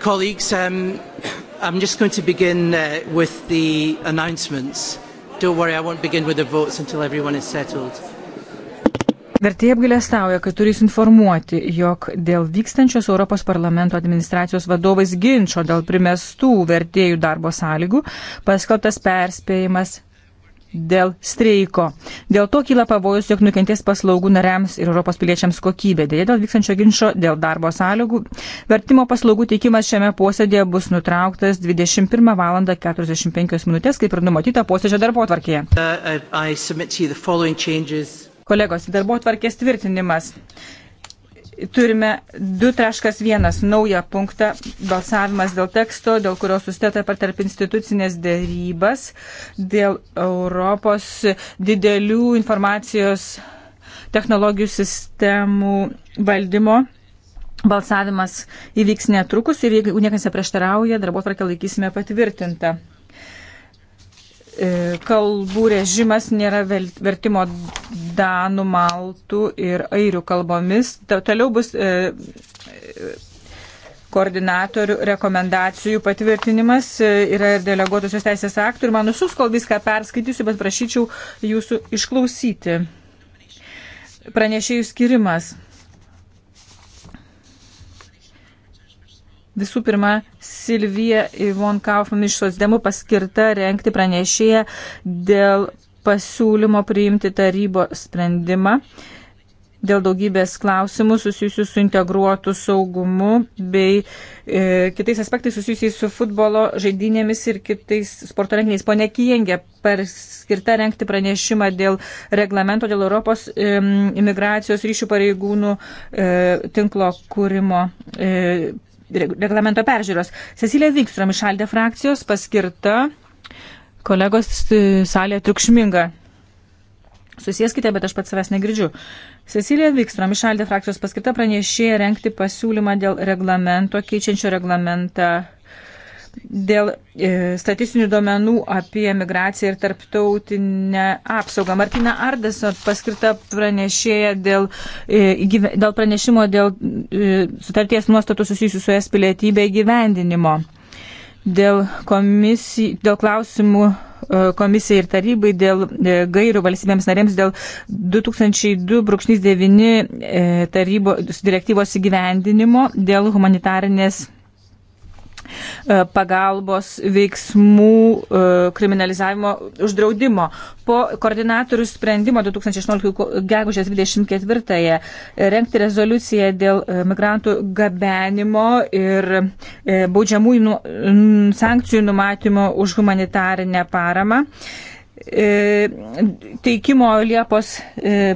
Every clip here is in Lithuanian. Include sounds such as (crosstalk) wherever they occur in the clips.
Colleagues, um, I'm just going to begin uh, with the announcements. Don't worry, I won't begin with the votes until everyone is settled. Vertėjai apgailestauja, kad turės informuoti, jog dėl vykstančios Europos parlamento administracijos vadovais ginčio dėl primestų vertėjų darbo sąlygų paskelbtas perspėjimas dėl streiko. Dėl to kyla pavojus, jog nukentės paslaugų nariams ir Europos piliečiams kokybė. Dėja dėl vykstančio ginčio dėl darbo sąlygų, vertimo paslaugų teikimas šiame posėdėje bus nutrauktas 21 val. 45 min. kaip ir numatyta posėdžio darbo atvarkėje. Uh, Kolegos, darbo atvarkės tvirtinimas. Turime 2.1 naują punktą balsavimas dėl teksto, dėl kurio sustėta per tarp institucinės dėrybas, dėl Europos didelių informacijos technologijų sistemų valdymo. Balsavimas įvyks netrukus ir jeigu niekas neprieštarauja, darbo tvarkę laikysime patvirtintą. E, kalbų režimas nėra vertimo danų, maltų ir airių kalbomis. Toliau bus e, koordinatorių rekomendacijų patvirtinimas e, yra ir deleguotusios teisės aktų ir man nusus, kol viską perskaitysiu, bet prašyčiau jūsų išklausyti. Pranešėjų skirimas. Visų pirma, Silvija Ivon Kaufman iš Sosdemų paskirta renkti pranešėją dėl pasiūlymo priimti tarybo sprendimą dėl daugybės klausimų susijusių su integruotu saugumu bei e, kitais aspektais susijusiais su futbolo žaidynėmis ir kitais sporto renginiais. Pone Kijengė, per skirtą renkti pranešimą dėl reglamento, dėl Europos e, imigracijos ryšių pareigūnų e, tinklo kūrimo. E, reglamento peržiūros. Cecilija Vikstrom išaldė frakcijos, paskirta kolegos salė triukšminga. Susieskite, bet aš pats savęs negirdžiu. Cecilija Vikstrom išaldė frakcijos paskirta pranešėja renkti pasiūlymą dėl reglamento, keičiančio reglamentą dėl e, statistinių duomenų apie migraciją ir tarptautinę apsaugą. Martina Ardeson paskirta pranešėja dėl, e, dėl pranešimo dėl e, sutarties nuostatų susijusių su es pilietybė įgyvendinimo. Dėl, komisij, dėl klausimų komisijai ir tarybai dėl gairių valstybėms narėms dėl 2002-9 tarybos direktyvos įgyvendinimo dėl humanitarinės E, pagalbos veiksmų e, kriminalizavimo uždraudimo. Po koordinatorių sprendimo 2016 gegužės 24-ąją renkti rezoliuciją dėl e, migrantų gabenimo ir baudžiamųjų nu, sankcijų numatymo už humanitarinę paramą teikimo Liepos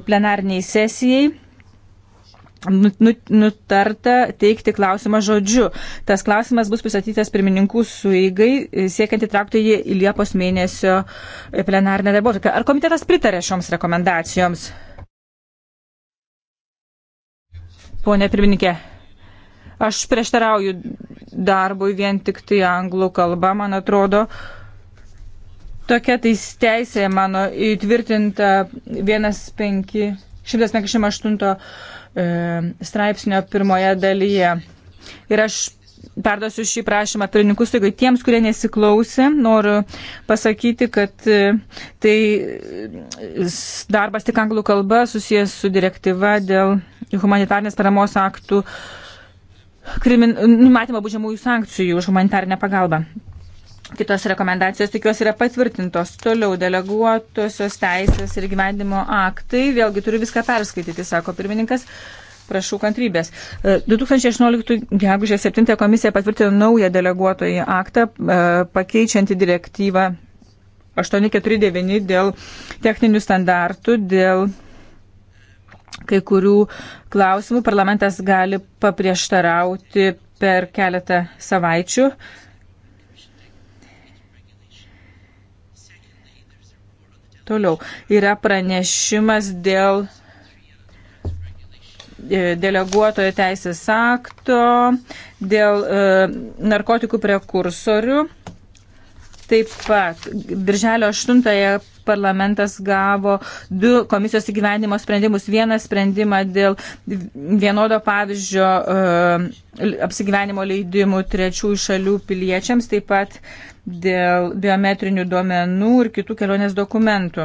plenarniai sesijai Nu, nu, nutarta teikti klausimą žodžiu. Tas klausimas bus pristatytas pirmininkų suigai, e, siekiant įtraukti jį į Liepos mėnesio e, plenarinę darbotvarkę. Ar komitetas pritarė šioms rekomendacijoms? Pone pirmininkė, aš prieštarauju darbui vien tik tai anglų kalba, man atrodo. Tokia tai teisė mano įtvirtinta 158 e, straipsnio pirmoje dalyje. Ir aš perduosiu šį prašymą pirmininkus, taigi tiems, kurie nesiklausė, noriu pasakyti, kad e, tai e, darbas tik anglų kalba susijęs su direktyva dėl humanitarnės paramos aktų krimin... numatymo būdžiamųjų sankcijų už humanitarnę pagalbą. Kitos rekomendacijos tikiuosi yra patvirtintos. Toliau deleguotosios teisės ir gyvendimo aktai. Vėlgi turiu viską perskaityti, sako pirmininkas. Prašau kantrybės. 2016 e, gegužės 7 komisija patvirtino naują deleguotojį aktą, e, pakeičiantį direktyvą 849 dėl techninių standartų, dėl kai kurių klausimų parlamentas gali paprieštarauti per keletą savaičių. Toliau yra pranešimas dėl e, deleguotojo teisės akto, dėl e, narkotikų prekursorių. Taip pat Birželio 8-ąją parlamentas gavo du komisijos įgyvendimo sprendimus. Vieną sprendimą dėl vienodo pavyzdžio e, apsigyvenimo leidimų trečiųjų šalių piliečiams, taip pat dėl biometrinių duomenų ir kitų kelionės dokumentų.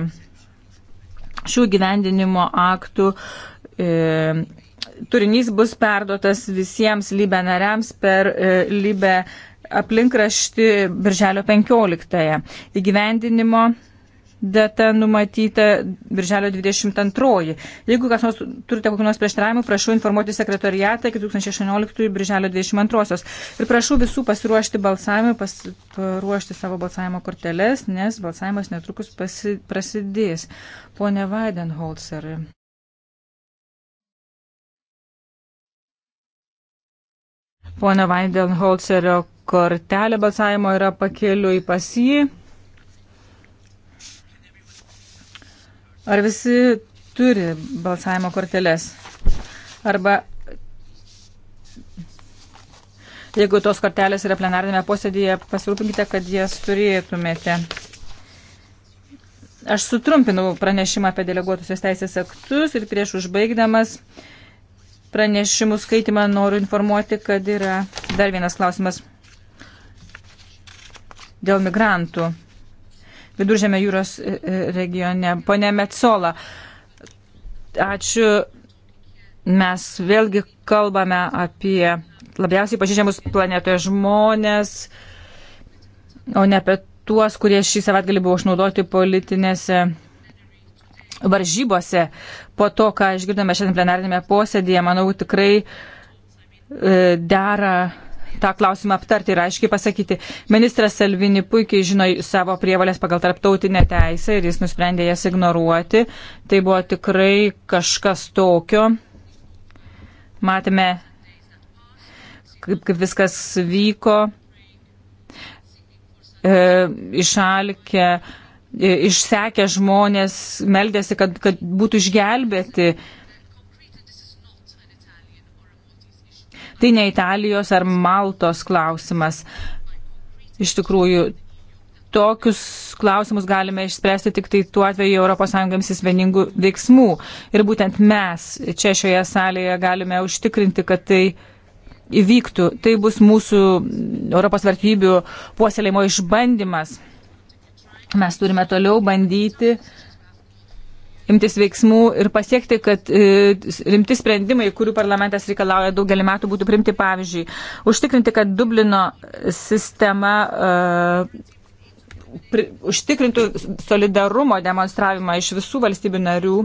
Šių gyvendinimo aktų e, turinys bus perduotas visiems Libe nariams per e, Libe aplinkrašti Birželio 15-ąją. Įgyvendinimo data numatyta birželio 22. Jeigu kas nors turite kokių nors prieštaravimų, prašau informuoti sekretariatą iki 2016 birželio 22. Ir prašau visų pasiruošti balsavimui, pas, paruošti savo balsavimo korteles, nes balsavimas netrukus pasi, prasidės. Pone Weidenholzer. Pone Weidenholzerio kortelė balsavimo yra pakeliui pas jį. Ar visi turi balsavimo korteles? Arba jeigu tos kortelės yra plenarinėme posėdėje, pasirūpinkite, kad jas turėtumėte. Aš sutrumpinau pranešimą apie deleguotusios teisės aktus ir prieš užbaigdamas pranešimų skaitimą noriu informuoti, kad yra dar vienas klausimas dėl migrantų. Viduržėme jūros e, e, regione. Pone Metsola, ačiū. Mes vėlgi kalbame apie labiausiai pažydžiamus planetoje žmonės, o ne apie tuos, kurie šį savaitgalį buvo išnaudoti politinėse varžybose. Po to, ką išgirdome šiandien plenarinėme posėdėje, manau, tikrai e, dera tą klausimą aptarti ir aiškiai pasakyti. Ministras Salvini puikiai žino savo prievalės pagal tarptautinę teisę ir jis nusprendė jas ignoruoti. Tai buvo tikrai kažkas tokio. Matėme, kaip, kaip viskas vyko. E, išalkę, e, išsekę žmonės meldėsi, kad, kad būtų išgelbėti. E, Tai ne Italijos ar Maltos klausimas. Iš tikrųjų, tokius klausimus galime išspręsti tik tai tuo atveju ES imsis vieningų veiksmų. Ir būtent mes čia šioje salėje galime užtikrinti, kad tai įvyktų. Tai bus mūsų Europos vertybių puoselėjimo išbandymas. Mes turime toliau bandyti uh, imtis veiksmų ir pasiekti, kad e, rimti sprendimai, kurių parlamentas reikalauja daugelį metų, būtų primti. Pavyzdžiui, užtikrinti, kad Dublino sistema e, pri, užtikrintų solidarumo demonstravimą iš visų valstybių narių.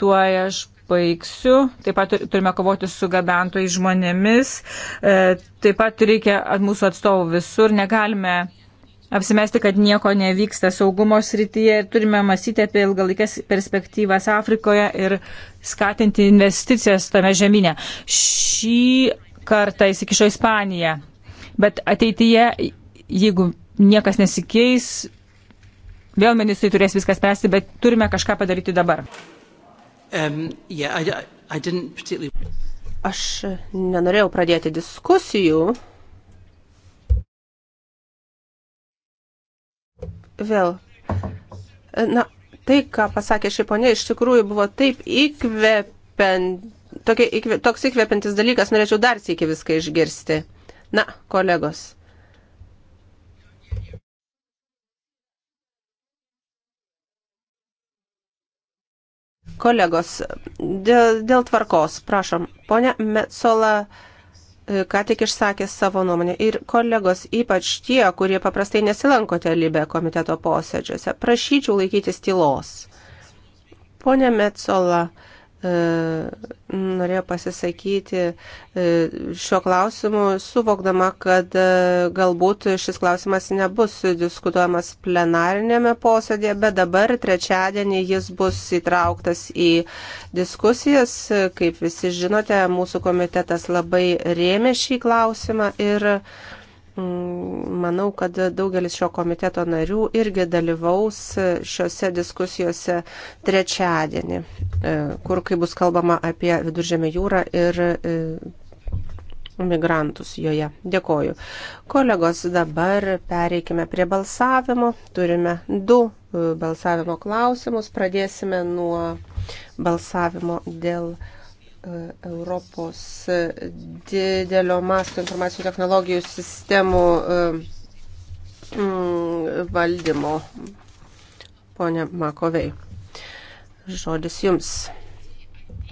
Tuo aš baigsiu. Taip pat turime kovoti su gabentojais žmonėmis. E, taip pat reikia mūsų atstovų visur. Negalime apsimesti, kad nieko nevyksta saugumo srityje ir turime mąstyti apie ilgalaikės perspektyvas Afrikoje ir skatinti investicijas tame žemynė. Šį kartą įsikišo Ispanija, bet ateityje, jeigu niekas nesikeis, vėl ministrai turės viską spręsti, bet turime kažką padaryti dabar. Um, yeah, I, I particularly... Aš nenorėjau pradėti diskusijų vėl. Na, tai, ką pasakė ši ponė, iš tikrųjų buvo taip įkvepiant, tokia, įkve, toks įkvepiantis dalykas, norėčiau dar sėki viską išgirsti. Na, kolegos. Kolegos, dėl, dėl tvarkos, prašom, ponia Metsola. E, ką tik išsakė savo nuomonę. Ir kolegos, ypač tie, kurie paprastai nesilankote Libe komiteto posėdžiuose, prašyčiau laikytis tylos. Pone Metzola, uh, E, norėjo pasisakyti e, šio klausimu, suvokdama, kad e, galbūt šis klausimas nebus diskutuojamas plenarinėme posėdėje, bet dabar trečiadienį jis bus įtrauktas į diskusijas. Kaip visi žinote, mūsų komitetas labai rėmė šį klausimą ir uh, Mm, manau, kad daugelis šio komiteto narių irgi dalyvaus šiuose diskusijose trečiadienį, e, kur kai bus kalbama apie Viduržėmę jūrą ir e, migrantus joje. Dėkoju. Kolegos, dabar pereikime prie balsavimo. Turime du e, balsavimo klausimus. Pradėsime nuo balsavimo dėl Europos didelio masto informacijų technologijų sistemų e, valdymo. Pone Makovei, žodis jums.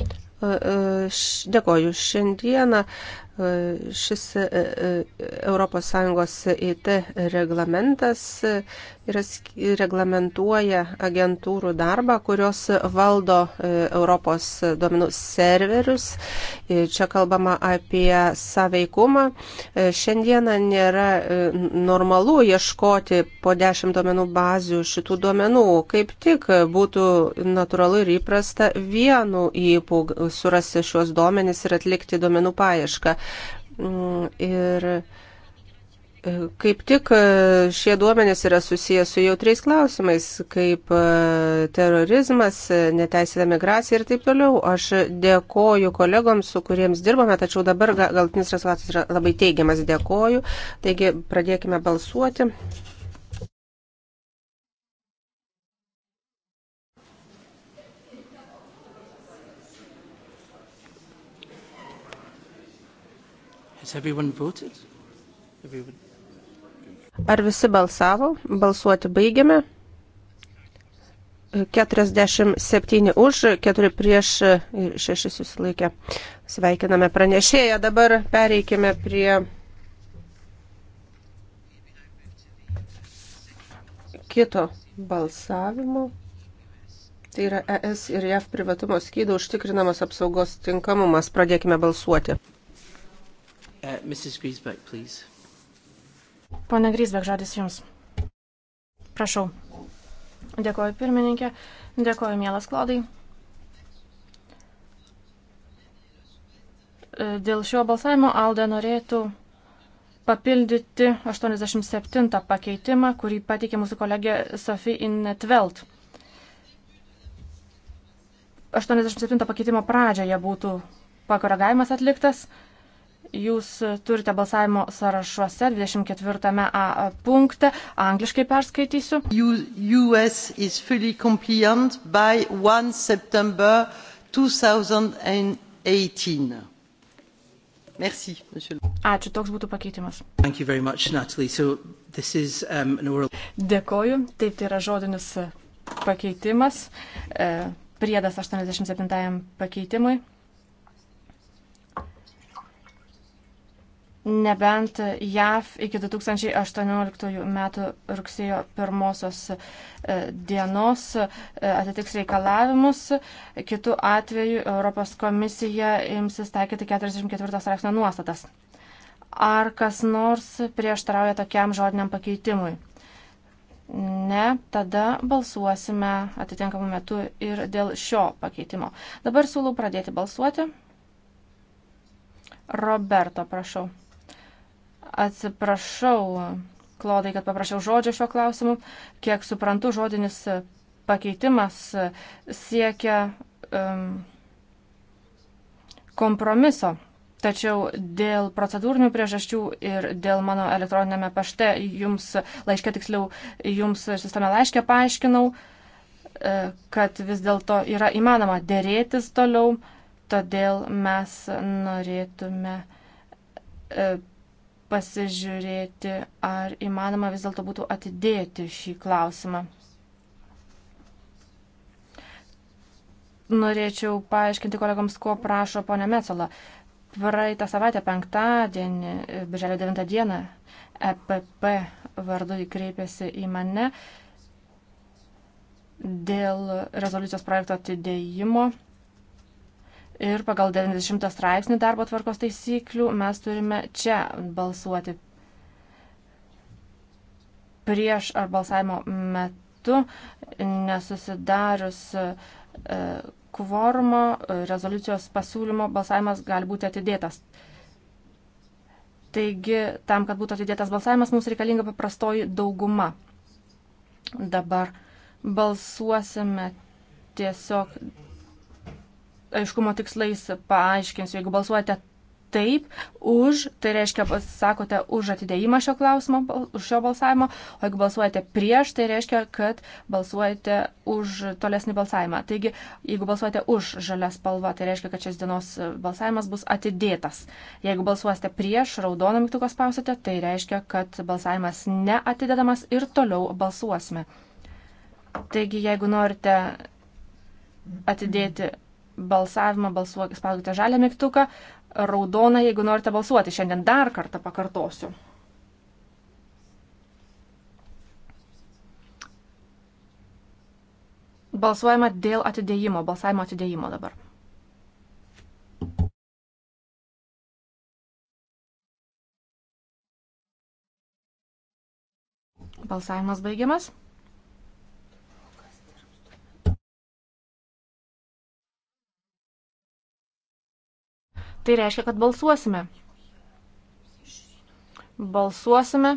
E, e, dėkoju. Šiandieną šis ES IT reglamentas yra reglamentuoja agentūrų darbą, kurios valdo e, Europos duomenų serverius. E, čia kalbama apie saveikumą. E, šiandieną nėra normalu ieškoti po dešimt duomenų bazių šitų duomenų. Kaip tik būtų natūralu ir įprasta vienu įpū surasti šios duomenys ir atlikti duomenų paiešką. Mm, ir Kaip tik e, šie duomenys yra susijęs su jautriais klausimais, kaip e, terorizmas, e, neteisėta migracija ir taip toliau. Aš dėkoju kolegoms, su kuriems dirbame, tačiau dabar galtinis rezultatas yra labai teigiamas. Dėkoju. Taigi pradėkime balsuoti. Has everyone voted? Everyone. Ar visi balsavo? Balsuoti baigiame. 47 už, 4 prieš ir 6 susilaikė. Sveikiname pranešėją. Dabar pereikime prie kito balsavimo. Tai yra ES ir JAV privatumo skydo užtikrinamas apsaugos tinkamumas. Pradėkime balsuoti. Uh, Mrs. Griesbeck, please. Pone Grisbek, žodis Jums. Prašau. Dėkoju pirmininkė, dėkoju mielas Klodai. E, dėl šio balsavimo Alde norėtų papildyti 87 pakeitimą, kurį pateikė mūsų kolegė Sophie Innetveld. 87 pakeitimo pradžioje būtų pakoregavimas atliktas jūs turite balsavimo sąrašuose 24a punktą, angliškai perskaitysiu. US is fully compliant by 1 September 2018. Merci, monsieur. Ačiū, toks būtų pakeitimas. Much, Natalie. so this is, um, an oral... Dėkoju, taip tai yra žodinis pakeitimas, e, priedas 87 pakeitimui. nebent JAV iki 2018 metų rugsėjo pirmosios e, dienos e, atitiks reikalavimus, kitų atveju Europos komisija imsis taikyti 44 straipsnio nuostatas. Ar kas nors prieštarauja tokiam žodiniam pakeitimui? Ne, tada balsuosime atitinkamu metu ir dėl šio pakeitimo. Dabar siūlau pradėti balsuoti. Roberto, prašau. Atsiprašau, Klodai, kad paprašiau žodžio šiuo klausimu. Kiek suprantu, žodinis pakeitimas siekia um, kompromiso. Tačiau dėl procedūrinių priežasčių ir dėl mano elektroninėme pašte jums laiškė, tiksliau, jums sisteme laiškė paaiškinau, e, kad vis dėlto yra įmanoma dėrėtis toliau, todėl mes norėtume e, pasižiūrėti, ar įmanoma vis dėlto būtų atidėti šį klausimą. Norėčiau paaiškinti kolegoms, ko prašo ponė Metzola. Praeitą savaitę, penktadienį, birželio 9 dieną, EPP vardu įkreipėsi į mane dėl rezoliucijos projekto atidėjimo Ir pagal 90 straipsnį darbo tvarkos taisyklių mes turime čia balsuoti prieš ar balsavimo metu nesusidarius e, kvorumo e, rezoliucijos pasiūlymo balsavimas gali būti atidėtas. Taigi, tam, kad būtų atidėtas balsavimas, mums reikalinga paprastoji dauguma. Dabar balsuosime tiesiog aiškumo tikslais paaiškinsiu. Jeigu balsuojate taip už, tai reiškia sakote už atidėjimą šio klausimo, už šio balsavimo, o jeigu balsuojate prieš, tai reiškia, kad balsuojate už tolesnį balsavimą. Taigi, jeigu balsuojate už žalią spalvą, tai reiškia, kad šios dienos balsavimas bus atidėtas. Jeigu balsuosite prieš, raudoną mygtuką spausite, tai reiškia, kad balsavimas neatidedamas ir toliau balsuosime. Taigi, jeigu norite atidėti balsavimą balsuokite, spaudokite žalią mygtuką, raudoną, jeigu norite balsuoti. Šiandien dar kartą pakartosiu. Balsuojama dėl atidėjimo, balsavimo atidėjimo dabar. Balsavimas baigiamas. Tai reiškia, kad balsuosime. Balsuosime.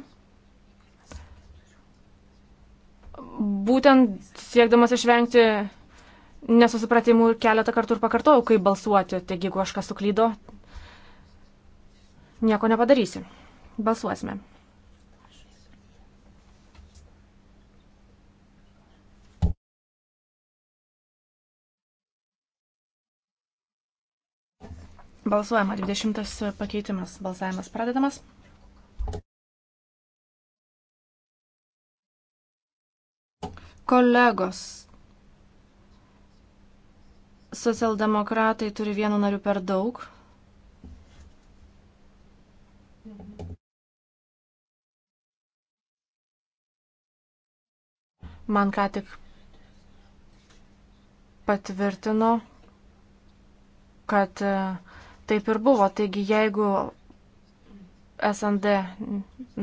Būtent siekdamas išvengti nesusipratimų keletą kartų ir pakartojau, kaip balsuoti. Taigi, jeigu kažkas suklydo, nieko nepadarysi. Balsuosime. Balsuojama 20 pakeitimas. Balsavimas pradedamas. Kolegos, socialdemokratai turi vienu nariu per daug. Man ką tik patvirtino, kad uh, taip ir buvo. Taigi, jeigu SND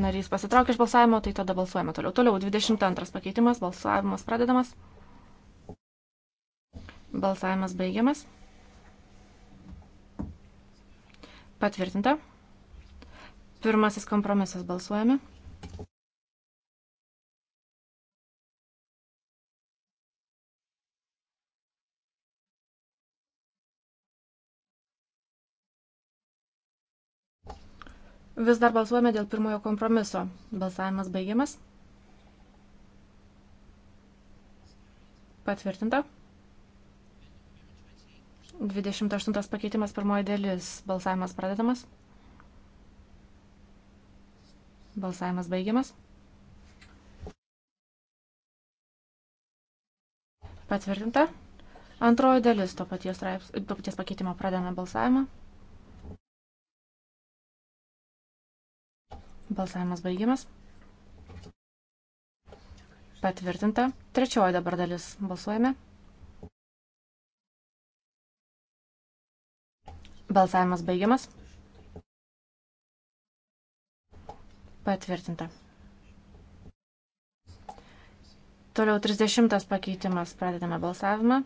narys pasitraukia iš balsavimo, tai tada balsuojame toliau. Toliau 22 pakeitimas, balsavimas pradedamas. Balsavimas baigiamas. Patvirtinta. Pirmasis kompromisas balsuojame. Vis dar balsuojame dėl pirmojo kompromiso. Balsavimas baigiamas. Patvirtinta. 28 pakeitimas pirmoji dalis. Balsavimas pradedamas. Balsavimas baigiamas. Patvirtinta. Antroji dalis to paties, to paties pakeitimo pradedame balsavimą. Balsavimas baigiamas. Patvirtinta. Trečioji dabar dalis. Balsuojame. Balsavimas baigiamas. Patvirtinta. Toliau 30 pakeitimas. Pradedame balsavimą.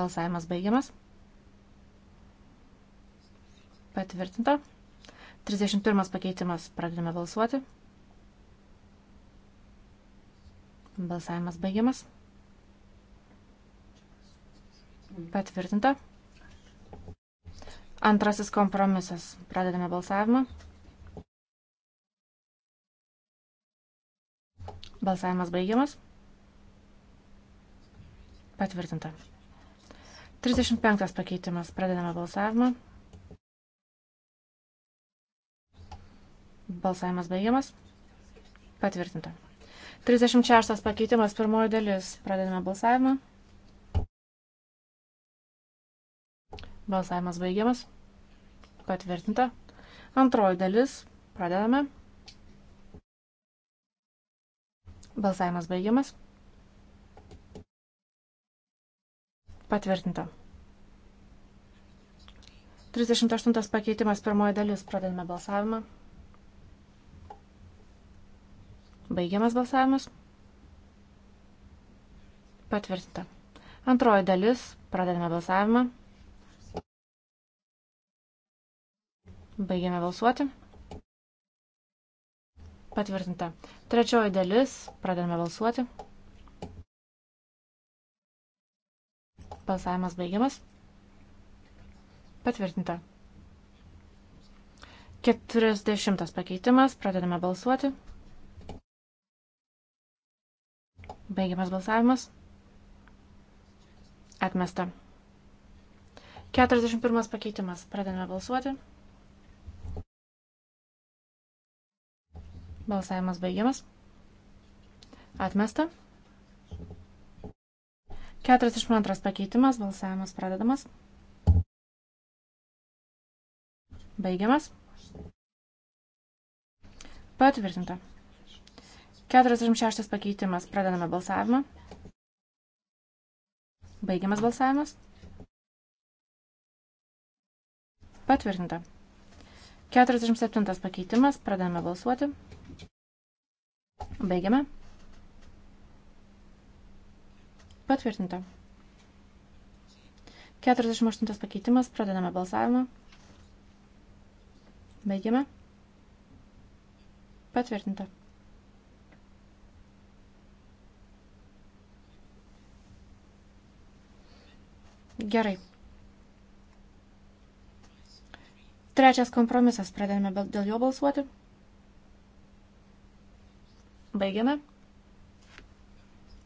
Balsavimas baigiamas. Patvirtinta. 31 pakeitimas. Pradedame balsuoti. Balsavimas baigiamas. Patvirtinta. Antrasis kompromisas. Pradedame balsavimą. Balsavimas baigiamas. Patvirtinta. 35 pakeitimas. Pradedame balsavimą. Balsavimas baigiamas. Patvirtinta. 36 pakeitimas pirmoji dalis. Pradedame balsavimą. Balsavimas baigiamas. Patvirtinta. Antroji dalis. Pradedame. Balsavimas baigiamas. Patvirtinta. 38 pakeitimas pirmoji dalis. Pradedame balsavimą. Baigiamas balsavimas. Patvirtinta. Antroji dalis. Pradedame balsavimą. Baigiame balsuoti. Patvirtinta. Trečioji dalis. Pradedame balsuoti. Balsavimas baigiamas. Patvirtinta. Keturiasdešimtas pakeitimas. Pradedame balsuoti. Baigiamas balsavimas. Atmesta. 41 pakeitimas. Pradedame balsuoti. Balsavimas baigiamas. Atmesta. 42 pakeitimas. Balsavimas pradedamas. Baigiamas. Patvirtinta. 46 pakeitimas. Pradedame balsavimą. Baigiamas balsavimas. Patvirtinta. 47 pakeitimas. Pradedame balsuoti. Baigiame. Patvirtinta. 48 pakeitimas. Pradedame balsavimą. Baigiame. Patvirtinta. Gerai. Trečias kompromisas. Pradedame dėl jo balsuoti. Baigiame.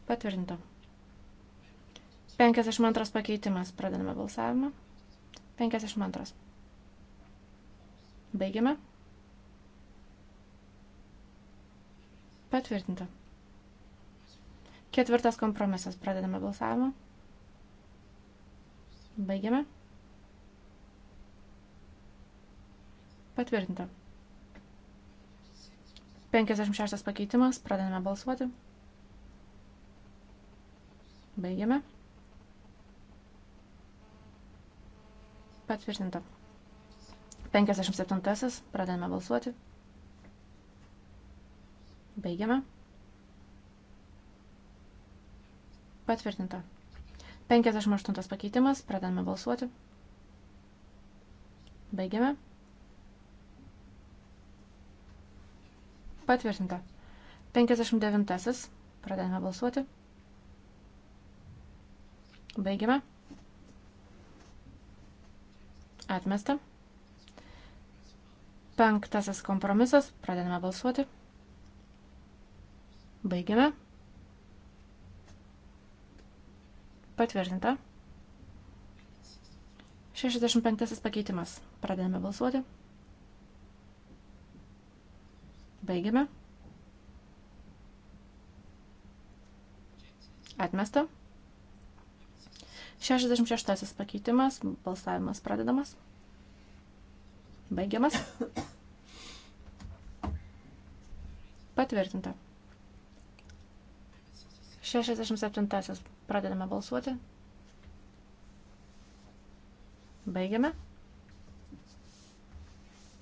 Patvirtinta. 52 pakeitimas. Pradedame balsavimą. 52. Baigiame. Patvirtinta. Ketvirtas kompromisas. Pradedame balsavimą. Baigiame. Patvirtinta. 56 pakeitimas. Pradedame balsuoti. Baigiame. Patvirtinta. 57. Pradedame balsuoti. Baigiame. Patvirtinta. 58 pakeitimas, pradedame balsuoti. Baigiame. Patvirtinta. 59. Pradedame balsuoti. Baigiame. Atmesta. Penktasis kompromisas. Pradedame balsuoti. Baigiame. Patvirtinta. 65 pakeitimas. Pradedame balsuoti. Baigiame. Atmesta. 66 pakeitimas. Balsavimas pradedamas. Baigiamas. Patvirtinta. 67 Pradedame balsuoti. Baigiame.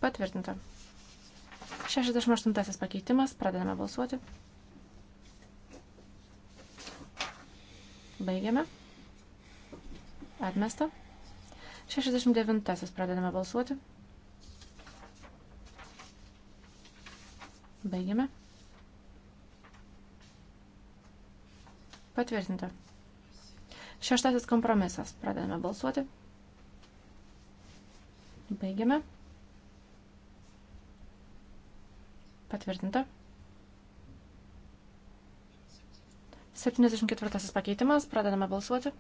Patvirtinta. 68 pakeitimas. Pradedame balsuoti. Baigiame. Atmesta. 69 pradedame balsuoti. Baigiame. Patvirtinta. Šeštasis kompromisas. Pradedame balsuoti. Baigiame. Patvirtinta. 74 pakeitimas. Pradedame balsuoti.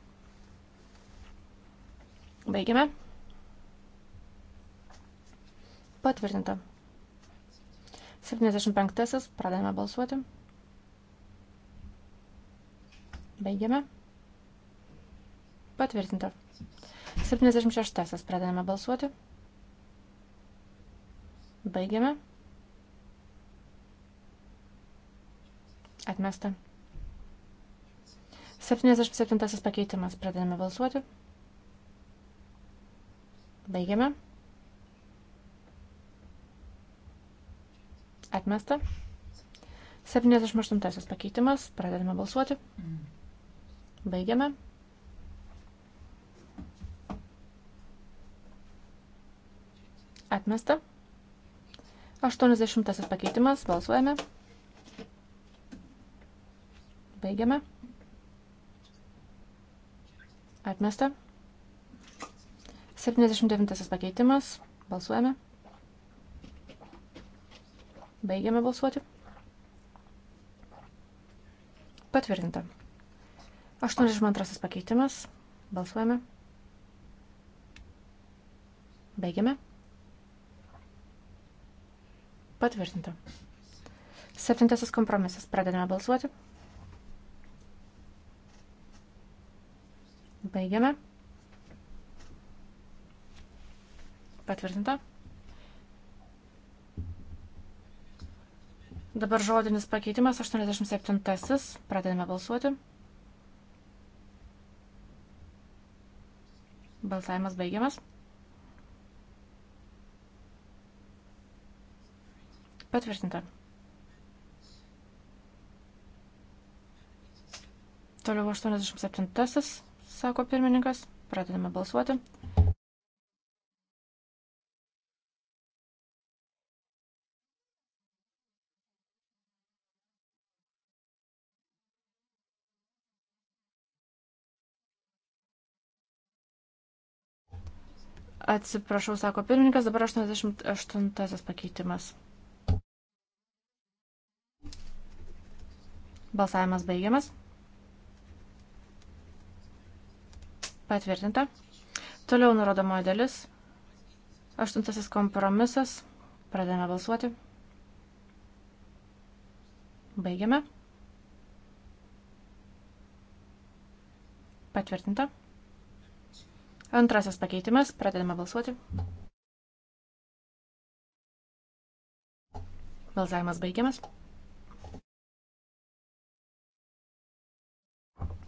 Baigiame. Patvirtinta. 75. Pradedame balsuoti. Baigiame. Patvirtinta. 76. Pradedame balsuoti. Baigiame. Atmesta. 77. pakeitimas. Pradedame balsuoti. Baigiame. Atmesta. 78 pakeitimas. Pradedame balsuoti. Baigiame. Atmesta. 80 pakeitimas. Balsuojame. Baigiame. Atmesta. 79 pakeitimas. Balsuojame. Baigiame balsuoti. Patvirtinta. 82 pakeitimas. Balsuojame. Baigiame. Patvirtinta. Septintasis kompromisas. Pradedame balsuoti. Baigiame. Patvirtinta. Dabar žodinis pakeitimas 87. Pradedame balsuoti. Balsavimas baigiamas. Patvirtinta. Toliau 87, sako pirmininkas. Pradedame balsuoti. Atsiprašau, sako pirmininkas, dabar 88 pakeitimas. Balsavimas baigiamas. Patvirtinta. Toliau nurodomoji dalis. Aštuntasis kompromisas. Pradėjome balsuoti. Baigiame. Patvirtinta. Antrasis pakeitimas. Pradedame balsuoti. Balsavimas baigiamas.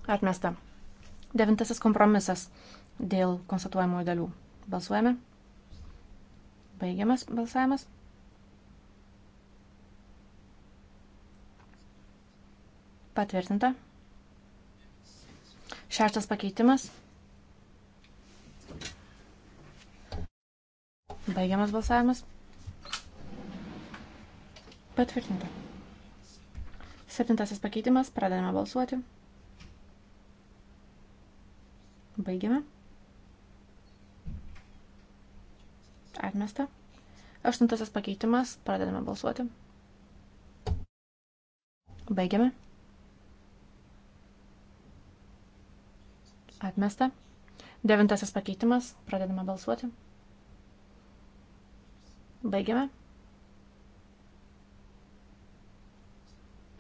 Atmesta. Devintasis kompromisas dėl konstatuojamųjų dalių. Balsuojame. Baigiamas balsavimas. Patvirtinta. Šeštas pakeitimas. Baigiamas balsavimas. Patvirtinta. Septintasis pakeitimas. Pradedame balsuoti. Baigiame. Atmesta. Aštuntasis pakeitimas. Pradedame balsuoti. Baigiame. Atmesta. Devintasis pakeitimas. Pradedame balsuoti. Baigiame.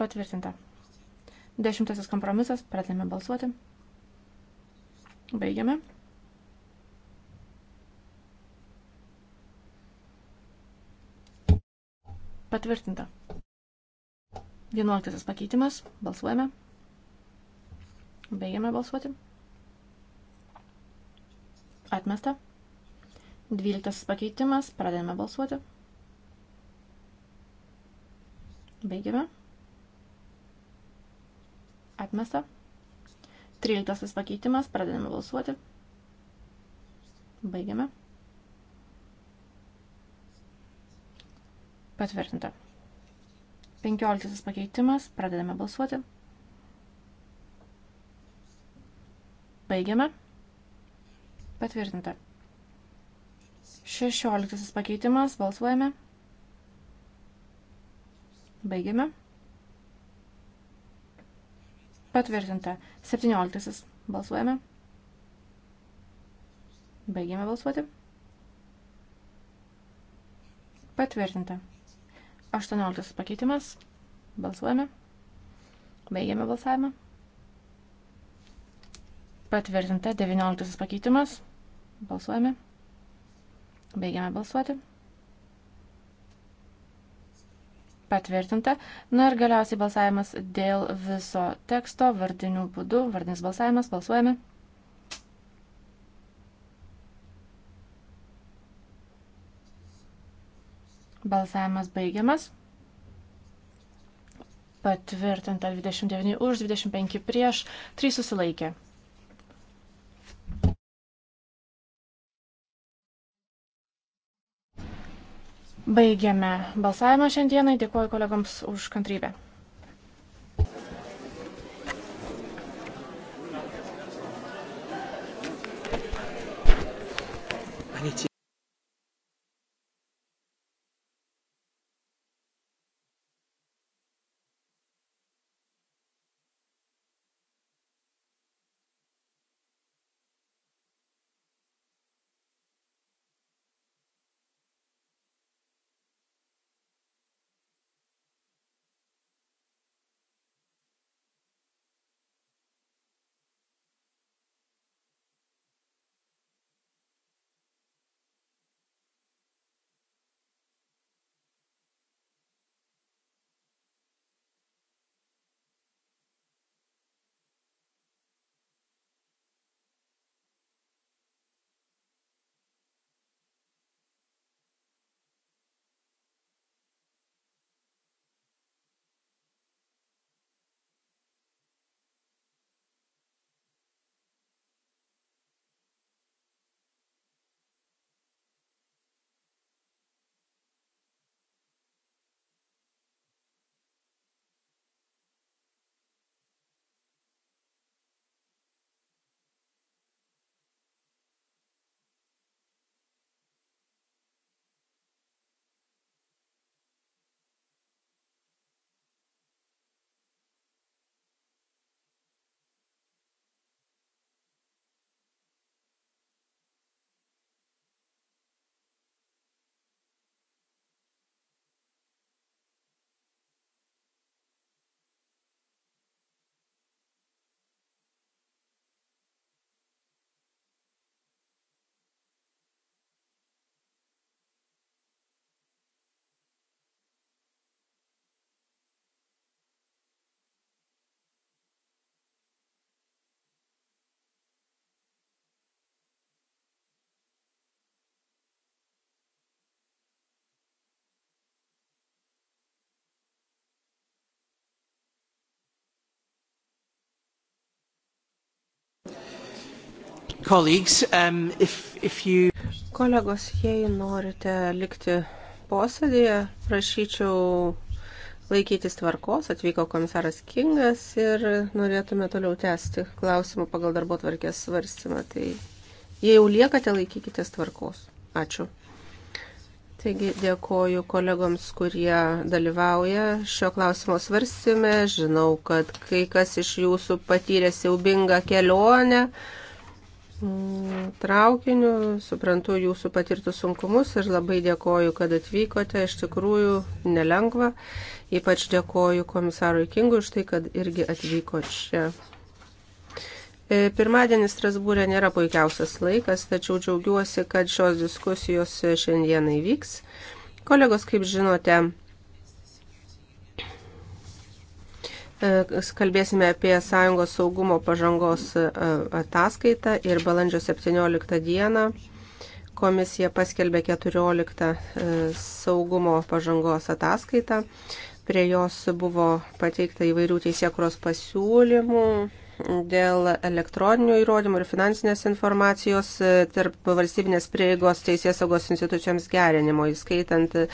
Patvirtinta. Dešimtasis kompromisas. Pradedame balsuoti. Baigiame. Patvirtinta. 11 pakeitimas. Balsuojame. Baigiame balsuoti. Atmesta. 12 pakeitimas. Pradėjome balsuoti. Baigiame. Atmesta. 13 pakeitimas, pradedame balsuoti. Baigiame. Patvirtinta. 15 pakeitimas, pradedame balsuoti. Baigiame. Patvirtinta. 16 pakeitimas, balsuojame. Baigiame. Patvirtinta. 17. Balsuojame. Baigėme balsuoti. Patvirtinta. 18. Pakeitimas. Balsuojame. Baigėme balsavimą. Patvirtinta. 19. Pakeitimas. Balsuojame. Baigėme balsuoti. Patvirtinta. Na ir galiausiai balsavimas dėl viso teksto vardinių būdų. Vardinis balsavimas. Balsuojame. Balsavimas baigiamas. Patvirtinta 29 už, 25 prieš, 3 susilaikė. Baigiame balsavimą šiandienai. Dėkuoju kolegoms už kantrybę. Colleagues, um, if, if you... Kolegos, jei norite likti posėdėje, prašyčiau laikytis tvarkos. Atvyko komisaras Kingas ir norėtume toliau tęsti klausimų pagal darbo tvarkės svarstymą. Tai jei jau liekate, laikykitės tvarkos. Ačiū. Taigi dėkoju kolegoms, kurie dalyvauja šio klausimo svarstymė. Žinau, kad kai kas iš jūsų patyrė siaubingą kelionę Mm, traukiniu, suprantu jūsų patirtus sunkumus ir labai dėkoju, kad atvykote, iš tikrųjų nelengva. Ypač dėkoju komisarui Kingui už tai, kad irgi atvyko čia. E, Pirmadienis Strasbūrė nėra puikiausias laikas, tačiau džiaugiuosi, kad šios diskusijos šiandieną įvyks. Kolegos, kaip žinote, E, kalbėsime apie Sąjungos saugumo pažangos e, ataskaitą ir balandžio 17 dieną komisija paskelbė 14 e, saugumo pažangos ataskaitą. Prie jos buvo pateikta įvairių teisėkuros pasiūlymų, dėl elektroninių įrodymų ir finansinės informacijos e, tarp valstybinės prieigos teisės saugos institucijoms gerinimo, įskaitant e,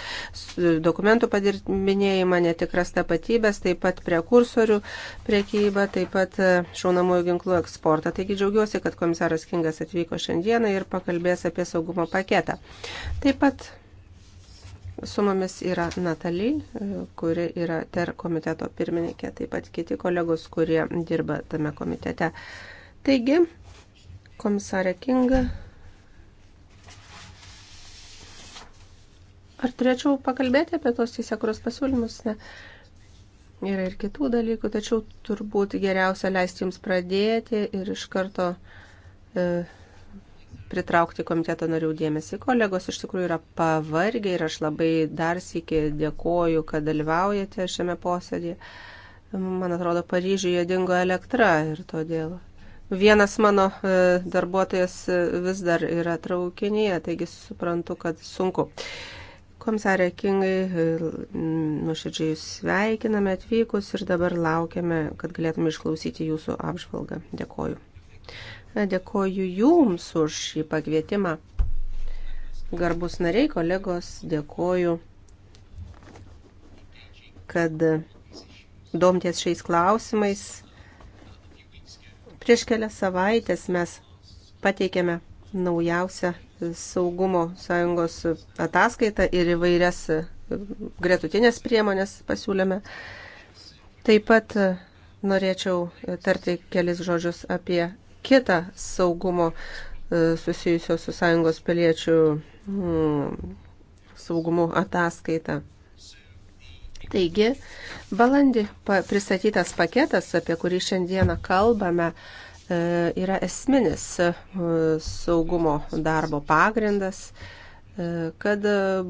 dokumentų padirbinėjimą, netikras tapatybės, taip pat prekursorių priekybą, taip pat e, šaunamųjų ginklų eksportą. Taigi džiaugiuosi, kad komisaras Kingas atvyko šiandieną ir pakalbės apie saugumo paketą. Taip pat Su mumis yra Natali, kuri yra TER komiteto pirmininkė, taip pat kiti kolegos, kurie dirba tame komitete. Taigi, komisarė Kinga, ar turėčiau pakalbėti apie tos teisėkuros pasiūlymus? Ne. Yra ir kitų dalykų, tačiau turbūt geriausia leisti jums pradėti ir iš karto. E, pritraukti komiteto narių dėmesį. Kolegos iš tikrųjų yra pavargę ir aš labai dar sėkiai dėkoju, kad dalyvaujate šiame posėdėje. Man atrodo, Paryžiuje dingo elektra ir todėl. Vienas mano e, darbuotojas e, vis dar yra traukinyje, taigi suprantu, kad sunku. Komisarė Kingai, e, nuoširdžiai jūs sveikiname atvykus ir dabar laukiame, kad galėtume išklausyti jūsų apžvalgą. Dėkoju. Dėkoju Jums už šį pakvietimą. Garbus nariai, kolegos, dėkoju, kad domties šiais klausimais. Prieš kelias savaitės mes pateikėme naujausią saugumo sąjungos ataskaitą ir įvairias gretutinės priemonės pasiūlėme. Taip pat norėčiau tarti kelis žodžius apie kitą saugumo e, susijusio su sąjungos piliečių mm, saugumu ataskaitą. Taigi, balandį pristatytas paketas, apie kurį šiandieną kalbame, e, yra esminis e, saugumo darbo pagrindas kad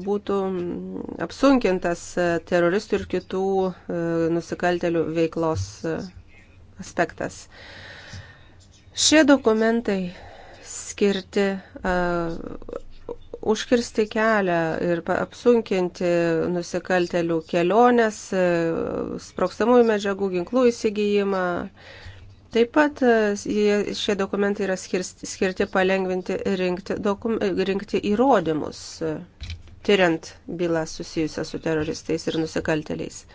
būtų mm, apsunkintas teroristų ir kitų nusikaltelių veiklos aspektas. Šie dokumentai skirti uh, užkirsti kelią ir apsunkinti nusikaltelių keliones, uh, sprokstamųjų medžiagų, ginklų įsigijimą. Taip pat uh, šie dokumentai yra skirti, skirti palengvinti rinkti, dokum, rinkti įrodymus, uh, tyriant bylas susijusią su teroristais ir nusikalteliais.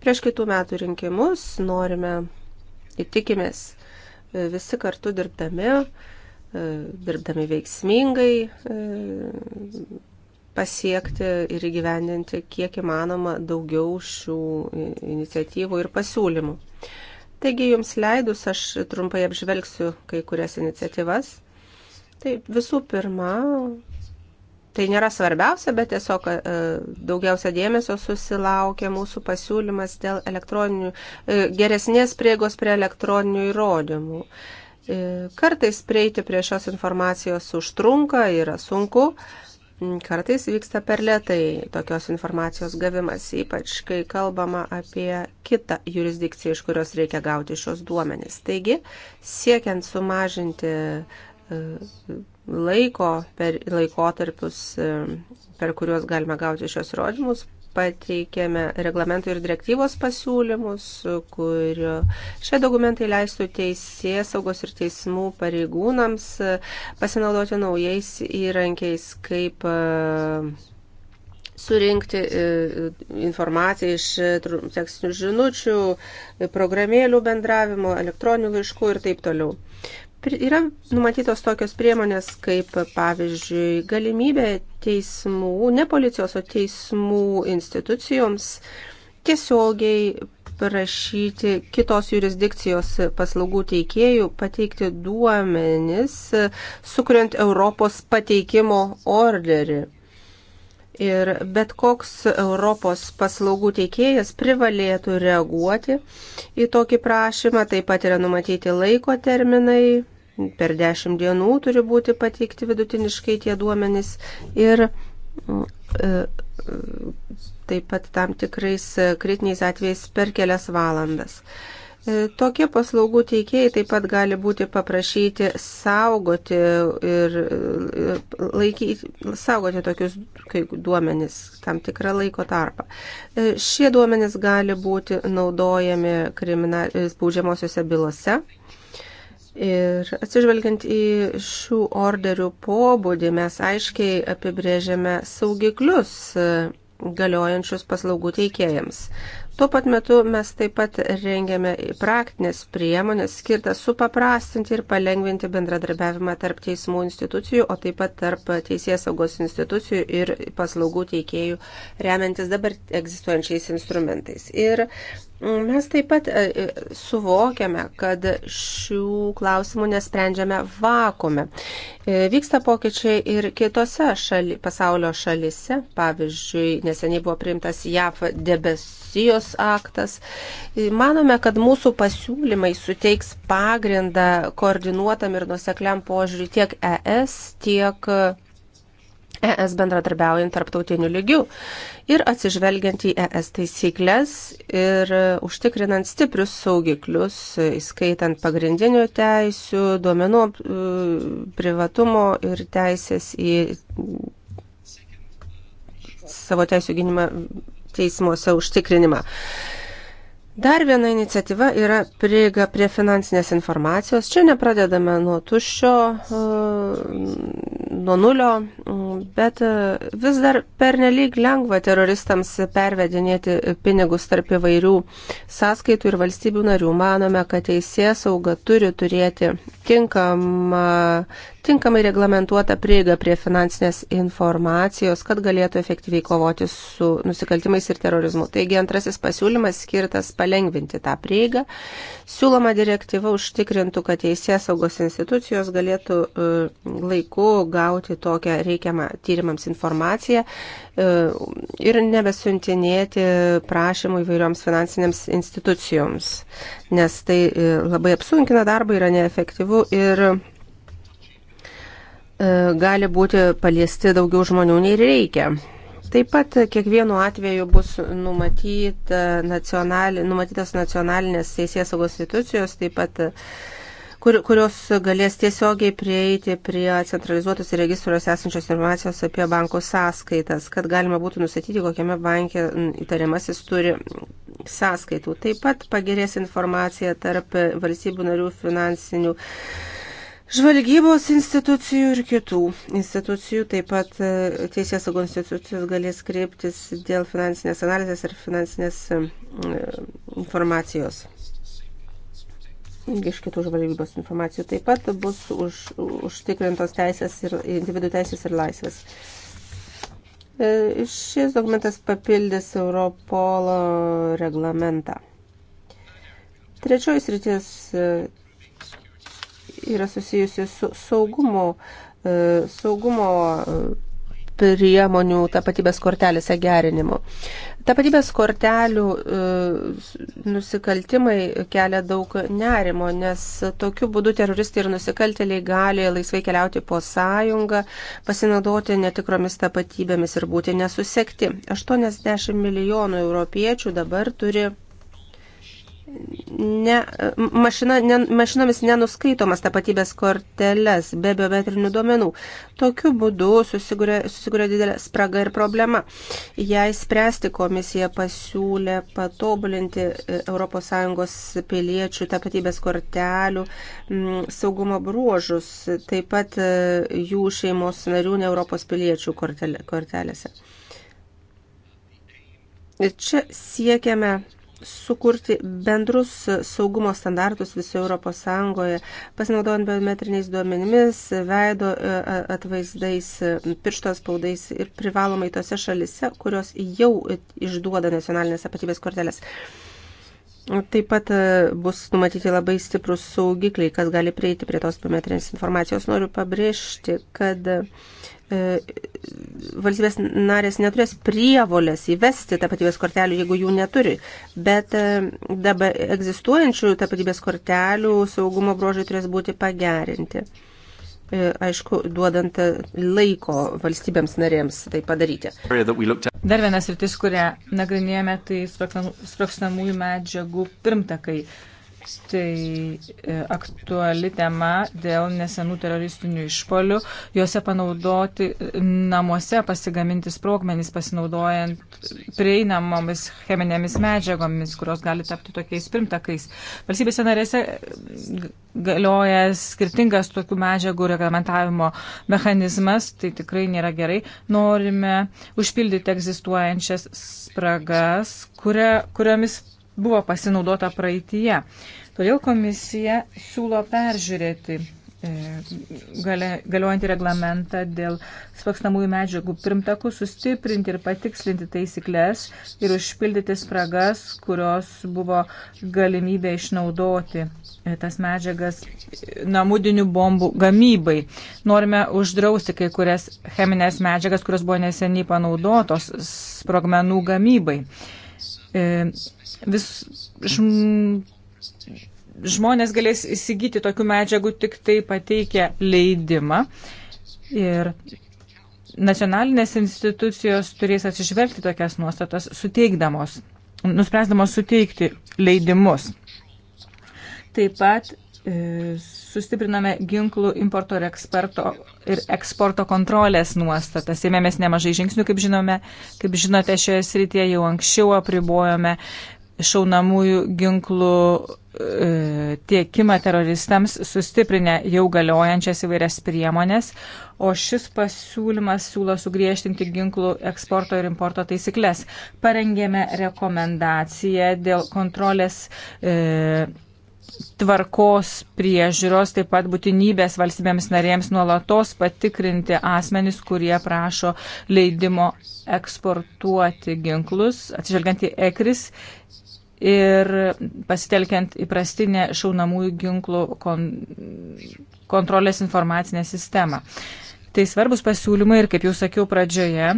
Prieš kitų metų rinkimus norime ir tikimės visi kartu dirbdami, e, dirbdami veiksmingai e, pasiekti ir įgyvendinti kiek įmanoma daugiau šių iniciatyvų ir pasiūlymų. Taigi jums leidus aš trumpai apžvelgsiu kai kurias iniciatyvas. Taip, visų pirma, Tai nėra svarbiausia, bet tiesiog e, daugiausia dėmesio susilaukė mūsų pasiūlymas dėl elektroninių, e, geresnės prieigos prie elektroninių įrodymų. E, kartais prieiti prie šios informacijos užtrunka, yra sunku, kartais vyksta per lietai tokios informacijos gavimas, ypač kai kalbama apie kitą jurisdikciją, iš kurios reikia gauti šios duomenys. Taigi, siekiant sumažinti laiko per laikotarpius, e, per kuriuos galime gauti šios įrodymus, pateikėme reglamentų ir direktyvos pasiūlymus, kur šie dokumentai leistų teisės saugos ir teismų pareigūnams e, pasinaudoti naujais įrankiais, kaip e, surinkti informaciją iš tekstinių žinučių, programėlių bendravimo, elektroninių laiškų ir taip toliau. Yra numatytos tokios priemonės, kaip pavyzdžiui galimybė teismų, ne policijos, o teismų institucijoms tiesiogiai prašyti kitos jurisdikcijos paslaugų teikėjų pateikti duomenis, sukuriant Europos pateikimo orderį. Ir bet koks Europos paslaugų teikėjas privalėtų reaguoti į tokį prašymą, taip pat yra numatyti laiko terminai, per 10 dienų turi būti pateikti vidutiniškai tie duomenys ir mm, e, e, taip pat tam tikrais kritiniais atvejais per kelias valandas. E, tokie paslaugų teikėjai taip pat gali būti paprašyti saugoti ir e, laikyti, saugoti tokius kaip duomenis tam tikrą laiko tarpą. E, šie duomenis gali būti naudojami spaudžiamosiose bylose. Ir atsižvelgiant į šių orderių pobūdį, mes aiškiai apibrėžiame saugiklius galiojančius paslaugų teikėjams. Tuo pat metu mes taip pat rengiame praktinės priemonės skirtas supaprastinti ir palengvinti bendradarbiavimą tarp teismų institucijų, o taip pat tarp teisės saugos institucijų ir paslaugų teikėjų remiantis dabar egzistuojančiais instrumentais. Ir Mes taip pat e, e, suvokiame, kad šių klausimų nesprendžiame vakume. E, vyksta pokyčiai ir kitose šali, pasaulio šalise. Pavyzdžiui, neseniai buvo priimtas JAF debesijos aktas. Manome, kad mūsų pasiūlymai suteiks pagrindą koordinuotam ir nusekliam požiūriui tiek ES, tiek ES bendradarbiaujant tarptautiniu lygiu ir atsižvelgiant į ES taisyklės ir užtikrinant stiprius saugiklius, įskaitant pagrindinių teisių, duomenų e, privatumo ir teisės į savo teisų gynimą teismuose užtikrinimą. Dar viena iniciatyva yra prieiga prie finansinės informacijos. Čia nepradedame nuo tuščio, e, nuo nulio, bet e, vis dar pernelyg lengva teroristams pervedinėti pinigus tarp įvairių sąskaitų ir valstybių narių. Manome, kad teisė sauga turi turėti tinkamą tinkamai reglamentuota prieiga prie finansinės informacijos, kad galėtų efektyviai kovoti su nusikaltimais ir terorizmu. Taigi antrasis pasiūlymas skirtas palengvinti tą prieigą. Siūloma direktyva užtikrintų, kad teisės saugos institucijos galėtų e, laiku gauti tokią reikiamą tyrimams informaciją e, ir nebesuntinėti prašymų įvairioms finansinėms institucijoms, nes tai e, labai apsunkina darbą, yra neefektyvu ir E, gali būti paliesti daugiau žmonių nei reikia. Taip pat kiekvienu atveju bus numatyta nacionali, numatytas nacionalinės teisės saugos institucijos, taip pat kur, kurios galės tiesiogiai prieiti prie centralizuotos registruose esančios informacijos apie bankų sąskaitas, kad galima būtų nustatyti, kokiame banke įtariamasis turi sąskaitų. Taip pat pagerės informacija tarp valstybių narių finansinių Žvalgybos institucijų ir kitų institucijų, taip pat e, teisės saugos institucijos galės kreiptis dėl finansinės analizės ir finansinės e, informacijos. Iš kitų žvalgybos informacijų taip pat bus už, užtikrintos teisės ir individų teisės ir laisvės. E, šis dokumentas papildys Europolo reglamentą. Trečioji sritis yra susijusi su e, saugumo, saugumo e, priemonių tapatybės kortelėse gerinimu. Tapatybės kortelių e, nusikaltimai kelia daug nerimo, nes tokiu būdu teroristai ir nusikaltėliai gali laisvai keliauti po sąjungą, pasinaudoti netikromis tapatybėmis ir būti nesusekti. 80 milijonų europiečių dabar turi ne, mašina, ne, mašinomis nenuskaitomas tapatybės korteles be biometrinių duomenų. Tokiu būdu susiguria, susiguria didelė spraga ir problema. Jei spręsti komisija pasiūlė patobulinti ES piliečių tapatybės kortelių m, saugumo bruožus, taip pat e, jų šeimos narių ne Europos piliečių kortelė, kortelėse. Ir čia siekiame sukurti bendrus saugumo standartus visoje Europos Sąjungoje, pasinaudojant biometriniais duomenimis, veido e, atvaizdais, pirštos spaudais ir privalomai tose šalise, kurios jau išduoda nacionalinės apatybės kortelės. Taip pat e, bus numatyti labai stiprus saugikliai, kas gali prieiti prie tos biometrinės informacijos. Noriu pabrėžti, kad E, valstybės narės neturės prievolės įvesti tapatybės kortelių, jeigu jų neturi. Bet e, dabar egzistuojančių tapatybės kortelių saugumo brožai turės būti pagerinti. E, aišku, duodant laiko valstybėms narėms tai padaryti. Dar vienas rytis, kurią nagrinėjame, tai sprokstamųjų medžiagų pirmtakai tai e, aktuali tema dėl nesenų teroristinių išpolių, juose panaudoti e, namuose pasigaminti sprogmenys, pasinaudojant prieinamomis cheminėmis medžiagomis, kurios gali tapti tokiais primtakais. Valstybėse narėse e, galioja skirtingas tokių medžiagų reglamentavimo mechanizmas, tai tikrai nėra gerai. Norime užpildyti egzistuojančias spragas, kuria, kuriomis buvo pasinaudota praeitie. Todėl komisija siūlo peržiūrėti e, galiojantį reglamentą dėl svakstamųjų medžiagų primtakų, sustiprinti ir patikslinti taisyklės ir užpildyti spragas, kurios buvo galimybė išnaudoti e, tas medžiagas namudinių bombų gamybai. Norime uždrausti kai kurias cheminės medžiagas, kurios buvo neseniai panaudotos sprogmenų gamybai. E, vis, žm, žmonės galės įsigyti tokių medžiagų tik tai pateikę leidimą. Ir nacionalinės institucijos turės atsižvelgti tokias nuostatas, suteikdamos, nuspręsdamos suteikti leidimus. Taip pat e, sustipriname ginklų importo ir, eksperto, ir eksporto kontrolės nuostatas. Ėmėmės nemažai žingsnių, kaip, žinome, kaip žinote, šioje srityje jau anksčiau apribojome šaunamųjų ginklų e, tiekimą teroristams, sustiprinę jau galiojančias įvairias priemonės, o šis pasiūlymas siūlo sugriežtinti ginklų eksporto ir importo taisyklės. Parengėme rekomendaciją dėl kontrolės. E, tvarkos priežiūros, taip pat būtinybės valstybėms narėms nuolatos patikrinti asmenys, kurie prašo leidimo eksportuoti ginklus, atsižvelgiant į ekris ir pasitelkiant įprastinę šaunamųjų ginklų kon kontrolės informacinę sistemą. Tai svarbus pasiūlymai ir, kaip jau sakiau pradžioje,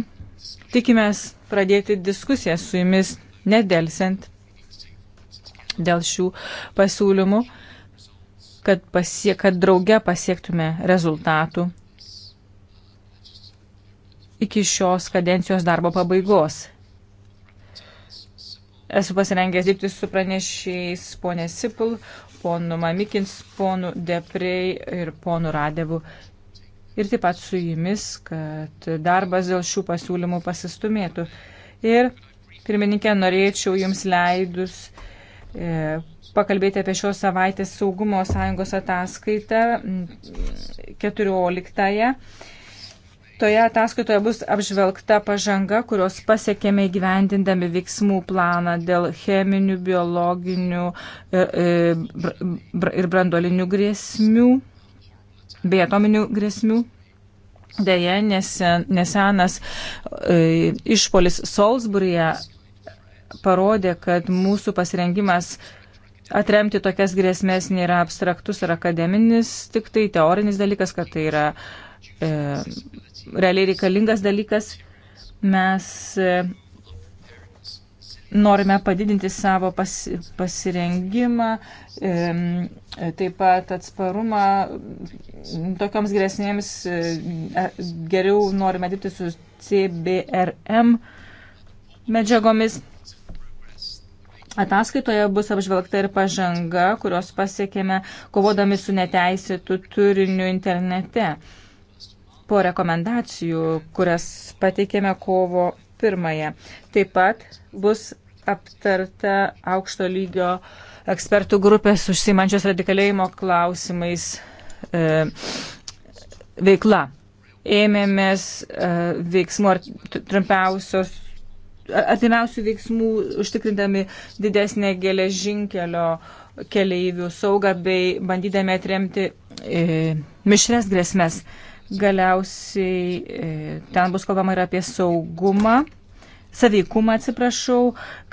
tikimės pradėti diskusiją su jumis nedelsiant dėl šių pasiūlymų, kad, pasie, kad drauge pasiektume rezultatų iki šios kadencijos darbo pabaigos. Esu pasirengęs dirbti su pranešiais ponė Sipul, ponu Mamikins, ponu Deprei ir ponu Radevu. Ir taip pat su jumis, kad darbas dėl šių pasiūlymų pasistumėtų. Ir, pirmininkė, norėčiau jums leidus E, pakalbėti apie šios savaitės saugumo sąjungos ataskaitą 14-ąją. Mm, Toje ataskaitoje bus apžvelgta pažanga, kurios pasiekėme gyvendindami veiksmų planą dėl cheminių, biologinių e, e, ir brandolinių grėsmių bei atominių grėsmių. Deja, nesen, nesenas e, išpolis Salisburyje parodė, kad mūsų pasirengimas atremti tokias grėsmės nėra abstraktus ar akademinis, tik tai teorinis dalykas, kad tai yra e, realiai reikalingas dalykas. Mes e, norime padidinti savo pas, pasirengimą, e, taip pat atsparumą tokioms grėsmėms, e, e geriau norime dirbti su CBRM medžiagomis. Ataskaitoje bus apžvelgta ir pažanga, kurios pasiekėme kovodami su neteisėtų turiniu internete. Po rekomendacijų, kurias pateikėme kovo pirmąją. Taip pat bus aptarta aukšto lygio ekspertų grupės užsimančios radikalėjimo klausimais e, veikla. Ėmėmės e, veiksmų ar trumpiausios artimiausių veiksmų užtikrindami didesnę geležinkelio keleivių saugą bei bandydami atremti e, mišres grėsmės. Galiausiai e, ten bus kalbama ir apie saugumą, saveikumą, atsiprašau,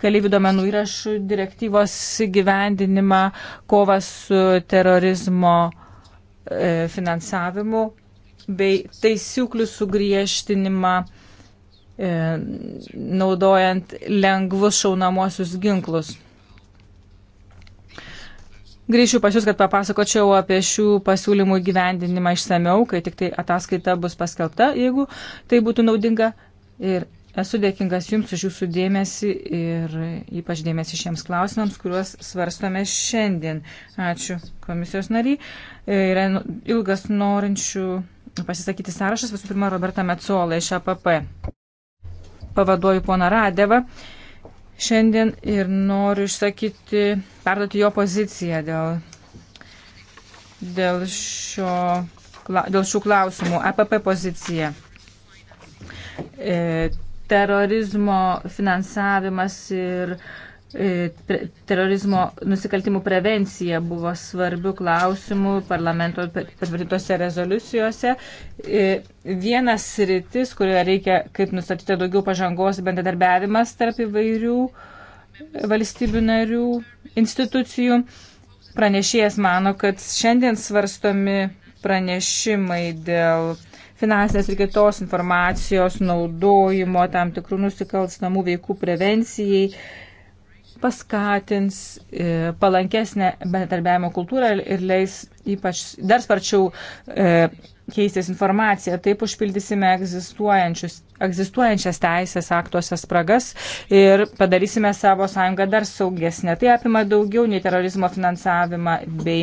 keleivių domenų įrašų direktyvos gyvendinimą, kovą su terorizmo e, finansavimu bei taisyklių sugriežtinimą E, naudojant lengvus šaunamosius ginklus. Grįšiu pas Jūs, kad papasakočiau apie šių pasiūlymų gyvendinimą išsameu, kai tik tai ataskaita bus paskelbta, jeigu tai būtų naudinga. Ir esu dėkingas Jums už Jūsų dėmesį ir ypač dėmesį šiems klausimams, kuriuos svarstome šiandien. Ačiū komisijos nariai. E, yra nu, ilgas norinčių pasisakyti sąrašas, visų pirma, Roberta Metsuola iš APP pavaduoju poną Radevą šiandien ir noriu išsakyti, perduoti jo poziciją dėl, dėl, šio, dėl šių klausimų, EPP poziciją. E, terorizmo finansavimas ir e, E, terorizmo nusikaltimų prevencija buvo svarbių klausimų parlamento patvirtintose rezoliucijose. E, vienas rytis, kurioje reikia, kaip nustatyti, daugiau pažangos bendradarbiavimas tarp įvairių valstybių narių institucijų. Pranešėjas mano, kad šiandien svarstomi pranešimai dėl finansinės ir kitos informacijos naudojimo tam tikrų nusikalstamų veikų prevencijai paskatins e, palankesnę bendradarbiavimo kultūrą ir leis ypač dar sparčiau e, keistis informacija. Taip užpildysime egzistuojančias teisės aktuose spragas ir padarysime savo sąjungą dar saugesnę. Tai apima daugiau nei terorizmo finansavimą bei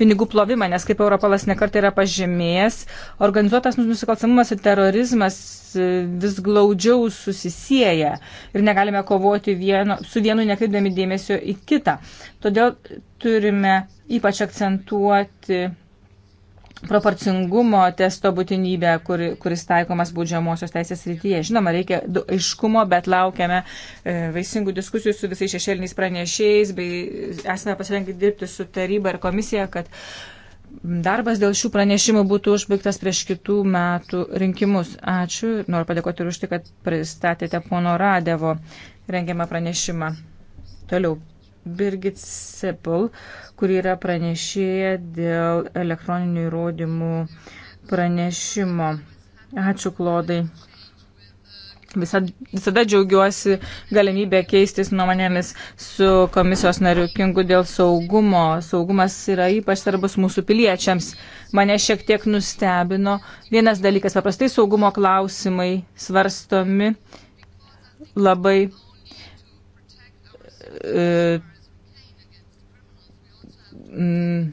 pinigų plovimą, nes kaip Europolas nekart yra pažymėjęs, organizuotas nusikalstamumas ir terorizmas vis glaudžiau susisieja ir negalime kovoti vieno, su vienu nekreipdami dėmesio į kitą. Todėl turime ypač akcentuoti proporcingumo testo būtinybę, kur, kuris taikomas būdžiamosios teisės rytyje. Žinoma, reikia aiškumo, bet laukiame e, vaisingų diskusijų su visais šešėliniais pranešėjais, bei esame pasirengę dirbti su taryba ir komisija, kad darbas dėl šių pranešimų būtų užbaigtas prieš kitų metų rinkimus. Ačiū ir noriu padėkoti ir už tai, kad pristatėte pono Radevo rengiamą pranešimą. Toliau. Birgit Sipul, kuri yra pranešėja dėl elektroninių įrodymų pranešimo. Ačiū, Klodai. Visad, visada džiaugiuosi galimybę keistis nuomonėmis su komisijos nariu Kingu dėl saugumo. Saugumas yra ypač svarbus mūsų piliečiams. Mane šiek tiek nustebino vienas dalykas. Paprastai saugumo klausimai svarstomi labai e, mm,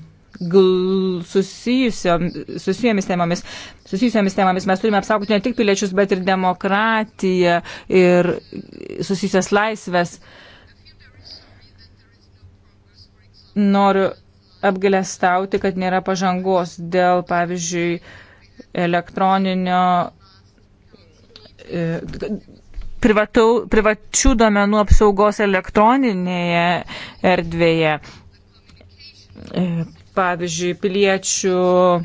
susijusiomis temomis. Susijusiomis temomis mes turime apsaugoti ne tik piliečius, bet ir demokratiją ir susijusias laisvės. Noriu apgalėstauti, kad nėra pažangos dėl, pavyzdžiui, elektroninio e, privatau, privačių domenų apsaugos elektroninėje erdvėje. E, pavyzdžiui, piliečių e,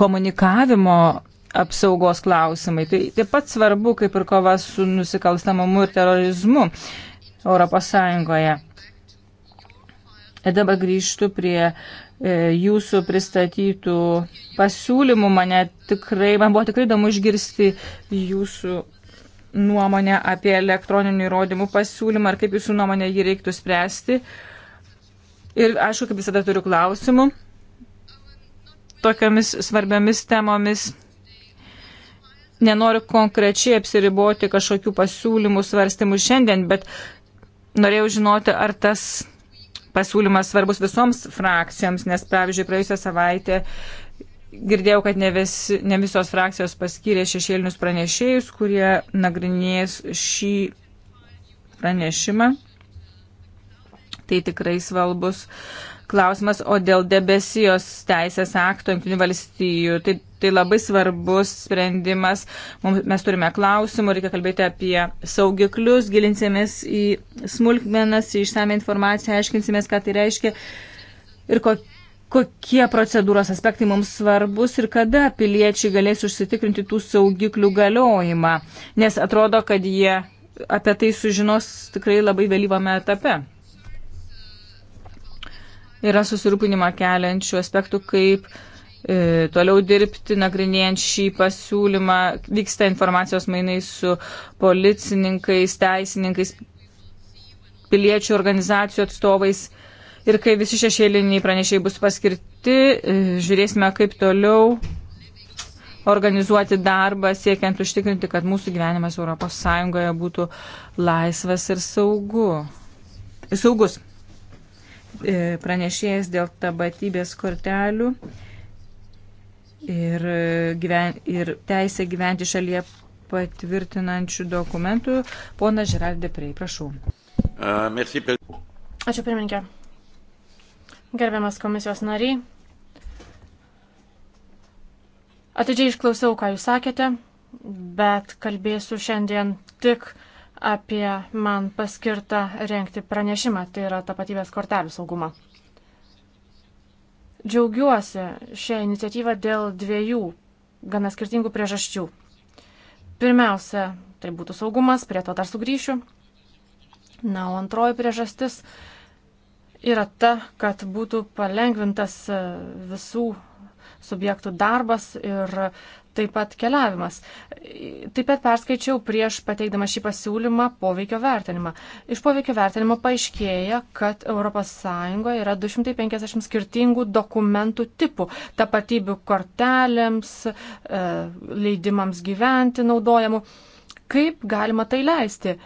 komunikavimo apsaugos klausimai. Tai taip pat svarbu, kaip ir kova su nusikalstamumu ir terorizmu Europos Sąjungoje. Ir dabar grįžtu prie e, jūsų pristatytų pasiūlymų. Mane tikrai, man buvo tikrai įdomu išgirsti jūsų nuomonę apie elektroninių įrodymų pasiūlymą ir kaip jūsų nuomonė jį reiktų spręsti. Ir aišku, kaip visada turiu klausimų tokiamis svarbiamis temomis. Nenoriu konkrečiai apsiriboti kažkokių pasiūlymų svarstymų šiandien, bet norėjau žinoti, ar tas pasiūlymas svarbus visoms frakcijams, nes, pavyzdžiui, praėjusią savaitę girdėjau, kad ne, vis, ne visos frakcijos paskyrė šešėlinius pranešėjus, kurie nagrinės šį pranešimą. Tai tikrai svalbus klausimas, o dėl debesijos teisės akto jungtinių valstijų, tai, tai labai svarbus sprendimas. Mums, mes turime klausimų, reikia kalbėti apie saugiklius, gilinsimės į smulkmenas, į išsame informaciją, aiškinsimės, ką tai reiškia ir kokie kokie procedūros aspektai mums svarbus ir kada piliečiai galės užsitikrinti tų saugiklių galiojimą, nes atrodo, kad jie apie tai sužinos tikrai labai vėlyvame etape. Yra susirūpinimą keliančių aspektų, kaip e, toliau dirbti, nagrinėjant šį pasiūlymą, vyksta informacijos mainai su policininkais, teisininkais, piliečių organizacijų atstovais. E, Ir kai visi šešėliniai pranešiai bus paskirti, e, žiūrėsime, kaip toliau organizuoti darbą, siekiant užtikrinti, kad mūsų gyvenimas ES būtų laisvas ir saugu. saugus. E, pranešėjas dėl tabatybės kortelių ir, e, gyven, ir teisę gyventi šalyje patvirtinančių dokumentų. Pona Žeraldė Prei, prašau. Ačiū pirmininkė. Gerbiamas komisijos nariai, atidžiai išklausiau, ką jūs sakėte, bet kalbėsiu šiandien tik apie man paskirtą renkti pranešimą, tai yra tapatybės kortelių saugumą. Džiaugiuosi šią iniciatyvą dėl dviejų gana skirtingų priežasčių. Pirmiausia, tai būtų saugumas, prie to dar sugrįšiu. Na, o antroji priežastis yra ta, kad būtų palengvintas e, visų subjektų darbas ir taip pat keliavimas. Taip pat perskaičiau prieš pateikdama šį pasiūlymą poveikio vertinimą. Iš poveikio vertinimo paaiškėja, kad ES yra 250 skirtingų dokumentų tipų - tapatybių kortelėms, e, leidimams gyventi naudojamų. Kaip galima tai leisti?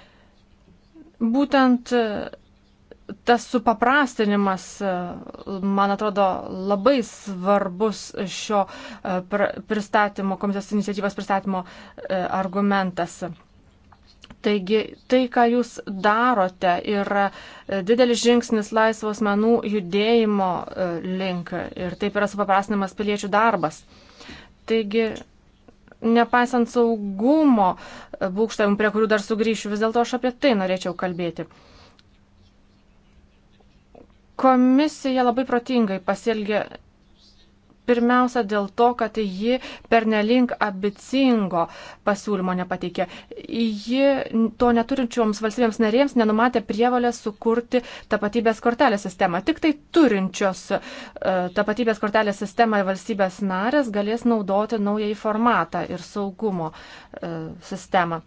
Būtent e, tas supaprastinimas, e, man atrodo, labai svarbus šio e, pristatymo, komisijos iniciatyvos pristatymo e, argumentas. Taigi tai, ką jūs darote, yra didelis žingsnis laisvos menų judėjimo link ir taip yra supaprastinamas piliečių darbas. Taigi, nepaisant saugumo būkštavimų, prie kurių dar sugrįšiu, vis dėlto aš apie tai norėčiau kalbėti. Uh, Komisija labai protingai pasielgė pirmiausia dėl to, kad ji pernelink abicingo pasiūlymo nepateikė. Ji to neturinčioms valstybėms narėms nenumatė prievalę sukurti tapatybės kortelės sistemą. Tik tai turinčios e, tapatybės kortelės sistemą valstybės narės galės naudoti naująjį formatą ir saugumo e, sistemą.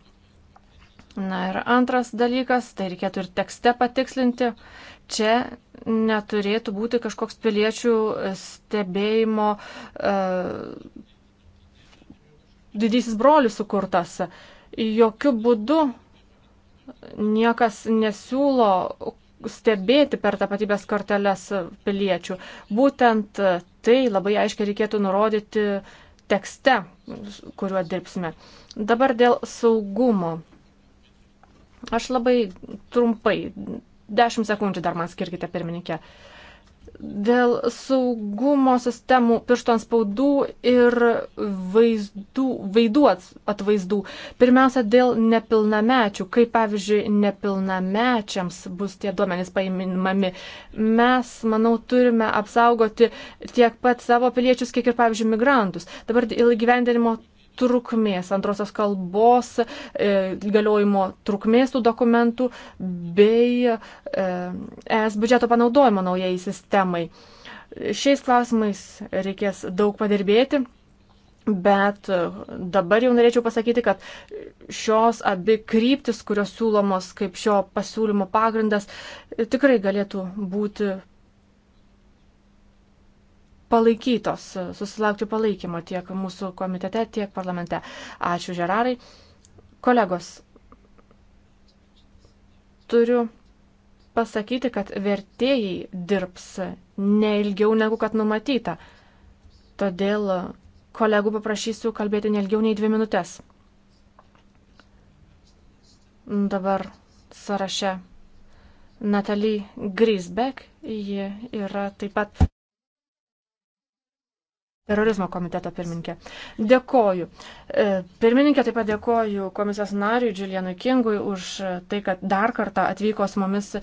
Na ir antras dalykas, tai reikėtų ir tekste patikslinti, čia neturėtų būti kažkoks piliečių stebėjimo uh, didysis brolis sukurtas. Jokių būdų niekas nesiūlo stebėti per tapatybės korteles piliečių. Būtent tai labai aiškiai reikėtų nurodyti tekste, kuriuo dirbsime. Dabar dėl saugumo Aš labai trumpai, dešimt sekundžių dar man skirkite pirmininkė. Dėl saugumo sistemų piršto ant spaudų ir vaizdų, vaidų atvaizdų. Pirmiausia, dėl nepilnamečių. Kaip pavyzdžiui, nepilnamečiams bus tie duomenys paimami. Mes, manau, turime apsaugoti tiek pat savo piliečius, kiek ir, pavyzdžiui, migrantus. Dabar dėl gyvendinimo trukmės, antrosios kalbos e, galiojimo trukmės tų dokumentų bei e, es biudžeto panaudojimo naujai sistemai. Šiais klausimais reikės daug padirbėti. Bet e, dabar jau norėčiau pasakyti, kad šios abi kryptis, kurios siūlomos kaip šio pasiūlymo pagrindas, e, tikrai galėtų būti palaikytos, susilaukti palaikymo tiek mūsų komitete, tiek parlamente. Ačiū, Žerarai. Kolegos, turiu pasakyti, kad vertėjai dirbs neilgiau negu kad numatyta. Todėl kolegų paprašysiu kalbėti neilgiau nei dvi minutės. Dabar sąraše Natalie Grisbeck, ji yra taip pat Terorizmo komiteto pirmininkė. Dėkoju. E, pirmininkė taip pat dėkoju komisijos nariui Džiulienui Kingui už tai, kad dar kartą atvyko su mumis e,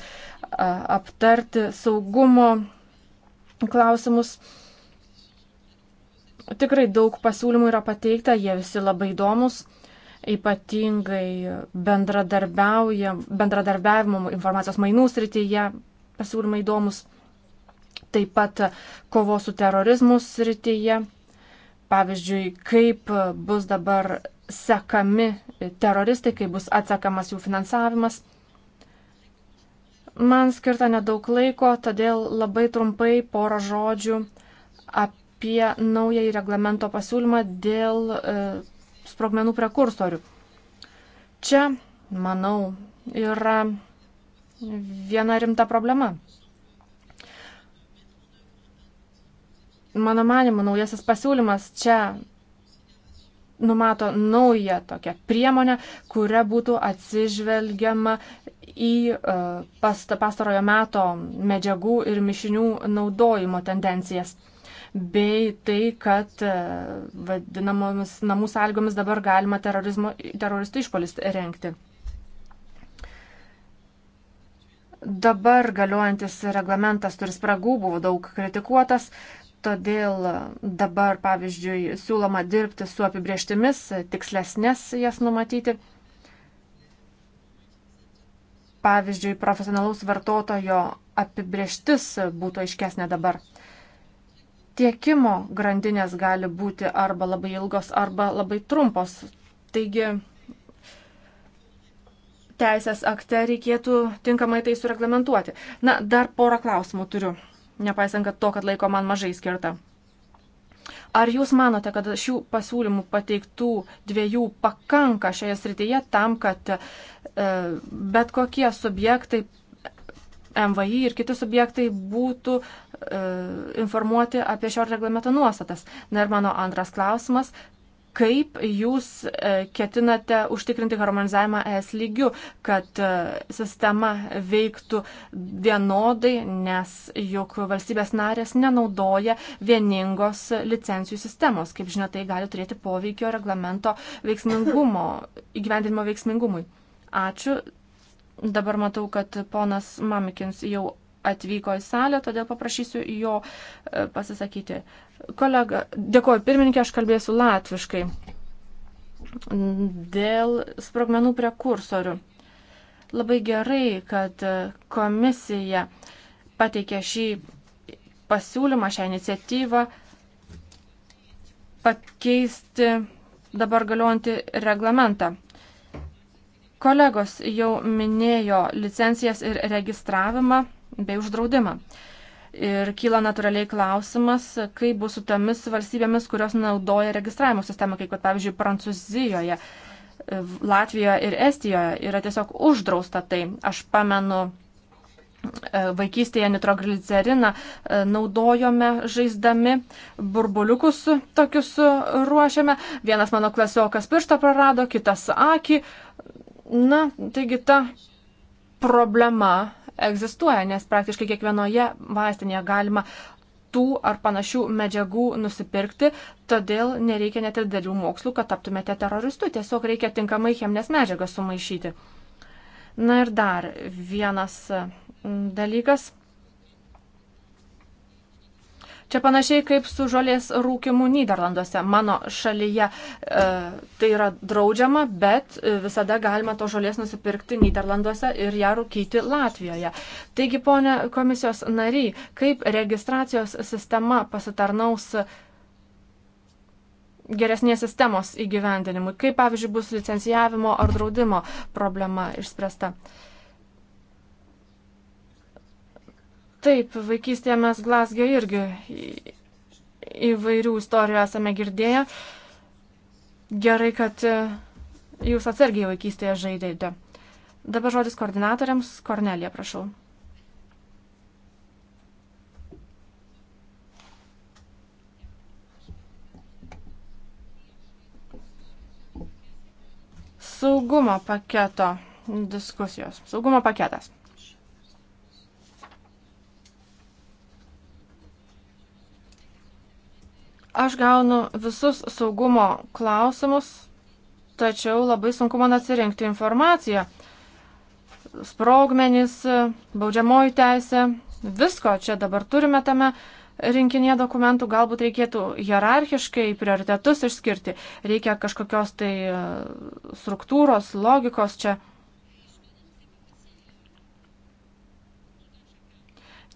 aptarti saugumo klausimus. Tikrai daug pasiūlymų yra pateikta, jie visi labai įdomus, ypatingai bendradarbiavimo informacijos mainų srityje pasiūlymai įdomus taip pat kovos su terorizmu srityje. Pavyzdžiui, kaip bus dabar sekami teroristai, kaip bus atsekamas jų finansavimas. Man skirta nedaug laiko, todėl labai trumpai porą žodžių apie naująjį reglamento pasiūlymą dėl e, sprogmenų prekursorių. Čia, manau, yra viena rimta problema. Mano manimu, naujasis pasiūlymas čia numato naują tokią priemonę, kuria būtų atsižvelgiama į e, pastarojo meto medžiagų ir mišinių naudojimo tendencijas bei tai, kad e, vadinamomis namų sąlygomis dabar galima teroristų išpolis renkti. Dabar galiojantis reglamentas turi spragų, buvo daug kritikuotas, Todėl dabar, pavyzdžiui, siūloma dirbti su apibrieštimis, tikslesnės jas numatyti. Pavyzdžiui, profesionalaus vartotojo apibrieštis būtų aiškesnė dabar. Tiekimo grandinės gali būti arba labai ilgos, arba labai trumpos. Taigi, teisės akte reikėtų tinkamai tai sureglamentuoti. Na, dar porą klausimų turiu nepaisant kad to, kad laiko man mažai skirta. Ar jūs manote, kad šių pasiūlymų pateiktų dviejų pakanka šioje srityje tam, kad e, bet kokie subjektai, MVI ir kiti subjektai būtų e, informuoti apie šio reglamento nuostatas? Na ir mano antras klausimas, Kaip jūs e, ketinate užtikrinti harmonizavimą ES lygių, kad e, sistema veiktų vienodai, nes juk valstybės narės nenaudoja vieningos licencijų sistemos. Kaip žinia, tai gali turėti poveikio reglamento veiksmingumo, (laughs) įgyvendinimo veiksmingumui. Ačiū. Dabar matau, kad ponas Mamikins jau atvyko į salę, todėl paprašysiu jo e, pasisakyti. Kolega, dėkoju pirmininkė, aš kalbėsiu latviškai. Dėl sprogmenų prie kursorių. Labai gerai, kad komisija pateikė šį pasiūlymą, šią iniciatyvą pakeisti dabar galiojantį reglamentą. Kolegos jau minėjo licencijas ir registravimą bei uždraudimą. Ir kyla natūraliai klausimas, kaip bus su tomis valstybėmis, kurios naudoja registravimo sistemą, kaip kad, pavyzdžiui, Prancūzijoje, Latvijoje ir Estijoje yra tiesiog uždrausta tai. Aš pamenu, e, vaikystėje nitrogliceriną e, naudojome žaisdami, burbuliukus tokius ruošiame. Vienas mano klasiokas pirštą prarado, kitas akį. Na, taigi ta problema egzistuoja, nes praktiškai kiekvienoje vaistinėje galima tų ar panašių medžiagų nusipirkti, todėl nereikia net ir dėlių mokslų, kad taptumėte teroristu, tiesiog reikia tinkamai cheminės medžiagas sumaišyti. Na ir dar vienas mm, dalykas Čia panašiai kaip su žolės rūkimu Niderlanduose. Mano šalyje e, tai yra draudžiama, bet e, visada galima to žolės nusipirkti Niderlanduose ir ją rūkyti Latvijoje. Taigi, ponė komisijos nariai, kaip registracijos sistema pasitarnaus geresnės sistemos įgyvendinimui, kaip pavyzdžiui bus licencijavimo ar draudimo problema išspręsta. Taip, vaikystėje mes Glasgio irgi įvairių istorijų esame girdėję. Gerai, kad e, jūs atsargiai vaikystėje žaidėte. Dabar žodis koordinatoriams. Kornelija, prašau. Saugumo paketo diskusijos. Saugumo paketas. Aš gaunu visus saugumo klausimus, tačiau labai sunku man atsirinkti informaciją. Sprogmenys, baudžiamoji teisė, visko čia dabar turime tame rinkinėje dokumentų, galbūt reikėtų hierarchiškai prioritetus išskirti, reikia kažkokios tai e, struktūros, logikos čia.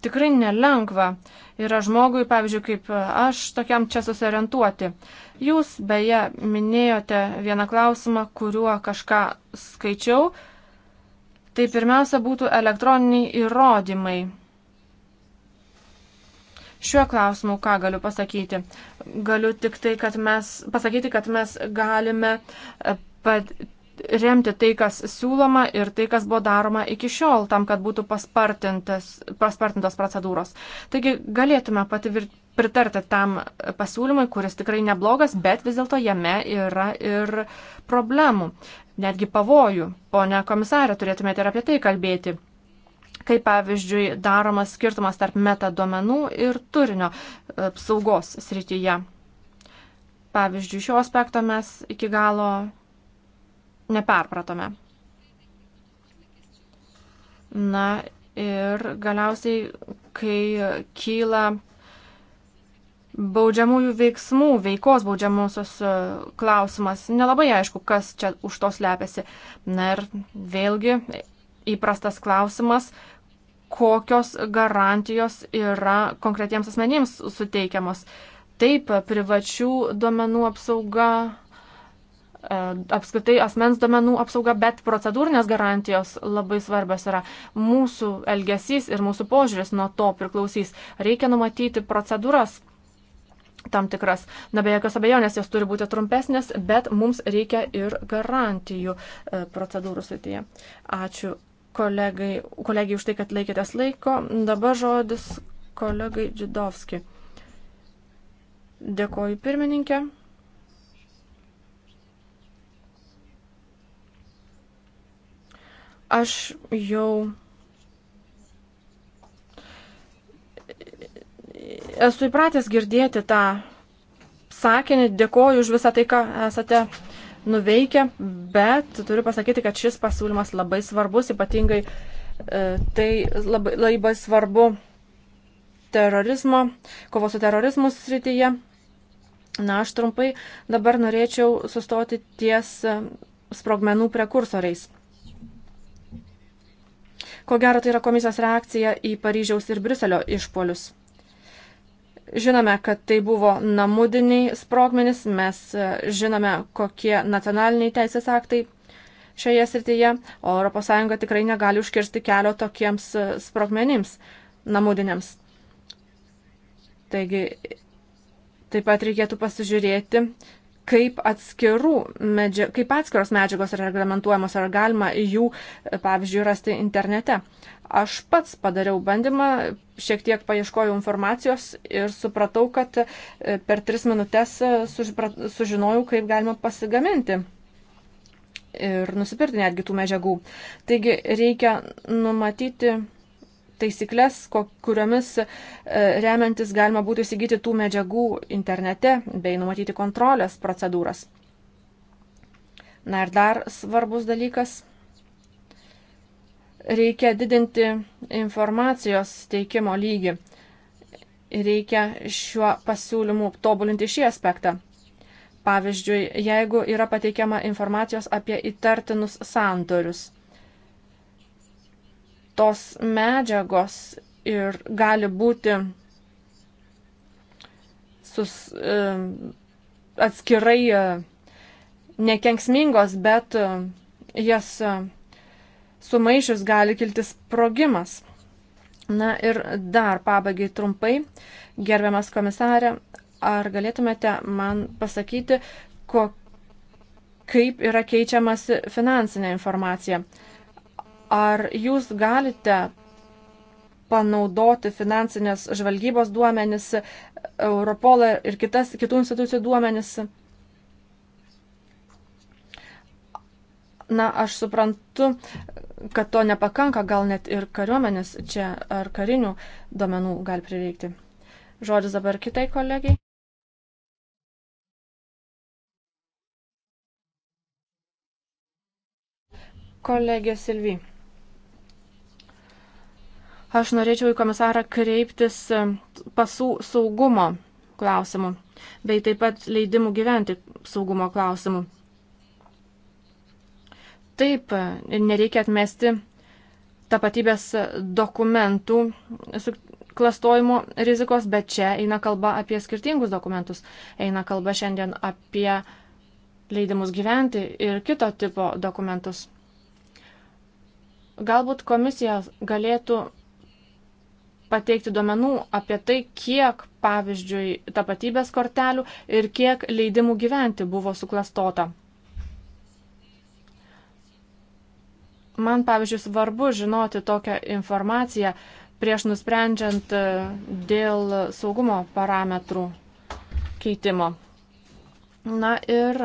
tikrai nelengva yra žmogui, pavyzdžiui, kaip aš, tokiam čia susiorientuoti. Jūs beje minėjote vieną klausimą, kuriuo kažką skaičiau. Tai pirmiausia būtų elektroniniai įrodymai. Šiuo klausimu ką galiu pasakyti? Galiu tik tai, kad mes pasakyti, kad mes galime e, pat, remti tai, kas siūloma ir tai, kas buvo daroma iki šiol, tam, kad būtų paspartintos procedūros. Taigi galėtume patvir, pritarti tam pasiūlymui, kuris tikrai neblogas, bet vis dėlto jame yra ir problemų, netgi pavojų. Pone komisarė, turėtumėte ir apie tai kalbėti. Kaip pavyzdžiui, daromas skirtumas tarp metaduomenų ir turinio e, apsaugos srityje. Pavyzdžiui, šio aspekto mes iki galo neperpratome. Na ir galiausiai, kai kyla baudžiamųjų veiksmų, veikos baudžiamusios e, klausimas, nelabai aišku, kas čia už to slepiasi. Na ir vėlgi įprastas klausimas, kokios garantijos yra konkretiems asmenims suteikiamos. Taip, privačių duomenų apsauga E, apskritai asmens domenų apsauga, bet procedūrinės garantijos labai svarbios yra. Mūsų elgesys ir mūsų požiūris nuo to priklausys. Reikia numatyti procedūras tam tikras. Na, be jokios abejonės, jos turi būti trumpesnės, bet mums reikia ir garantijų e, procedūrų srityje. Ačiū kolegai, kolegijai už tai, kad laikėtės laiko. Dabar žodis kolegai Džidovski. Dėkoju pirmininkė. Aš jau esu įpratęs girdėti tą sakinį, dėkoju už visą tai, ką esate nuveikę, bet turiu pasakyti, kad šis pasiūlymas labai svarbus, ypatingai e, tai labai, labai svarbu terorizmo, kovos su terorizmu srityje. Na, aš trumpai dabar norėčiau sustoti ties e, sprogmenų prekursoriais. Ko gero, tai yra komisijos reakcija į Paryžiaus ir Briuselio išpolius. Žinome, kad tai buvo namudiniai sprogmenys, mes e, žinome, kokie nacionaliniai teisės aktai šioje srityje, o ES tikrai negali užkirsti kelio tokiems e, sprogmenims namudiniams. Taigi, taip pat reikėtų pasižiūrėti, kaip, medžia, kaip atskiros medžiagos yra reglamentuojamos, ar galima jų, pavyzdžiui, rasti internete. Aš pats padariau bandymą, šiek tiek paieškojau informacijos ir supratau, kad e, per tris minutės e, sužinojau, kaip galima pasigaminti ir nusipirkti netgi tų medžiagų. Taigi reikia numatyti taisyklės, kuriomis e, remiantis galima būtų įsigyti tų medžiagų internete bei numatyti kontrolės procedūras. Na ir dar svarbus dalykas. Reikia didinti informacijos teikimo lygį. Reikia šiuo pasiūlymu tobulinti šį aspektą. Pavyzdžiui, jeigu yra pateikiama informacijos apie įtartinus santorius tos medžiagos ir gali būti sus, atskirai nekenksmingos, bet jas sumaišius gali kilti sprogimas. Na ir dar pabaigai trumpai, gerbiamas komisarė, ar galėtumėte man pasakyti, ko, kaip yra keičiamasi finansinė informacija? Ar jūs galite panaudoti finansinės žvalgybos duomenis, Europolą ir kitas, kitų institucijų duomenis? Na, aš suprantu, kad to nepakanka, gal net ir kariuomenės čia ar karinių duomenų gali prireikti. Žodis dabar kitai kolegiai. Kolegė Silvi. Aš norėčiau į komisarą kreiptis e, pasų saugumo klausimų, bei taip pat leidimų gyventi saugumo klausimų. Taip, e, nereikia atmesti tapatybės dokumentų klastojimo rizikos, bet čia eina kalba apie skirtingus dokumentus. Eina kalba šiandien apie leidimus gyventi ir kito tipo dokumentus. Galbūt komisija galėtų pateikti duomenų apie tai, kiek, pavyzdžiui, tapatybės kortelių ir kiek leidimų gyventi buvo suklastota. Man, pavyzdžiui, svarbu žinoti tokią informaciją prieš nusprendžiant e, dėl saugumo parametrų keitimo. Na ir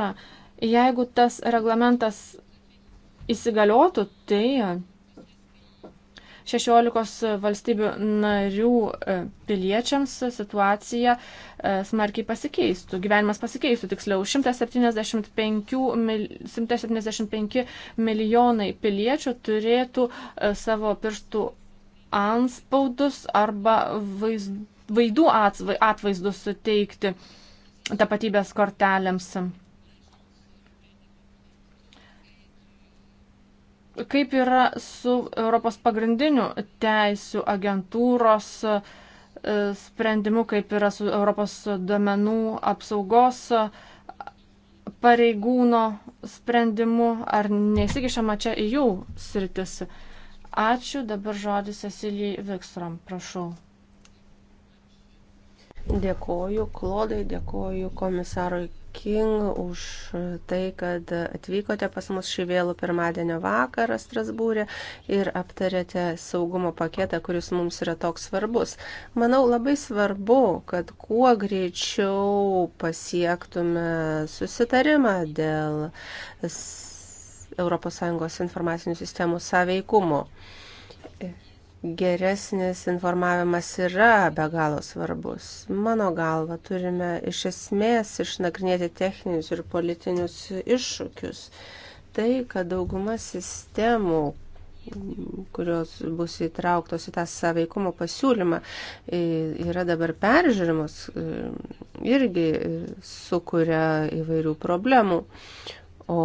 jeigu tas reglamentas įsigaliotų, tai 16 valstybių narių e, piliečiams situacija e, smarkiai pasikeistų, gyvenimas pasikeistų, tiksliau 175, 175 milijonai piliečių turėtų e, savo pirštų anspaudus arba vaizdų atvaizdus suteikti tapatybės kortelėms. Kaip yra su Europos pagrindinių teisų agentūros e, sprendimu, kaip yra su Europos duomenų apsaugos pareigūno sprendimu, ar neįsikišama čia į jų sritis. Ačiū, dabar žodis Esilijai Vikstrom, prašau. Dėkoju Klodai, dėkoju komisarui King už tai, kad atvykote pas mus šį vėlų pirmadienio vakarą Strasbūrė ir aptarėte saugumo paketą, kuris mums yra toks svarbus. Manau, labai svarbu, kad kuo greičiau pasiektume susitarimą dėl ES informacinių sistemų saveikumo geresnis informavimas yra be galo svarbus. Mano galva, turime iš esmės išnagrinėti techninius ir politinius iššūkius. Tai, kad dauguma sistemų, kurios bus įtrauktos į tą saveikumo pasiūlymą, yra dabar peržiūrimos, e, irgi sukuria įvairių problemų. O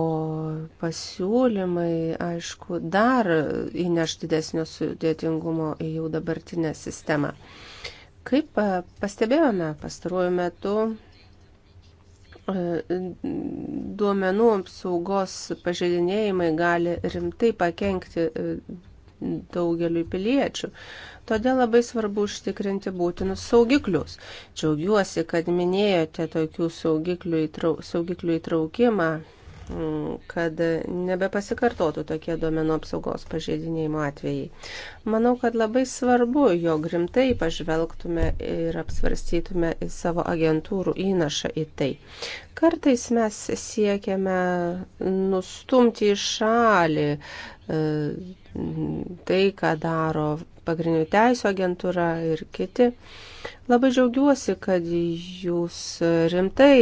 pasiūlymai, aišku, dar įneš didesnio sudėtingumo į jau dabartinę sistemą. Kaip e, pastebėjome pastaruoju metu, e, duomenų apsaugos pažeidinėjimai gali rimtai pakenkti e, daugeliu piliečių. Todėl labai svarbu užtikrinti būtinus saugiklius. Džiaugiuosi, kad minėjote tokių saugiklių, įtrau, saugiklių įtraukimą kad nebepasikartotų tokie duomenų apsaugos pažeidinėjimo atvejai. Manau, kad labai svarbu, jog rimtai pažvelgtume ir apsvarstytume savo agentūrų įnašą į tai. Kartais mes siekiame nustumti į šalį e, tai, ką daro pagrindinių teisų agentūra ir kiti. Labai džiaugiuosi, kad jūs rimtai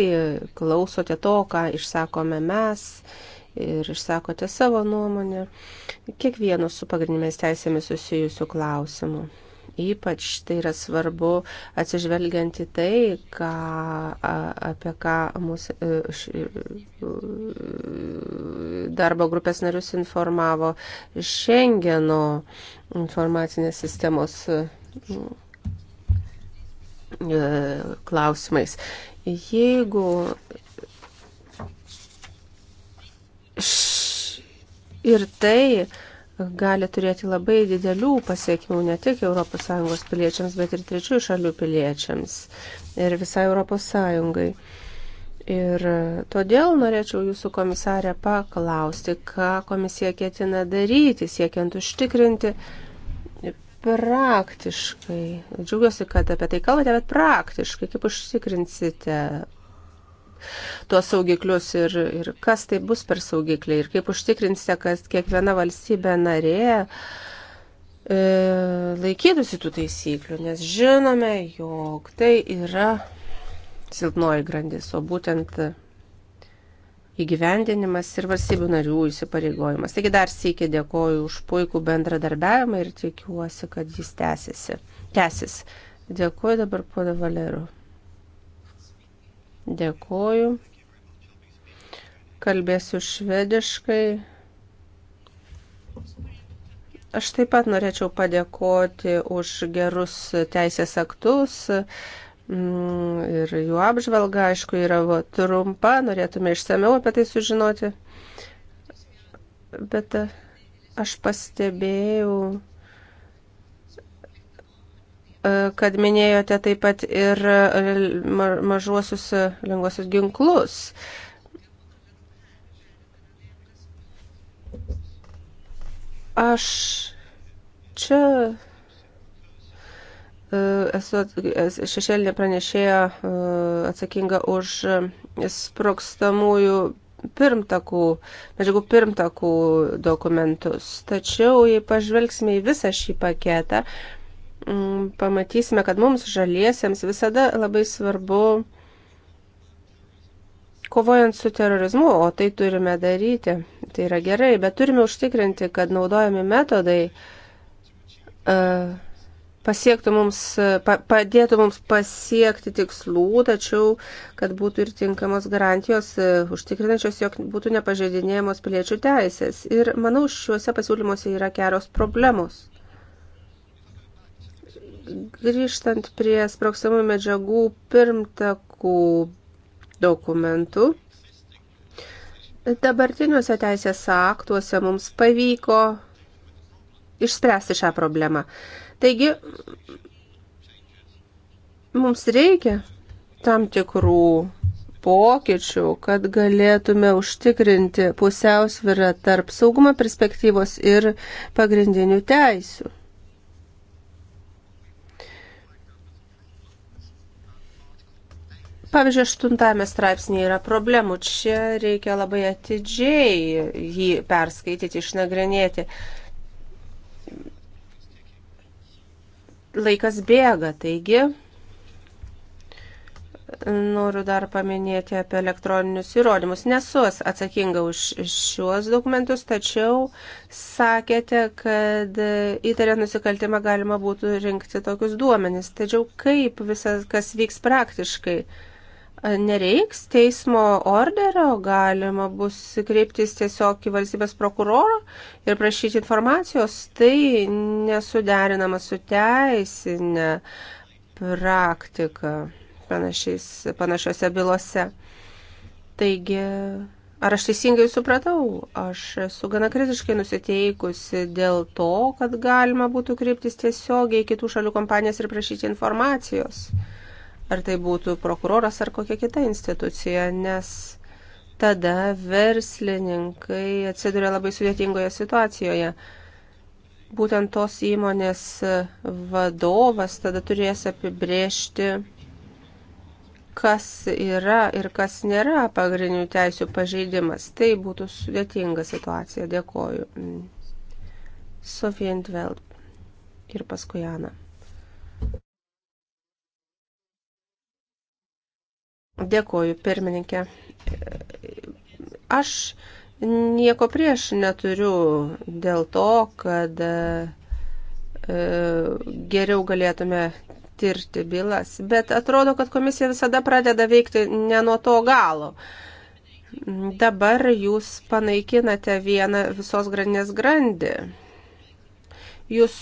klausote to, ką išsakome mes ir išsakote savo nuomonę, kiekvienus su pagrindinėmis teisėmis susijusių klausimų. Ypač tai yra svarbu atsižvelgiant į tai, ką, apie ką mūsų e, e, darbo grupės narius informavo Šengeno informacinės sistemos E, klausimais. Jeigu ir tai gali turėti labai didelių pasiekimų ne tik ES piliečiams, bet ir trečiųjų šalių piliečiams ir visai ES. Ir todėl norėčiau jūsų komisarę paklausti, ką komisija ketina daryti, siekiant užtikrinti, praktiškai, džiaugiuosi, kad apie tai kalbate, bet praktiškai, kaip užtikrinsite tuos saugiklius ir, ir kas tai bus per saugikliai ir kaip užtikrinsite, kad kiekviena valstybė narė e, laikytųsi tų taisyklių, nes žinome, jog tai yra silpnoji grandis, o būtent įgyvendinimas ir valstybių narių įsipareigojimas. Taigi dar sėkiai dėkoju už puikų bendradarbiavimą ir tikiuosi, kad jis tęsiasi. Tęsis. Dėkoju dabar pono Valeru. Dėkoju. Kalbėsiu švediškai. Aš taip pat norėčiau padėkoti už gerus teisės aktus Mm, ir jų apžvalga, aišku, yra va, trumpa, norėtume išsameu apie tai sužinoti. Bet e, aš pastebėjau, e, kad minėjote taip pat ir e, mažuosius lengvosius ginklus. Aš čia E, esu šešėlinė pranešėja e, atsakinga už sprokstamųjų pirmtakų, medžiagų pirmtakų dokumentus. Tačiau, jei pažvelgsime į visą šį paketą, pamatysime, kad mums žaliesiems visada labai svarbu kovojant su terorizmu, o tai turime daryti. Tai yra gerai, bet turime užtikrinti, kad naudojami metodai uh, pasiektų mums, pa, padėtų mums pasiekti tikslų, tačiau kad būtų ir tinkamos garantijos e, užtikrinančios, jog būtų nepažeidinėjamos piliečių teisės. Ir manau, šiuose pasiūlymuose yra kelios problemos. Grįžtant prie sprogstamų medžiagų pirmtakų dokumentų, dabartiniuose teisės aktuose mums pavyko išspręsti šią problemą. Taigi, mums reikia tam tikrų pokyčių, kad galėtume užtikrinti pusiausvirą tarp saugumo perspektyvos ir pagrindinių teisių. Pavyzdžiui, aštuntame straipsnėje yra problemų. Čia reikia labai atidžiai jį perskaityti, išnagrinėti. laikas bėga, taigi noriu dar paminėti apie elektroninius įrodymus. Nesu atsakinga už šiuos dokumentus, tačiau sakėte, kad įtariant nusikaltimą galima būtų rinkti tokius duomenis. Tačiau kaip visas, kas vyks praktiškai? Uh, nereiks teismo orderio, galima bus kreiptis tiesiog į valstybės prokurorą ir prašyti informacijos. Tai nesuderinama su teisinė praktika panašiose bylose. Taigi, ar aš teisingai supratau, aš esu gana kritiškai nusiteikusi dėl to, kad galima būtų kreiptis tiesiogiai į kitų šalių kompanijas ir prašyti informacijos ar tai būtų prokuroras ar kokia kita institucija, nes tada verslininkai atsiduria labai sudėtingoje situacijoje. Būtent tos įmonės vadovas tada turės apibriežti, kas yra ir kas nėra pagrindinių teisių pažeidimas. Tai būtų sudėtinga situacija. Dėkoju. Sofija Intveld ir paskui Ana. Dėkoju, pirmininkė. Aš nieko prieš neturiu dėl to, kad e, geriau galėtume tirti bylas, bet atrodo, kad komisija visada pradeda veikti ne nuo to galo. Dabar jūs panaikinate vieną visos grandinės grandį. Jūs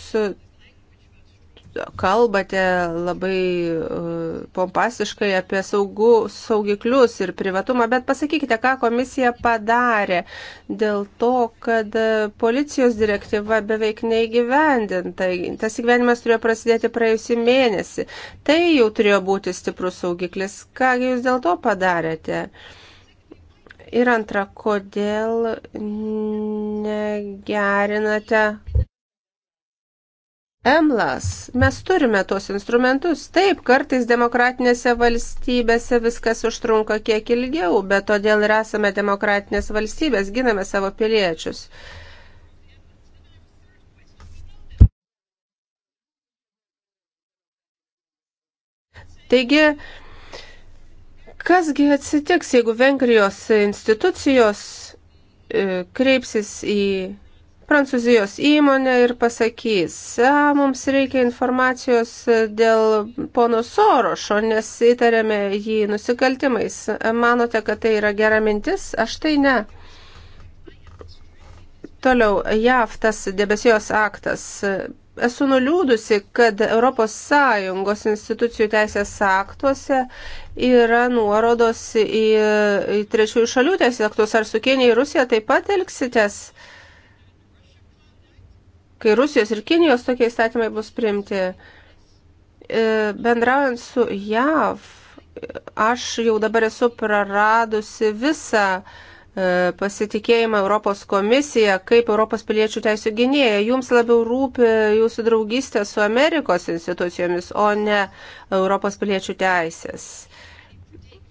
kalbate labai e, pompastiškai apie saugų, saugiklius ir privatumą, bet pasakykite, ką komisija padarė dėl to, kad e, policijos direktyva beveik neįgyvendinta. Tas įgyvenimas turėjo prasidėti praėjusį mėnesį. Tai jau turėjo būti stiprus saugiklis. Ką jūs dėl to padarėte? Ir antra, kodėl negerinate Emlas, mes turime tuos instrumentus. Taip, kartais demokratinėse valstybėse viskas užtrunka kiek ilgiau, bet todėl ir esame demokratinės valstybės, giname savo piliečius. Taigi, kasgi atsitiks, jeigu Vengrijos institucijos e, kreipsis į Prancūzijos įmonė ir pasakys, a, mums reikia informacijos dėl pono Sorošo, nes įtariame jį nusikaltimais. Manote, kad tai yra gera mintis? Aš tai ne. Toliau, JAV tas debesijos aktas. Esu nuliūdusi, kad ES institucijų teisės aktuose yra nuorodos į, į trečiųjų šalių teisės aktus. Ar su Kenija ir Rusija taip pat elgsitės? Uh, kai Rusijos ir Kinijos tokie įstatymai bus priimti, e, bendraujant su JAV, aš jau dabar esu praradusi visą e, pasitikėjimą Europos komisija kaip Europos piliečių teisų gynėja. Jums labiau rūpi jūsų draugystė su Amerikos institucijomis, o ne Europos piliečių teisės.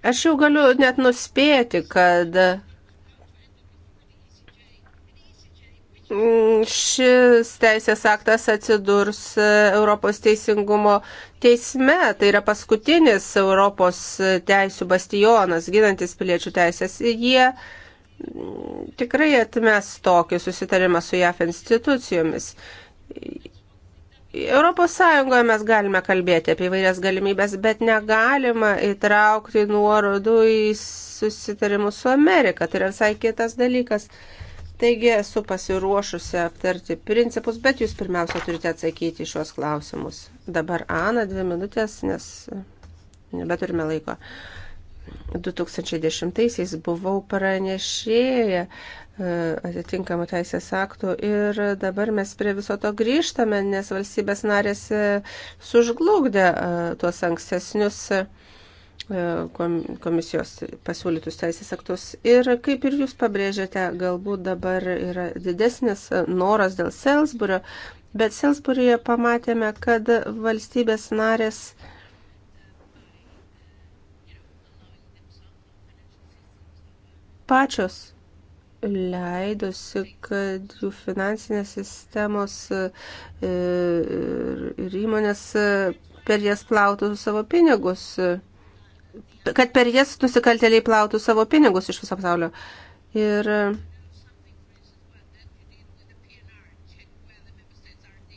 Aš jau galiu net nuspėti, kad Mm, šis teisės aktas atsidurs e, Europos teisingumo teisme. Tai yra paskutinis Europos e, teisų bastionas, ginantis piliečių teisės. Jie mm, tikrai atmes tokį susitarimą su JAF institucijomis. Europos Sąjungoje mes galime kalbėti apie vairias galimybės, bet negalima įtraukti nuorodų į susitarimus su Amerika. Tai yra visai kitas dalykas. Taigi esu pasiruošusi aptarti principus, bet jūs pirmiausia turite atsakyti šios klausimus. Dabar Ana, dvi minutės, nes nebeturime laiko. 2010-aisiais buvau pranešėję e, atitinkamų teisės aktų ir dabar mes prie viso to grįžtame, nes valstybės narės e, sužglugdė e, tuos ankstesnius E, komisijos pasiūlytus teisės aktus. Ir kaip ir jūs pabrėžiate, galbūt dabar yra didesnis noras dėl Selsburio, bet Selsburyje pamatėme, kad valstybės narės pačios leidosi, kad jų finansinės sistemos e, ir įmonės per jas plautų savo pinigus kad per jas nusikaltėliai plautų savo pinigus iš viso pasaulio. Ir e,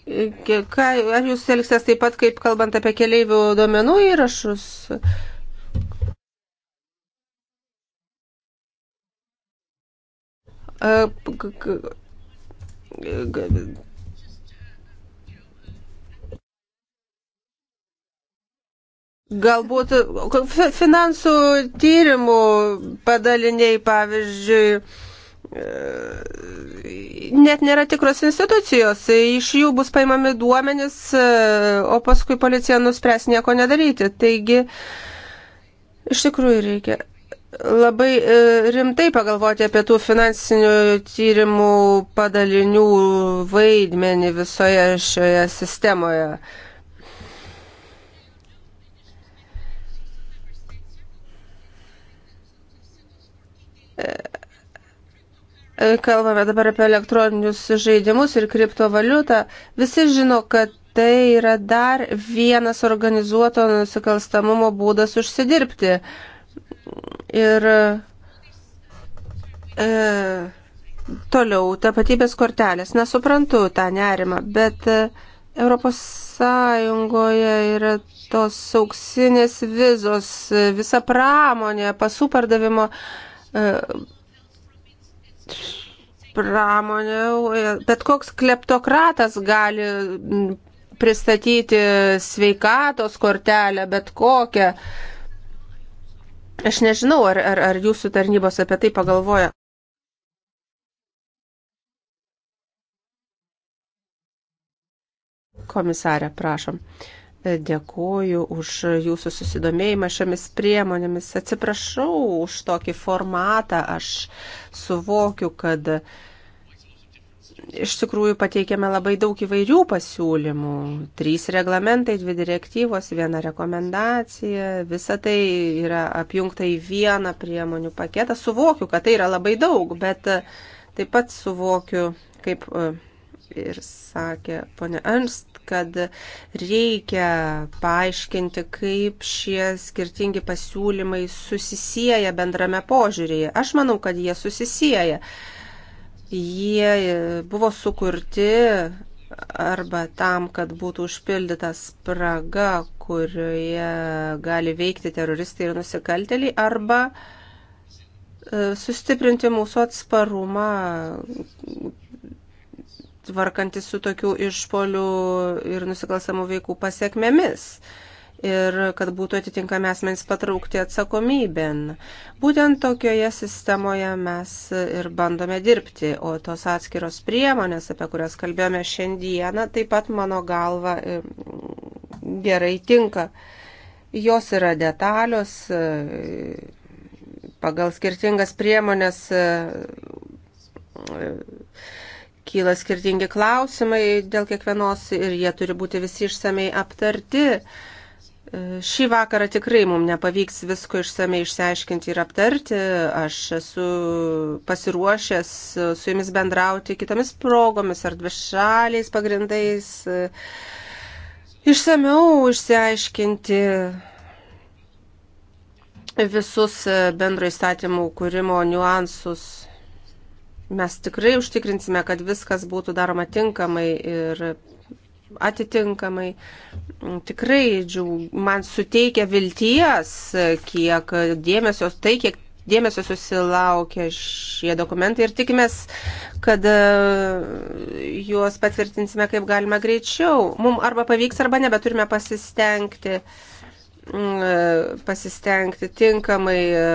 Ką, ar jūs elgsitės taip pat, kaip kalbant apie keleivių duomenų įrašus? E, Galbūt finansų tyrimų padaliniai, pavyzdžiui, e, net nėra tikros institucijos, iš jų bus paimami duomenys, e, o paskui policija nuspręs nieko nedaryti. Taigi, iš tikrųjų reikia labai e, rimtai pagalvoti apie tų finansinių tyrimų padalinių vaidmenį visoje šioje sistemoje. E, kalbame dabar apie elektroninius žaidimus ir kriptovaliutą, visi žino, kad tai yra dar vienas organizuoto nusikalstamumo būdas užsidirbti. Ir e, toliau tapatybės kortelės. Nesuprantu tą nerimą, bet e, Europos Sąjungoje yra tos auksinės vizos, e, visa pramonė, pasų pardavimo. E, E, pramonė, e, bet koks kleptokratas gali pristatyti sveikatos kortelę, bet kokią. Aš nežinau, ar, ar, ar jūsų tarnybos apie tai pagalvoja. Komisarė, prašom. Uh, Dėkuoju už jūsų susidomėjimą šiomis priemonėmis. Atsiprašau už tokį formatą. Aš suvokiu, kad iš tikrųjų pateikėme labai daug įvairių pasiūlymų. Trys reglamentai, dvi direktyvos, viena rekomendacija. Visa tai yra apjungta į vieną priemonių paketą. Suvokiu, kad tai yra labai daug, bet taip pat suvokiu, kaip. Uh, ir sakė ponė Ernst, kad reikia paaiškinti, kaip šie skirtingi pasiūlymai susisieja bendrame požiūrėje. Aš manau, kad jie susisieja. Jie buvo sukurti arba tam, kad būtų užpildyta spraga, kurioje gali veikti teroristai ir nusikalteliai, arba sustiprinti mūsų atsparumą tvarkantis su tokių išpolių ir nusikalstamų veikų pasiekmėmis ir kad būtų atitinkami asmenys patraukti atsakomybėn. Būtent tokioje sistemoje mes ir bandome dirbti, o tos atskiros priemonės, apie kurias kalbėjome šiandieną, taip pat mano galva e, gerai tinka. Jos yra detalios, e, pagal skirtingas priemonės e, kyla skirtingi klausimai dėl kiekvienos ir jie turi būti visi išsamei aptarti. E, šį vakarą tikrai mums nepavyks visko išsamei išsiaiškinti ir aptarti. Aš esu pasiruošęs su jumis bendrauti kitomis progomis ar dvišaliais pagrindais. E, Išsameu išsiaiškinti visus bendro įstatymų kūrimo niuansus Mes tikrai užtikrinsime, kad viskas būtų daroma tinkamai ir atitinkamai. Tikrai džiug, man suteikia vilties, kiek dėmesio, tai kiek dėmesio susilaukia šie dokumentai ir tikimės, kad e, juos patvirtinsime kaip galima greičiau. Mums arba pavyks, arba ne, bet turime pasistengti, e, pasistengti tinkamai e,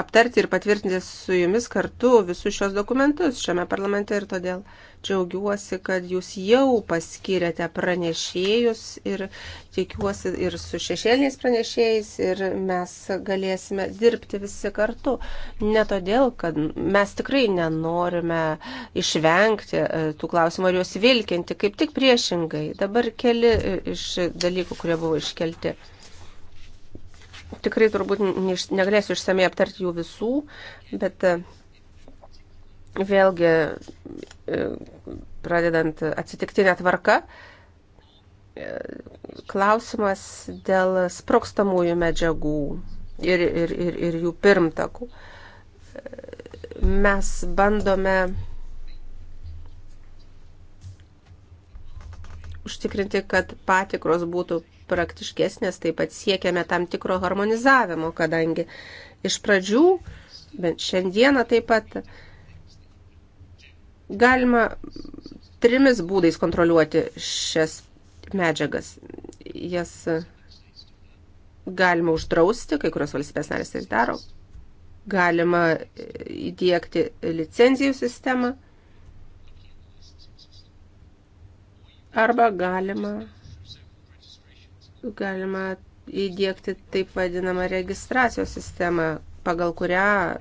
aptarti ir patvirtinti su jumis kartu visus šios dokumentus šiame parlamente ir todėl džiaugiuosi, kad jūs jau paskiriate pranešėjus ir tikiuosi ir su šešėliniais pranešėjais ir mes galėsime dirbti visi kartu. Ne todėl, kad mes tikrai nenorime išvengti e, tų klausimų ar juos vilkinti, kaip tik priešingai. Dabar keli e, iš dalykų, kurie buvo iškelti. Tikrai turbūt negalėsiu išsamei aptarti jų visų, bet e, vėlgi e, pradedant atsitiktinę tvarką, e, klausimas dėl sprokstamųjų medžiagų ir, ir, ir, ir jų pirmtakų. Mes bandome užtikrinti, kad patikros būtų praktiškesnės, taip pat siekiame tam tikro harmonizavimo, kadangi iš pradžių, bent šiandieną taip pat, galima trimis būdais kontroliuoti šias medžiagas. Jas galima uždrausti, kai kurios valstybės narės tai daro. Galima įdėkti licenzijų sistemą Arba galima, galima įdėkti taip vadinamą registracijos sistemą, pagal kurią e,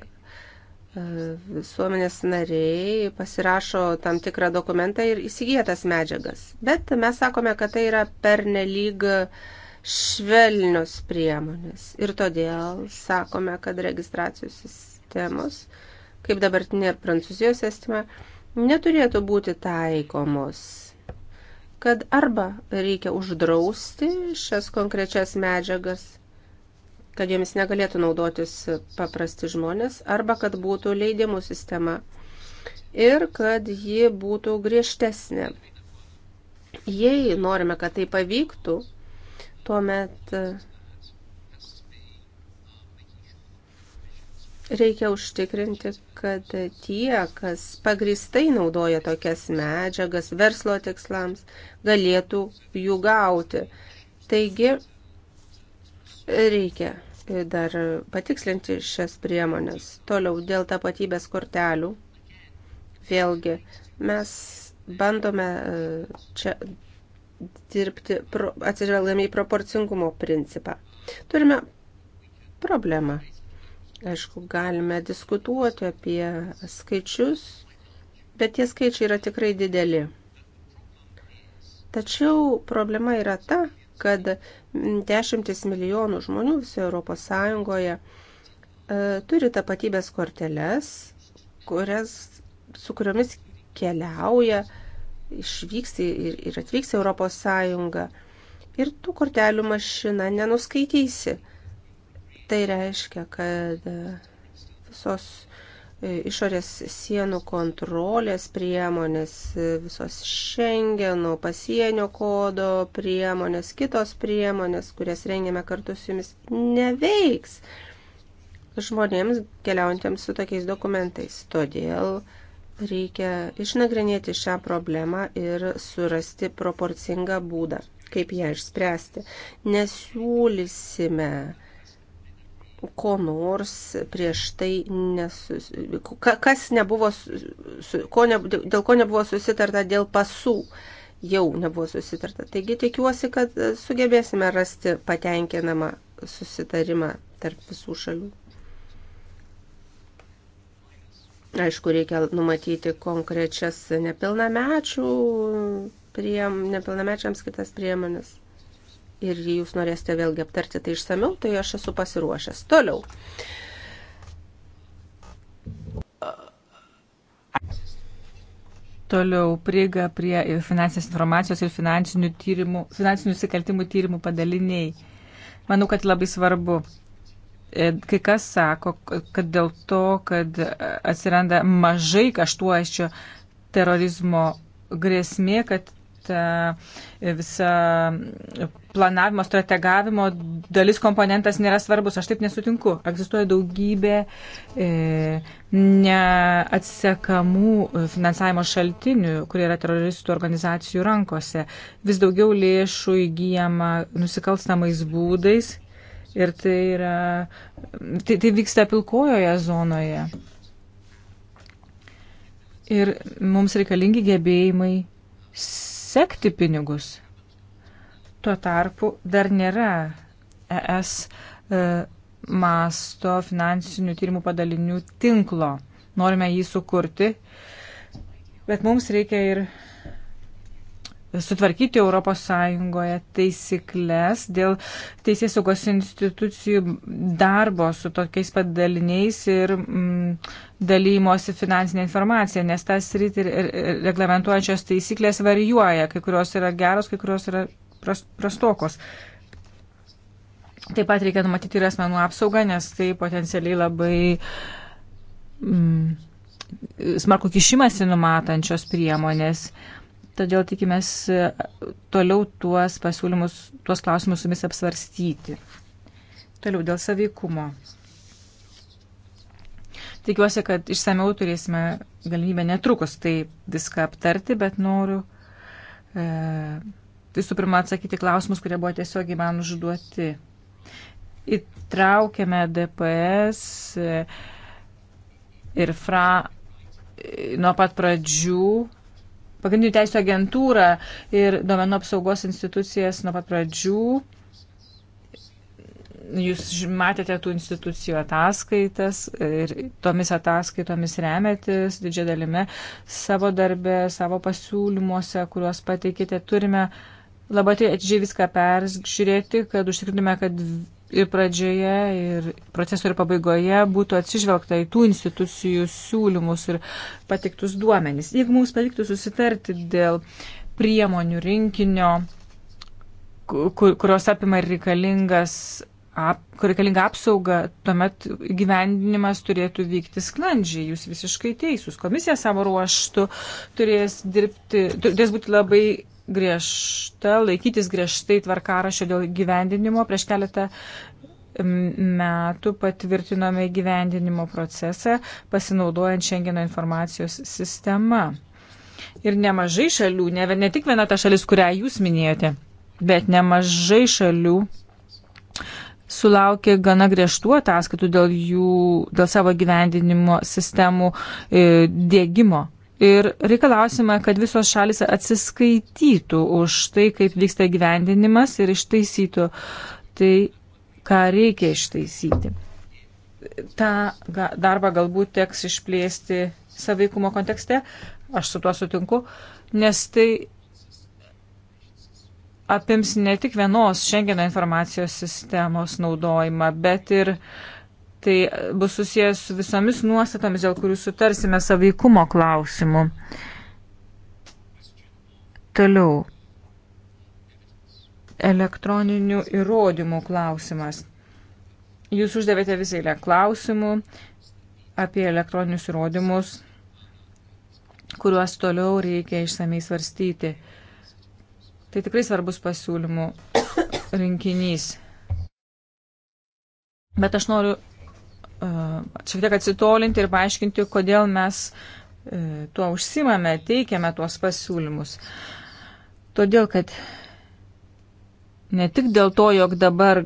visuomenės nariai pasirašo tam tikrą dokumentą ir įsigyja tas medžiagas. Bet mes sakome, kad tai yra pernelyg švelnios priemonės. Ir todėl sakome, kad registracijos sistemos, kaip dabartinė Prancūzijos estima, neturėtų būti taikomos kad arba reikia uždrausti šias konkrečias medžiagas, kad jomis negalėtų naudotis paprasti žmonės, arba kad būtų leidimų sistema ir kad ji būtų griežtesnė. Jei norime, kad tai pavyktų, tuomet Reikia užtikrinti, kad tie, kas pagristai naudoja tokias medžiagas verslo tikslams, galėtų jų gauti. Taigi, reikia dar patikslinti šias priemonės. Toliau, dėl tapatybės kortelių, vėlgi, mes bandome e, čia dirbti atsižvelgdami į proporcingumo principą. Turime problemą Aišku, galime diskutuoti apie skaičius, bet tie skaičiai yra tikrai dideli. Tačiau problema yra ta, kad dešimtis milijonų žmonių visoje Europos Sąjungoje e, turi tapatybės korteles, kurias, su kuriomis keliauja, išvyks ir, ir atvyks Europos Sąjungą. Ir tų kortelių mašina nenuskaitysi. Tai reiškia, kad e, visos e, išorės sienų kontrolės priemonės, e, visos Schengeno pasienio kodo priemonės, kitos priemonės, kurias rengiame kartu su jumis, neveiks žmonėms keliaujantiems su tokiais dokumentais. Todėl reikia išnagrinėti šią problemą ir surasti proporcingą būdą, kaip ją išspręsti. Nesiūlysime ko nors prieš tai nesus... Kas nebuvo, ko ne, dėl ko nebuvo susitarta dėl pasų, jau nebuvo susitarta. Taigi tikiuosi, kad sugebėsime rasti patenkinamą susitarimą tarp visų šalių. Aišku, reikia numatyti konkrečias nepilnamečių, prie, nepilnamečiams kitas priemonės ir jei jūs norėsite vėlgi aptarti tai išsameu, tai aš esu pasiruošęs. Toliau. Toliau prieiga prie finansinės informacijos ir finansinių, tyrimų, finansinių nusikaltimų tyrimų padaliniai. Manau, kad labai svarbu. E, kai kas sako, kad dėl to, kad atsiranda mažai kaštuojančio terorizmo grėsmė, kad ta visa planavimo, strategavimo dalis komponentas nėra svarbus. Aš taip nesutinku. Egzistuoja daugybė e, neatsekamų finansavimo šaltinių, kurie yra teroristų organizacijų rankose. Vis daugiau lėšų įgyjama nusikalstamais būdais ir tai, yra, tai, tai vyksta pilkojoje zonoje. Ir mums reikalingi gebėjimai sekti pinigus Tuo tarpu dar nėra ES e, masto finansinių tyrimų padalinių tinklo. Norime jį sukurti, bet mums reikia ir sutvarkyti ES taisyklės dėl teisės saugos institucijų darbo su tokiais padaliniais ir mm, dalymosi finansinė informacija, nes tas rytį reglamentuojančios taisyklės varijuoja, kai kurios yra geros, kai kurios yra prastokos. Taip pat reikia numatyti ir asmenų apsaugą, nes tai potencialiai labai mm, smarkų kišimąsi numatančios priemonės. Todėl tikimės e, toliau tuos pasiūlymus, tuos klausimus su jumis apsvarstyti. Toliau dėl saveikumo. Tikiuosi, kad išsameu turėsime galimybę netrukus tai viską aptarti, bet noriu e, visų pirma atsakyti klausimus, kurie buvo tiesiogiai man užduoti. Įtraukėme DPS e, ir FRA e, nuo pat pradžių, pagrindinių teisų agentūrą ir domenų apsaugos institucijas nuo pat pradžių. Jūs matėte tų institucijų ataskaitas ir tomis ataskaitomis remiantis didžia dalime savo darbę, savo pasiūlymuose, kuriuos pateikite. Turime uh, labai tai atidžiai viską peržiūrėti, kad užtikrintume, kad ir pradžioje, ir proceso ir pabaigoje būtų atsižvelgta į tų institucijų siūlymus ir patiktus duomenys. Jeigu mums pavyktų susitarti dėl priemonių rinkinio, kur, kurios apima ir reikalingas ap, reikalinga apsauga, tuomet gyvendinimas turėtų vykti sklandžiai. Jūs visiškai teisūs. Komisija savo ruoštų turės dirbti, turės būti labai griežta, laikytis griežtai tvarkarašio dėl gyvendinimo. Prieš keletą metų patvirtinome gyvendinimo procesą, pasinaudojant Schengeno informacijos sistema. Ir nemažai šalių, ne, ne tik viena ta šalis, kurią jūs minėjote, bet nemažai šalių sulaukė gana griežtų ataskaitų dėl jų, dėl savo gyvendinimo sistemų e, dėgymo ir reikalausime, kad visos šalis atsiskaitytų už tai, kaip vyksta gyvendinimas ir ištaisytų tai, ką reikia ištaisyti. Ta darba galbūt teks išplėsti saveikumo kontekste, aš su tuo sutinku, nes tai apims ne tik vienos Schengeno informacijos sistemos naudojimą, bet ir uh, Tai bus susijęs su visomis nuostatomis, dėl kurių sutarsime saveikumo klausimų. Toliau. Elektroninių įrodymų klausimas. Jūs uždavėte visą eilę klausimų apie elektroninius įrodymus, kuriuos toliau reikia išsamei svarstyti. Tai tikrai svarbus pasiūlymų rinkinys. Bet aš noriu šiek tiek atsitolinti ir paaiškinti, kodėl mes e, tuo užsimame, teikiame tuos pasiūlymus. Todėl, kad ne tik dėl to, jog dabar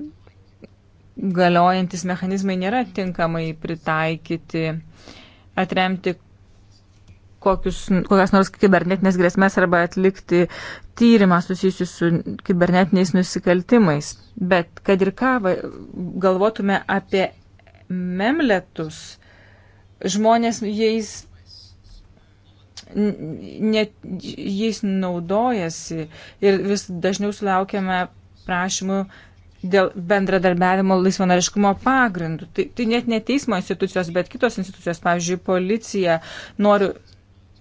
galiojantis mechanizmai nėra tinkamai pritaikyti, atremti kokius, kokias nors kibernetinės grėsmės arba atlikti tyrimą susijusiu su kibernetiniais nusikaltimais. Bet kad ir ką galvotume apie memletus, žmonės jais, net, jais naudojasi ir vis dažniau sulaukiame prašymų dėl bendradarbiavimo laisvanariškumo pagrindų. Tai, tai net ne teismo institucijos, bet kitos institucijos, pavyzdžiui, policija nori uh,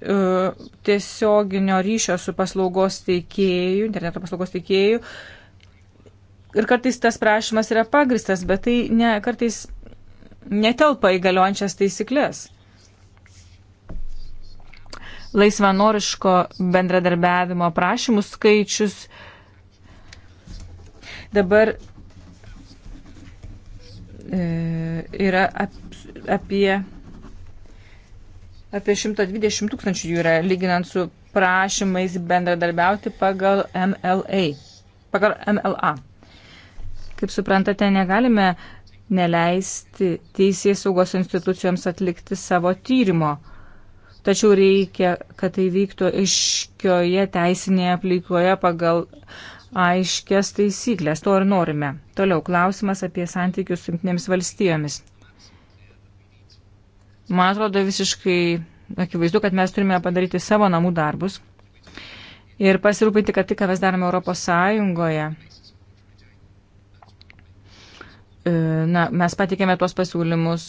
e, tiesioginio ryšio su paslaugos teikėjų, interneto paslaugos teikėjų. Ir kartais tas prašymas yra pagristas, bet tai ne, kartais netelpa į galiojančias taisyklės. Laisvanoriško bendradarbiavimo prašymų skaičius dabar e, yra ap, apie, apie 120 tūkstančių jų yra, lyginant su prašymais bendradarbiauti pagal MLA. Pagal MLA. Kaip suprantate, negalime neleisti teisės saugos institucijoms atlikti savo tyrimo. Tačiau reikia, kad tai vyktų aiškioje teisinėje aplikoje pagal aiškias taisyklės. To ir norime. Toliau klausimas apie santykius su jungtinėmis valstijomis. Man atrodo visiškai akivaizdu, kad mes turime padaryti savo namų darbus ir pasirūpinti, kad tai, ką mes darome Europos Sąjungoje, E, na, mes patikėme tuos pasiūlymus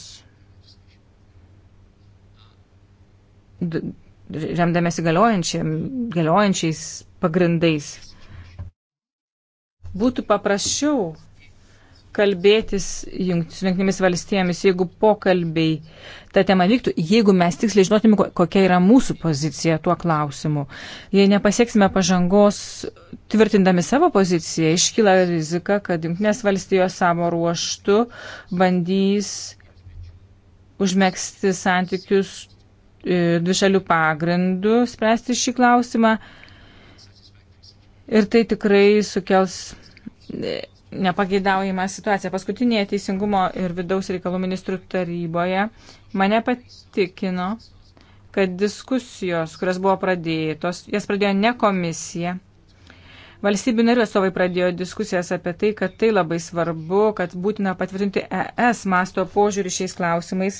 remdamėsi galiojančiais pagrindais. Būtų paprasčiau kalbėtis su jungtinėmis valstijomis, jeigu pokalbiai tą temą vyktų, jeigu mes tiksliai žinotume, kokia yra mūsų pozicija tuo klausimu. Jei nepasieksime pažangos tvirtindami savo poziciją, iškyla rizika, kad jungtinės valstijos savo ruoštų bandys užmėgsti santykius e, dvišalių pagrindų, spręsti šį klausimą. Ir tai tikrai sukels e, nepageidaujama situacija. Paskutinėje Teisingumo ir vidaus reikalų ministrų taryboje mane patikino, kad diskusijos, kurios buvo pradėtos, jas pradėjo ne komisija. Valstybių narių atstovai pradėjo diskusijas apie tai, kad tai labai svarbu, kad būtina patvirtinti ES masto požiūrį šiais klausimais,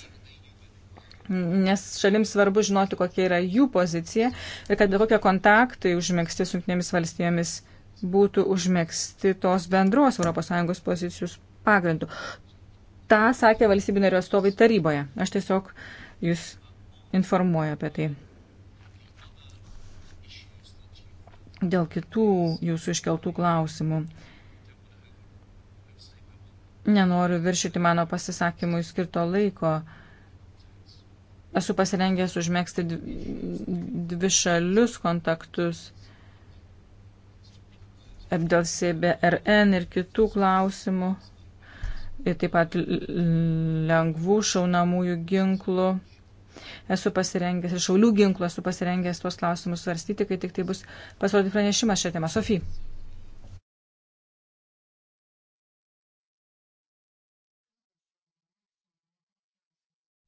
nes šalims svarbu žinoti, kokia yra jų pozicija ir kad bet kokie kontaktai užmėgsti su jungtinėmis valstybėmis būtų užmėgsti tos bendros ES pozicijos pagrindų. Ta sakė valstybių narių atstovai taryboje. Aš tiesiog jūs informuoju apie tai. Dėl kitų jūsų iškeltų klausimų. Nenoriu viršyti mano pasisakymui skirto laiko. Esu pasirengęs užmėgsti dvi šalius kontaktus dėl CBRN ir kitų klausimų, ir taip pat lengvų šaunamųjų ginklų. Esu pasirengęs, ir šaulių ginklų esu pasirengęs tuos klausimus svarstyti, kai tik tai bus pasirodyti pranešimas šią temą. Sofija.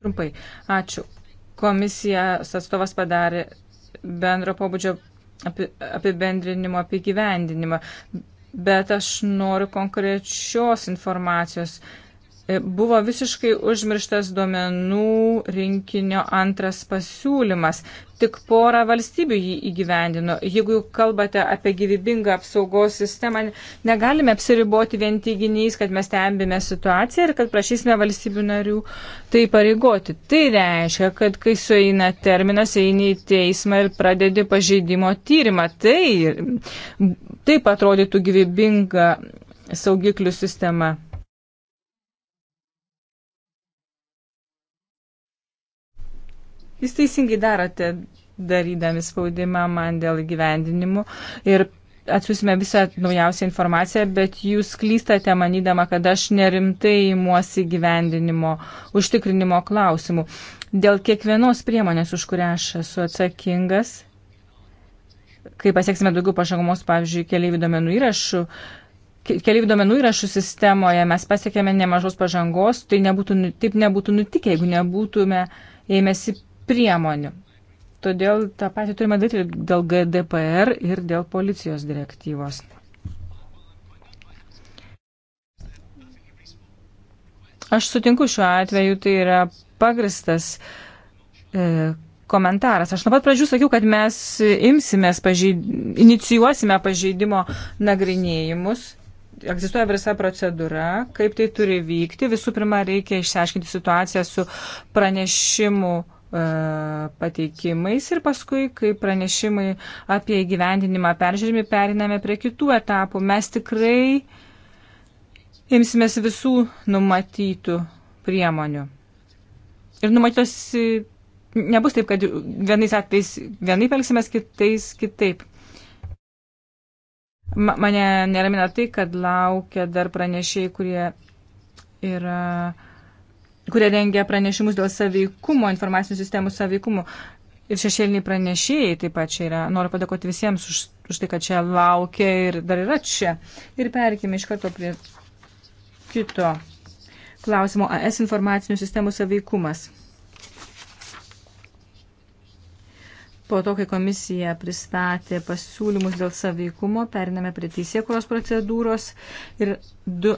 Trumpai. Ačiū. Komisijos atstovas padarė bendro pobūdžio apibendrinimo, apie gyvendinimą. Bet aš noriu konkrečios informacijos. E, buvo visiškai užmirštas duomenų rinkinio antras pasiūlymas. Tik pora valstybių jį įgyvendino. Jeigu kalbate apie gyvybingą apsaugos sistemą, negalime apsiriboti vien teiginiais, kad mes stebime situaciją ir kad prašysime valstybių narių tai pareigoti. Tai reiškia, kad kai sueina terminas, eini į teismą ir pradedi pažeidimo tyrimą. Tai taip atrodytų gyvybinga saugiklių sistema. Jūs teisingai darote, darydami spaudimą man dėl įgyvendinimų ir atsiusime visą naujausią informaciją, bet jūs klystate manydama, kad aš nerimtai įmuosi gyvendinimo, užtikrinimo klausimų. Dėl kiekvienos priemonės, už kurią aš esu atsakingas, kai pasieksime daugiau pažangos, pavyzdžiui, keliaivių domenų įrašų, keliaivių domenų įrašų sistemoje mes pasiekėme nemažos pažangos, tai nebūtų, nu-, taip nebūtų nutikę, jeigu nebūtume ėmėsi priemonių. Todėl tą patį turime daryti dėl GDPR ir dėl policijos direktyvos. Aš sutinku šiuo atveju, tai yra pagristas e, komentaras. Aš nuo pat pradžių sakiau, kad mes imsimės, pažeid... inicijuosime pažeidimo nagrinėjimus. Egzistuoja visa procedūra, kaip tai turi vykti. Visų pirma, reikia išsiaiškinti situaciją su pranešimu E, pateikimais ir paskui, kai pranešimai apie įgyvendinimą peržiūrimi, periname prie kitų etapų. Mes tikrai imsimės visų numatytų priemonių. Ir numatytos nebus taip, kad vienais atvejais vienaip elgsimės, kitais kitaip. Ma mane neramina tai, kad laukia dar pranešėjai, kurie yra. Uh, kurie rengia pranešimus dėl saveikumo, informacinių sistemų saveikumo. Ir šešėliniai pranešėjai taip pat čia yra. Noriu padėkoti visiems už, už tai, kad čia laukia ir dar yra čia. Ir perkime iš karto prie kito klausimo. AS informacinių sistemų saveikumas. Po to, kai komisija pristatė pasiūlymus dėl saveikumo, periname prie teisėkuros procedūros ir du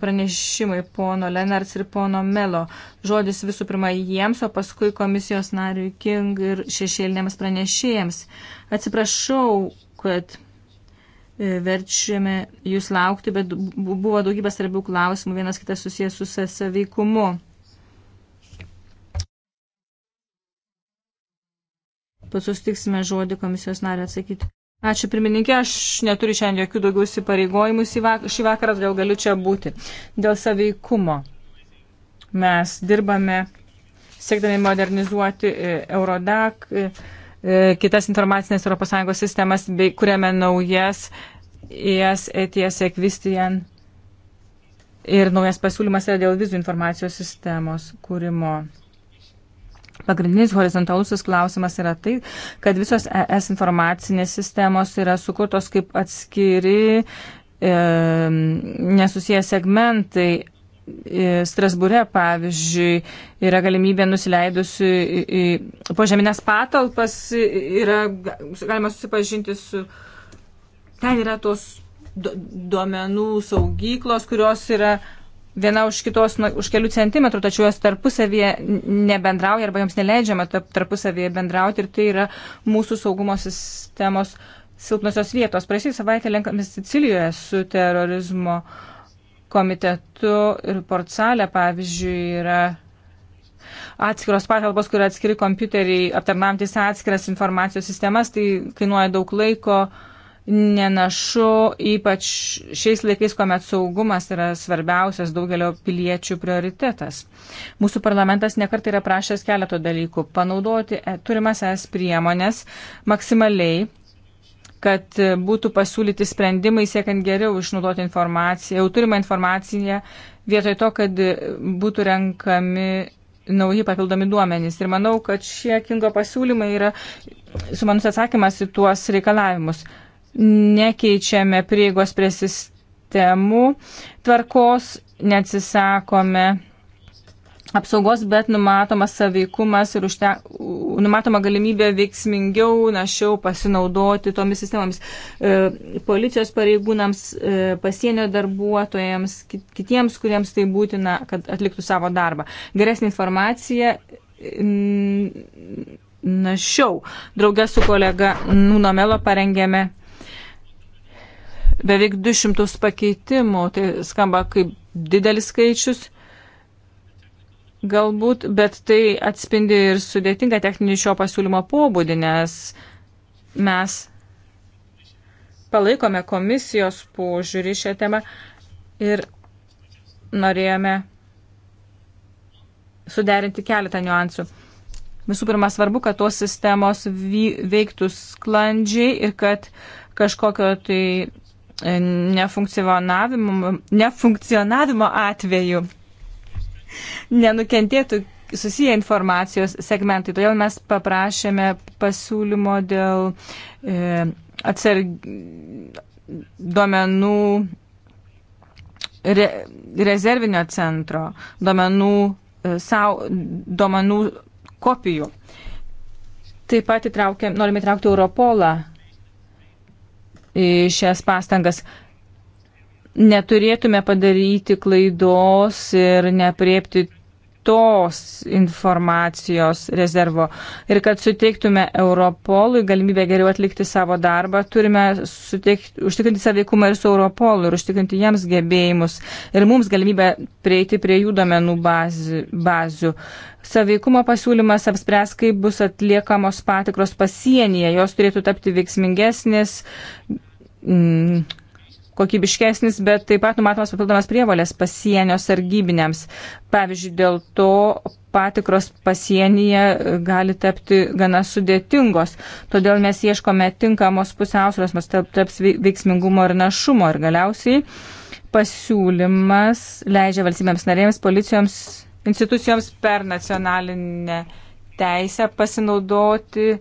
pranešimai pono Lenarts ir pono Melo. Žodis visų pirma jiems, o paskui komisijos nariui King ir šešėlinėms pranešėjams. Atsiprašau, kad e, verčiame jūs laukti, bet buvo daugybė svarbių klausimų, vienas kitas susijęs su saveikumu. Pats sustiksime žodį komisijos nariui atsakyti. Ačiū pirmininkė, aš neturiu šiandien jokių daugiau įsipareigojimų šį vakarą, todėl galiu čia būti. Dėl saveikumo mes dirbame, siekdami modernizuoti e, Eurodac, e, e, kitas informacinės ES sistemas, bei kuriame naujas ES, ETS, Equistian ir naujas pasiūlymas yra dėl vizų informacijos sistemos kūrimo. Pagrindinis horizontalusis klausimas yra tai, kad visos ES informacinės sistemos yra sukurtos kaip atskiri e, nesusiję segmentai. E, Strasbūre, pavyzdžiui, yra galimybė nusileidusi į, į požeminės patalpas, yra galima susipažinti su. Ten yra tos duomenų saugyklos, kurios yra uh, viena už kitos nu, už kelių centimetrų, tačiau jos tarpusavyje nebendrauja arba joms neleidžiama tarpusavyje bendrauti ir tai yra mūsų saugumo sistemos silpnosios vietos. Praėjusią savaitę lenkamės Sicilijoje su terorizmo komitetu ir porcelė, pavyzdžiui, yra atskiros patalpos, kur atskiri kompiuteriai aptarnaujantis atskiras informacijos sistemas, tai kainuoja daug laiko. Uh, nenašu, ypač šiais laikais, kuomet saugumas yra svarbiausias daugelio piliečių prioritetas. Mūsų parlamentas nekart yra prašęs keleto dalykų - panaudoti e, turimas es priemonės maksimaliai kad e, būtų pasiūlyti sprendimai, siekiant geriau išnaudoti informaciją, jau turimą informaciją, vietoj to, kad e, būtų renkami nauji papildomi duomenys. Ir manau, kad šie Kingo pasiūlymai yra sumanus atsakymas į tuos reikalavimus nekeičiame prieigos prie sistemų tvarkos, neatsisakome apsaugos, bet numatomas saveikumas ir užte, numatoma galimybė veiksmingiau, našiau pasinaudoti tomis sistemomis e, policijos pareigūnams, e, pasienio darbuotojams, kit, kitiems, kuriems tai būtina, kad atliktų savo darbą. Geresnė informacija. Našiau. Draugė su kolega Nūnomelo parengėme beveik 200 pakeitimų. Tai skamba kaip didelis skaičius. Galbūt, bet tai atspindi ir sudėtingą techninį šio pasiūlymo pobūdį, nes mes palaikome komisijos požiūrį šią temą ir norėjome suderinti keletą niuansų. Visų pirma, svarbu, kad tos sistemos veiktų sklandžiai ir kad kažkokio tai nefunkcionavimo, nefunkcionavimo atveju nenukentėtų susiję informacijos segmentai. Todėl mes paprašėme pasiūlymo dėl e, atsarg... duomenų re... rezervinio centro, duomenų, e, sau... duomenų kopijų. Taip pat įtraukė, norime įtraukti Europolą šias pastangas. Neturėtume padaryti klaidos ir nepriepti tos informacijos rezervo. Ir kad suteiktume Europolui galimybę geriau atlikti savo darbą, turime suteikti, užtikrinti saveikumą ir su Europolu ir užtikrinti jiems gebėjimus ir mums galimybę prieiti prie jų domenų bazi, bazių. Saveikumo pasiūlymas apspręs, kaip bus atliekamos patikros pasienyje. Jos turėtų tapti veiksmingesnės. Mm, kokybiškesnis, bet taip pat numatomas papildomas prievalės pasienio sargybinėms. Pavyzdžiui, dėl to patikros pasienyje gali tapti gana sudėtingos. Todėl mes ieškome tinkamos pusiausvėros, mes taps veiksmingumo ir našumo. Ir galiausiai pasiūlymas leidžia valstybėms narėms, policijoms, institucijoms per nacionalinę teisę pasinaudoti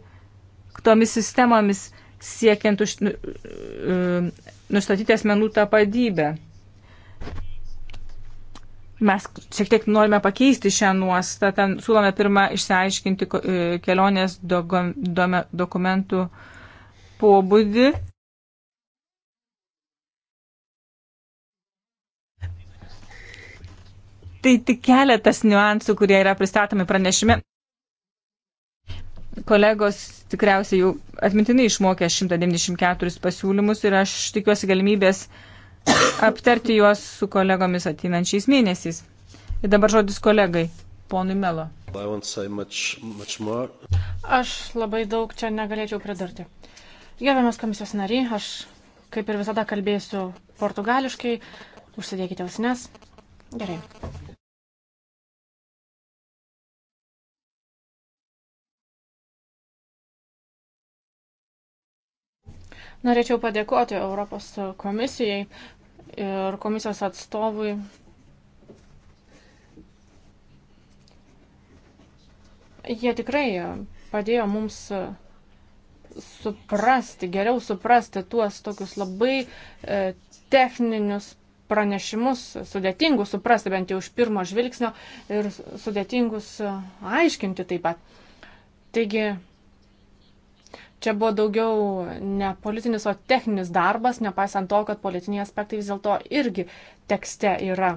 tomis sistemomis siekiant už, nu, nustatyti asmenų tapatybę. Mes šiek tiek norime pakeisti šią nuostatą. Sūlome pirmą išsiaiškinti e, kelionės dokumentų pobūdį. Tai tik keletas niuansų, kurie yra pristatomi pranešime. Kolegos tikriausiai jau atmintinai išmokė 194 pasiūlymus ir aš tikiuosi galimybės aptarti juos su kolegomis ateinančiais mėnesiais. Ir dabar žodis kolegai, ponui Melo. Aš labai daug čia negalėčiau pridurti. Gerbiamas komisijos nariai, aš kaip ir visada kalbėsiu portugališkai, užsidėkite ausines. Gerai. Norėčiau padėkoti Europos komisijai ir komisijos atstovui. Jie tikrai padėjo mums suprasti, geriau suprasti tuos tokius labai e, techninius pranešimus, sudėtingus suprasti bent jau iš pirmo žvilgsnio ir sudėtingus e, aiškinti taip pat. Taigi Čia buvo daugiau ne politinis, o techninis darbas, nepaisant to, kad politiniai aspektai vis dėlto irgi tekste yra.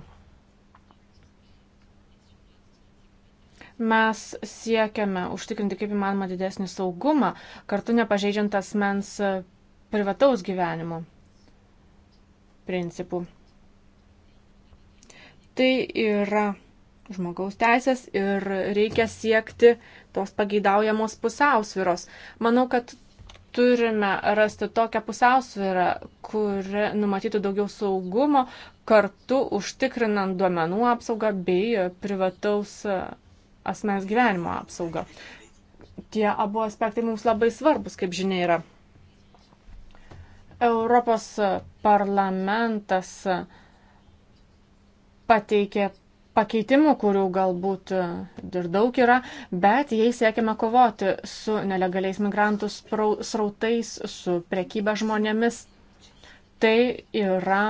Mes siekiame užtikrinti kaip įmanoma didesnį saugumą, kartu nepažeidžiant asmens privataus gyvenimo principų. Tai yra žmogaus teisės ir reikia siekti tos pageidaujamos pusiausviros. Manau, kad turime rasti tokią pusiausvyrą, kuri numatytų daugiau saugumo, kartu užtikrinant duomenų apsaugą bei privataus asmens gyvenimo apsaugą. Tie abu aspektai mums labai svarbus, kaip žinia, yra. Europos parlamentas pateikė pakeitimų, kurių galbūt e, ir daug yra, bet jais siekiame kovoti su nelegaliais migrantų srautais, su prekyba žmonėmis. Tai yra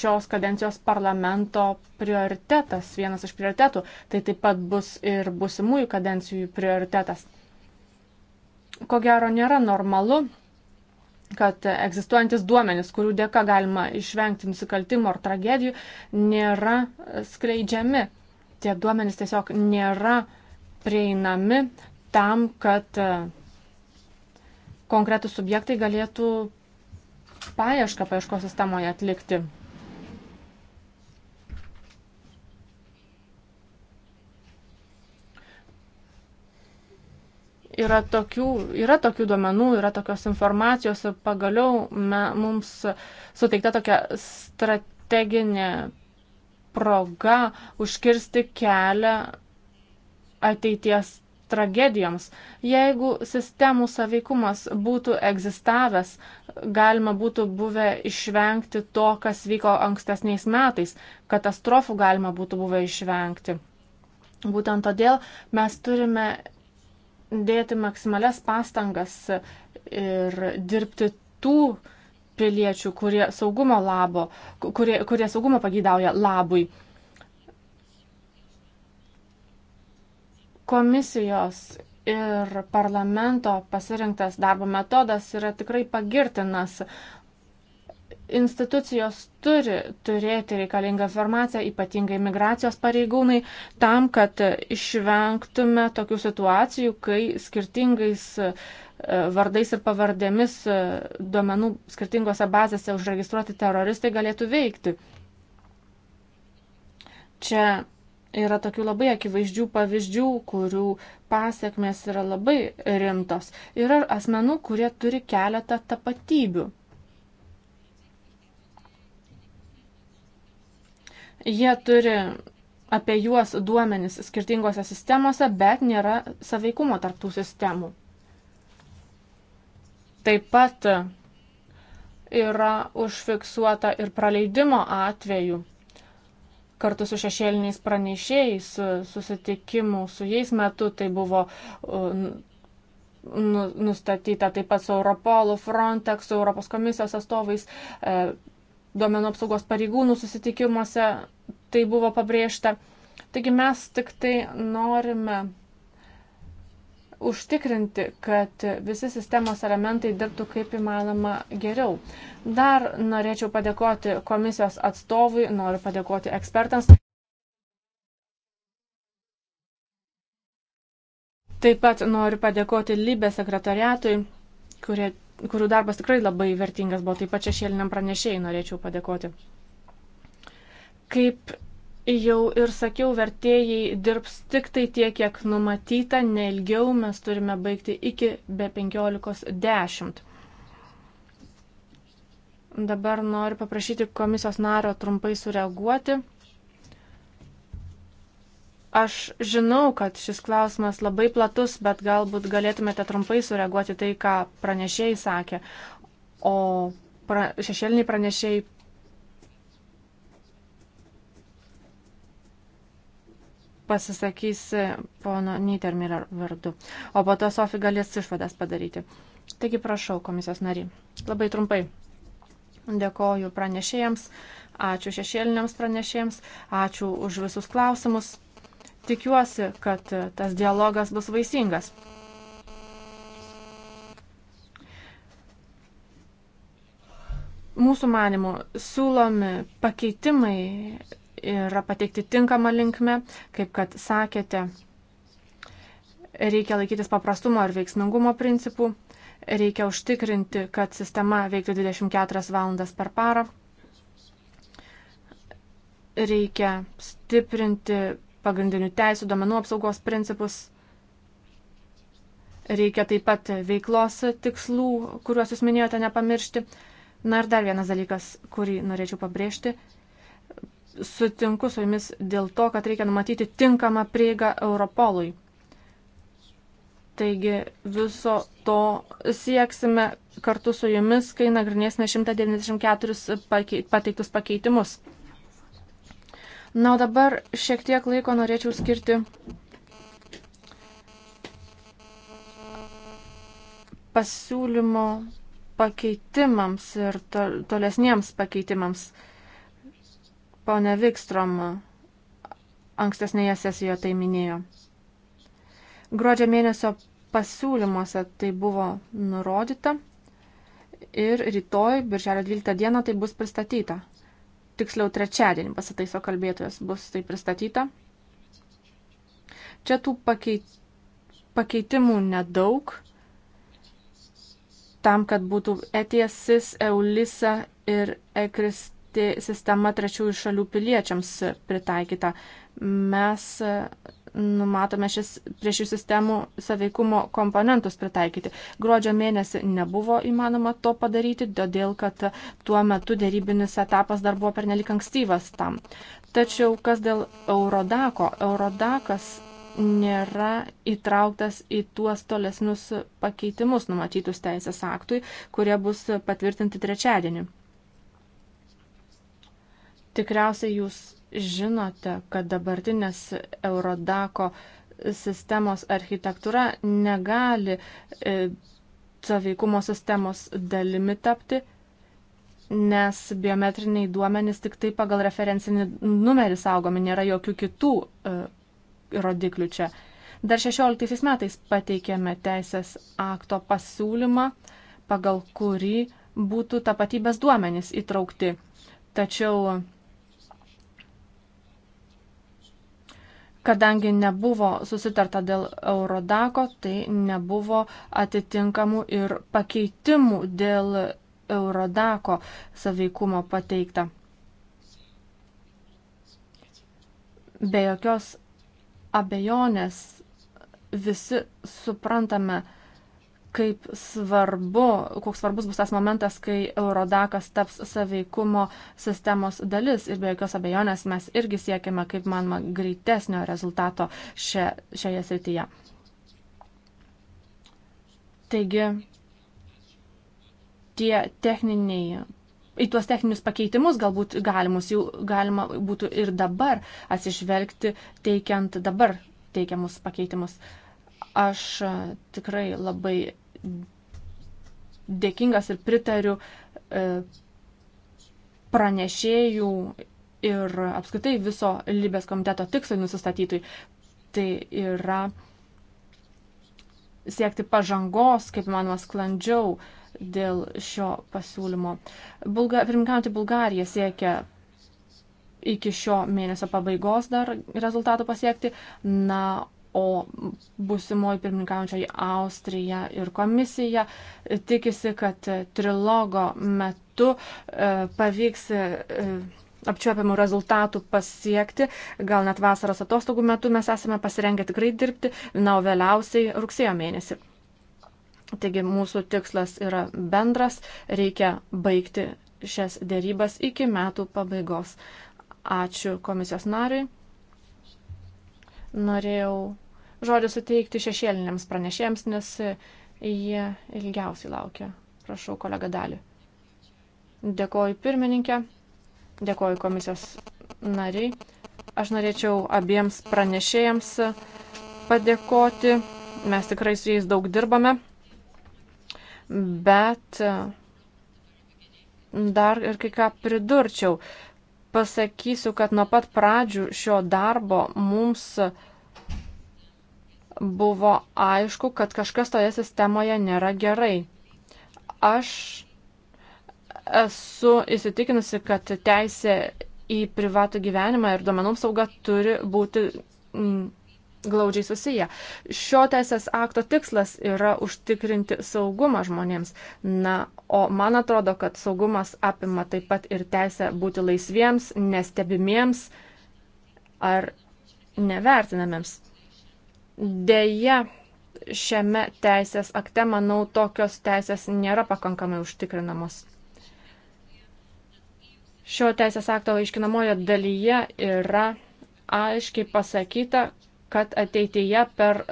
šios kadencijos parlamento prioritetas, vienas iš prioritetų. Tai taip pat bus ir busimųjų kadencijų prioritetas. Ko gero nėra normalu kad egzistuojantis duomenis, kurių dėka galima išvengti nusikaltimų ar tragedijų, nėra skleidžiami. Tie duomenys tiesiog nėra prieinami tam, kad e, konkretus subjektai galėtų paiešką paieškos sistemoje atlikti. yra tokių, yra tokių duomenų, yra tokios informacijos ir pagaliau me, mums suteikta tokia strateginė proga užkirsti kelią ateities tragedijoms. Jeigu sistemų saveikumas būtų egzistavęs, galima būtų buvę išvengti to, kas vyko ankstesniais metais, katastrofų galima būtų buvę išvengti. Būtent todėl mes turime dėti maksimales pastangas ir dirbti tų piliečių, kurie saugumo, labo, kurie, kurie saugumo pagydauja labui. Komisijos ir parlamento pasirinktas darbo metodas yra tikrai pagirtinas institucijos turi turėti reikalingą informaciją, ypatingai migracijos pareigūnai, tam, kad išvengtume tokių situacijų, kai skirtingais e, vardais ir pavardėmis e, duomenų skirtingose bazėse užregistruoti teroristai galėtų veikti. Čia yra tokių labai akivaizdžių pavyzdžių, kurių pasiekmes yra labai rimtos. Yra asmenų, kurie turi keletą tapatybių. Jie turi apie juos duomenis skirtingose sistemose, bet nėra saveikumo tarptų sistemų. Taip pat yra užfiksuota ir praleidimo atveju. Kartu su šešėliniais pranešėjais susitikimų su jais metu tai buvo uh, nu, nustatyta taip pat su Europolu, Frontex, Europos komisijos atstovais, uh, duomenų apsaugos pareigūnų susitikimuose tai buvo pabrėžta. Taigi mes tik tai norime užtikrinti, kad visi sistemos elementai dirbtų kaip įmanoma geriau. Dar norėčiau padėkoti komisijos atstovui, noriu padėkoti ekspertams. Taip pat noriu padėkoti Libė sekretariatui, kurie kurių darbas tikrai labai vertingas buvo, taip pat šešėliniam pranešėjai norėčiau padėkoti. Kaip jau ir sakiau, vertėjai dirbs tik tai tiek, kiek numatyta, neilgiau mes turime baigti iki be 15.10. Dabar noriu paprašyti komisijos nario trumpai sureaguoti Aš žinau, kad šis klausimas labai platus, bet galbūt galėtumėte trumpai sureaguoti tai, ką pranešėjai sakė. O pra, šešėliniai pranešėjai pasisakys e, pono Nitermirer vardu, o po to Sofija galės išvadas padaryti. Taigi prašau, komisijos nariai. Labai trumpai. Dėkoju pranešėjams, ačiū šešėliniams pranešėjams, ačiū už visus klausimus tikiuosi, kad tas dialogas bus vaisingas. Mūsų manimų siūlomi pakeitimai yra pateikti tinkamą linkmę, kaip kad sakėte, reikia laikytis paprastumo ir veiksmingumo principų, reikia užtikrinti, kad sistema veiktų 24 valandas per parą, reikia stiprinti pagrindinių teisų, domenų apsaugos principus. Reikia taip pat veiklos tikslų, kuriuos jūs minėjote, nepamiršti. Na ir dar vienas dalykas, kurį norėčiau pabrėžti. Sutinku su jumis dėl to, kad reikia numatyti tinkamą prieigą Europolui. Taigi viso to sieksime kartu su jumis, kai nagrinėsime 194 pakei, pateiktus pakeitimus. Na, o dabar šiek tiek laiko norėčiau skirti pasiūlymo pakeitimams ir tolesniems pakeitimams. Pone Vikstrom ankstesnėje sesijoje tai minėjo. Gruodžio mėnesio pasiūlymuose tai buvo nurodyta ir rytoj, birželio 12 dieną, tai bus pristatyta tiksliau trečiadienį pasitaiso kalbėtojas, bus tai pristatyta. Čia tų pakeitimų pakeitimų nedaug, tam, kad būtų ETSIS, EULISA ir ECRIS sistema trečiųjų šalių piliečiams pritaikyta. Mes numatome šis, prie šių sistemų saveikumo komponentus pritaikyti. Gruodžio mėnesį nebuvo įmanoma to padaryti, todėl kad tuo metu dėrybinis etapas dar buvo pernelik ankstyvas tam. Tačiau kas dėl Eurodako? Eurodakas nėra įtrauktas į tuos tolesnius pakeitimus numatytus teisės aktui, kurie bus patvirtinti trečiadienį. Tikriausiai jūs žinote, kad dabartinės Eurodako sistemos architektūra negali e, saveikumo sistemos dalimi tapti, nes biometriniai duomenys tik tai pagal referencinį numerį saugomi, nėra jokių kitų e, rodiklių čia. Dar 16 metais pateikėme teisės akto pasiūlymą, pagal kurį būtų tapatybės duomenys įtraukti. Tačiau Kadangi nebuvo susitarta dėl Eurodako, tai nebuvo atitinkamų ir pakeitimų dėl Eurodako saveikumo pateikta. Be jokios abejonės visi suprantame, kad kaip svarbu, koks svarbus bus tas momentas, kai Eurodakas taps saveikumo sistemos dalis ir be jokios abejonės mes irgi siekime, kaip manoma, greitesnio rezultato šia, šioje srityje. Taigi, tie techniniai į tuos techninius pakeitimus galbūt galimus, jau galima būtų ir dabar atsižvelgti, teikiant dabar teikiamus pakeitimus. Aš tikrai labai dėkingas ir pritariu e, pranešėjų ir apskritai viso Libės komiteto tikslai nusistatytui. Tai yra siekti pažangos, kaip manoma, sklandžiau dėl šio pasiūlymo. Bulga, Pirminkauti Bulgarija siekia iki šio mėnesio pabaigos dar rezultatų pasiekti. Na, o busimoji pirmininkaujančioji Austrija ir komisija tikisi, kad trilogo metu e, pavyks e, apčiuopiamų rezultatų pasiekti. Gal net vasaros atostogų metu mes esame pasirengę tikrai dirbti, na, o vėliausiai rugsėjo mėnesį. Taigi mūsų tikslas yra bendras, reikia baigti šias dėrybas iki metų pabaigos. Ačiū komisijos nariui. Norėjau žodį suteikti šešėliniams pranešėjams, nes jie ilgiausiai laukia. Prašau, kolega Dali. Dėkoju pirmininkė, dėkoju komisijos nariai. Aš norėčiau abiems pranešėjams padėkoti. Mes tikrai su jais daug dirbame, bet dar ir kai ką pridurčiau. Pasakysiu, kad nuo pat pradžių šio darbo mums uh, buvo aišku, kad kažkas toje sistemoje nėra gerai. Aš esu įsitikinusi, kad teisė į privatų gyvenimą ir duomenų apsauga turi būti mm, glaudžiai susiję. Šio teisės akto tikslas yra užtikrinti saugumą žmonėms. Na, o man atrodo, kad saugumas apima taip pat ir teisę būti laisviems, nestebimiems ar nevertinamiems. Deja, šiame teisės akte, manau, tokios teisės nėra pakankamai užtikrinamos. Šio teisės akto aiškinamojo dalyje yra aiškiai pasakyta, kad ateityje per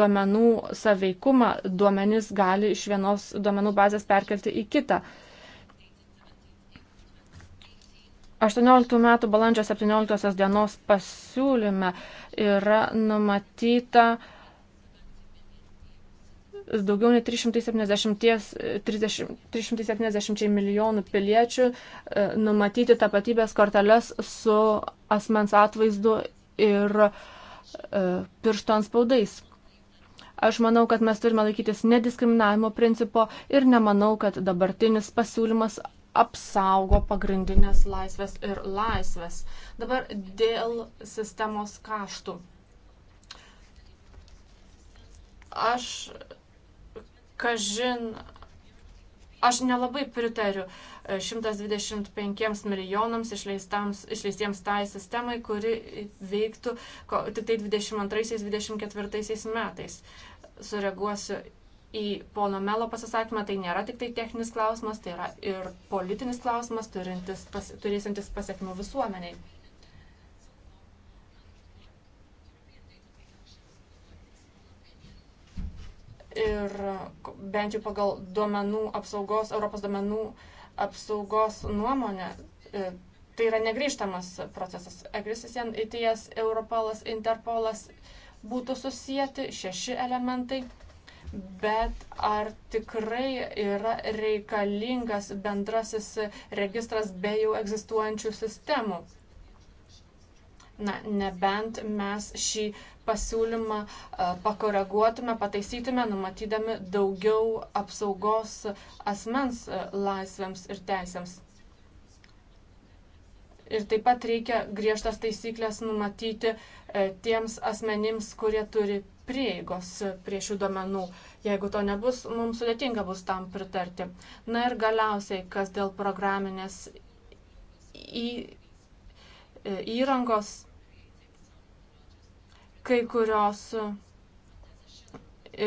duomenų saveikumą duomenys gali iš vienos duomenų bazės perkelti į kitą. Uh, 18 metų balandžio 17 dienos pasiūlyme yra numatyta daugiau nei 370, 30, 370 milijonų piliečių e, numatyti tapatybės korteles su asmens atvaizdu ir e, piršto anspaudais. Aš manau, kad mes turime laikytis nediskriminavimo principo ir nemanau, kad dabartinis pasiūlymas apsaugo pagrindinės laisvės ir laisvės. Dabar dėl sistemos kaštų. Aš, kažin, aš nelabai pritariu 125 e, milijonams išleistiems tai sistemai, kuri veiktų tik tai 22-24 metais. Sureaguosiu į pono Melo pasisakymą, tai nėra tik tai techninis klausimas, tai yra ir politinis klausimas, pas, turėsintis pasiekmių visuomeniai. Ir bent jau pagal duomenų apsaugos, Europos duomenų apsaugos nuomonę, e, tai yra negryžtamas procesas. Egrisisien, ITS, Europolas, Interpolas būtų susijęti šeši elementai bet ar tikrai yra reikalingas bendrasis registras be jau egzistuojančių sistemų? Na, nebent mes šį pasiūlymą e, pakoreguotume, pataisytume, numatydami daugiau apsaugos asmens e, laisvėms ir teisėms. Ir taip pat reikia griežtas taisyklės numatyti e, tiems asmenims, kurie turi prieigos prie šių duomenų. Jeigu to nebus, mums sudėtinga bus tam pritarti. Na ir galiausiai, kas dėl programinės į, e, įrangos, kai kurios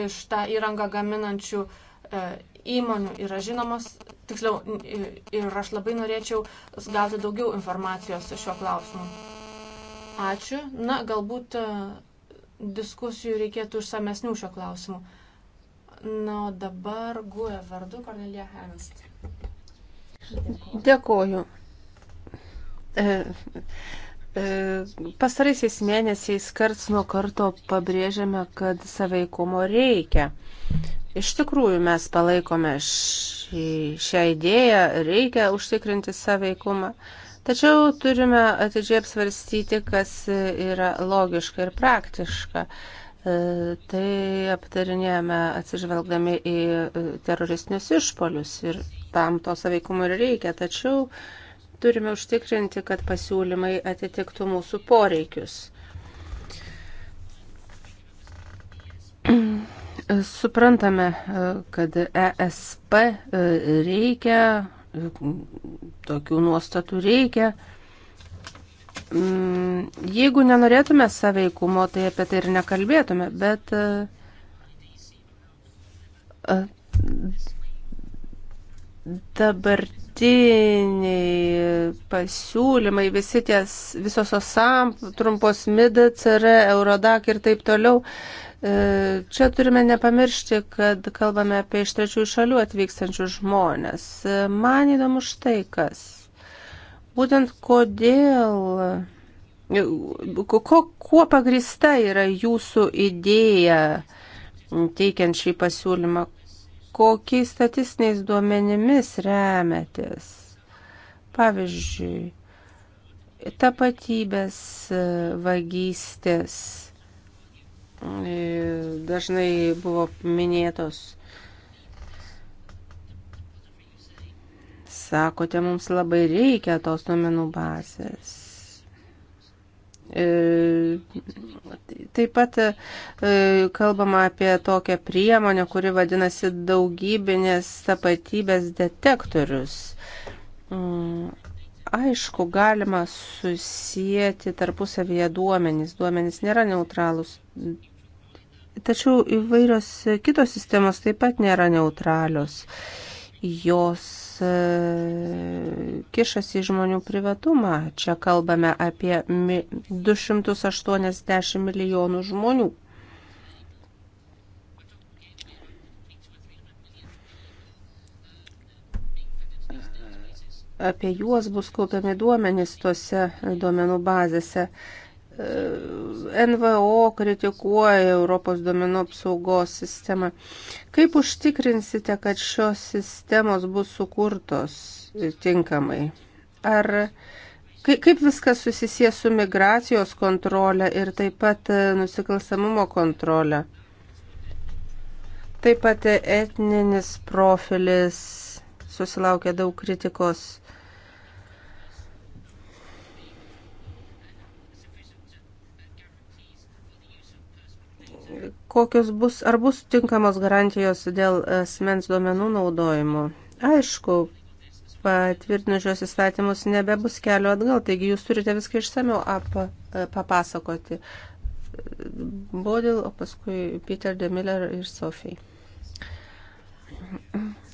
iš tą įrangą gaminančių e, įmonių yra žinomos, tiksliau, ir aš labai norėčiau gauti daugiau informacijos šiuo klausimu. Ačiū. Na, galbūt e, diskusijų reikėtų išsamesnių šio klausimu. Na, o dabar guoja e vardu Kornelija Henst. Dėkoju. E, e, Pastaraisiais mėnesiais karts nuo karto pabrėžiame, kad saveikumo reikia. Iš tikrųjų, mes palaikome šį, šią idėją, reikia užtikrinti saveikumą. E, Tačiau turime atidžiai apsvarstyti, kas yra logiška ir praktiška. E, tai aptarinėjame atsižvelgdami į e, teroristinius išpolius ir tam to saveikumo ir reikia. Tačiau turime užtikrinti, kad pasiūlymai atitiktų mūsų poreikius. Suprantame, e, kad ESP reikia tokių nuostatų reikia. Mm, jeigu nenorėtume saveikumo, tai apie tai ir nekalbėtume, bet e, dabartiniai pasiūlymai, visi ties, visos osam, trumpos mid, CR, Eurodak ir taip toliau, E, čia turime nepamiršti, kad kalbame apie iš trečiųjų šalių atvykstančius žmonės. E, man įdomu štai kas. Būtent kodėl, e, ko, kuo pagrista yra jūsų idėja teikiant šį pasiūlymą, kokiais statistiniais duomenimis remiatės. Pavyzdžiui, tapatybės vagystės E, dažnai buvo minėtos. Sakote, mums labai reikia tos duomenų bazės. E, taip pat e, kalbama apie tokią priemonę, kuri vadinasi daugybinės tapatybės detektorius. Mm, aišku, galima susijęti tarpusavyje duomenys. Duomenys nėra neutralūs Tačiau įvairios e, kitos sistemos taip pat nėra neutralios. Jos e, kišasi į žmonių privatumą. Čia kalbame apie 280 milijonų žmonių. Apie juos bus kaupiami duomenys tuose duomenų bazėse. E, NVO kritikuoja Europos domenų apsaugos sistemą. Kaip užtikrinsite, kad šios sistemos bus sukurtos tinkamai? Ar kaip viskas susisies su migracijos kontrolė ir taip pat nusikalstamumo kontrolė? Taip pat etninis profilis susilaukia daug kritikos. kokios bus, ar bus tinkamos garantijos dėl e, asmens duomenų naudojimo. Aišku, patvirtinus šios įstatymus nebebus kelio atgal, taigi jūs turite viską išsameu ap, e, papasakoti. Bodil, o paskui Peter de Miller ir Sofija.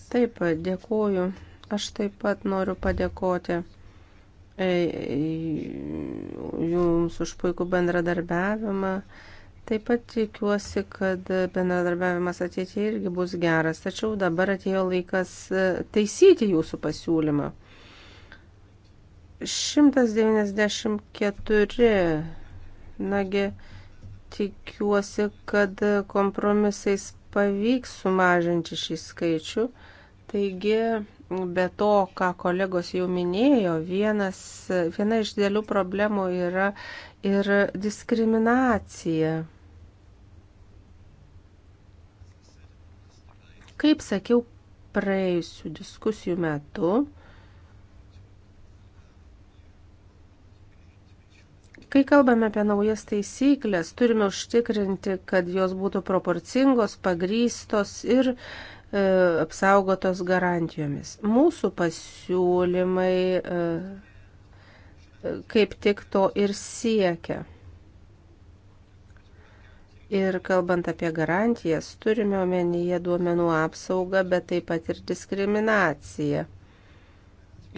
Taip, dėkuoju. Aš taip pat noriu padėkoti e, jums už puikų bendradarbiavimą. Taip pat tikiuosi, kad bendradarbiavimas ateityje irgi bus geras, tačiau dabar atėjo laikas e, taisyti jūsų pasiūlymą. 194. Nagi, tikiuosi, kad kompromisais pavyks sumažinti šį skaičių. Taigi, be to, ką kolegos jau minėjo, vienas, viena iš dėlių problemų yra ir diskriminacija Kaip sakiau praėjusių diskusijų metu, Kai kalbame apie naujas taisyklės, turime užtikrinti, kad jos būtų proporcingos, pagrystos ir e, apsaugotos garantijomis. Mūsų pasiūlymai e, e kaip tik to ir siekia. Ir kalbant apie garantijas, turime omenyje duomenų apsaugą, bet taip pat ir diskriminaciją.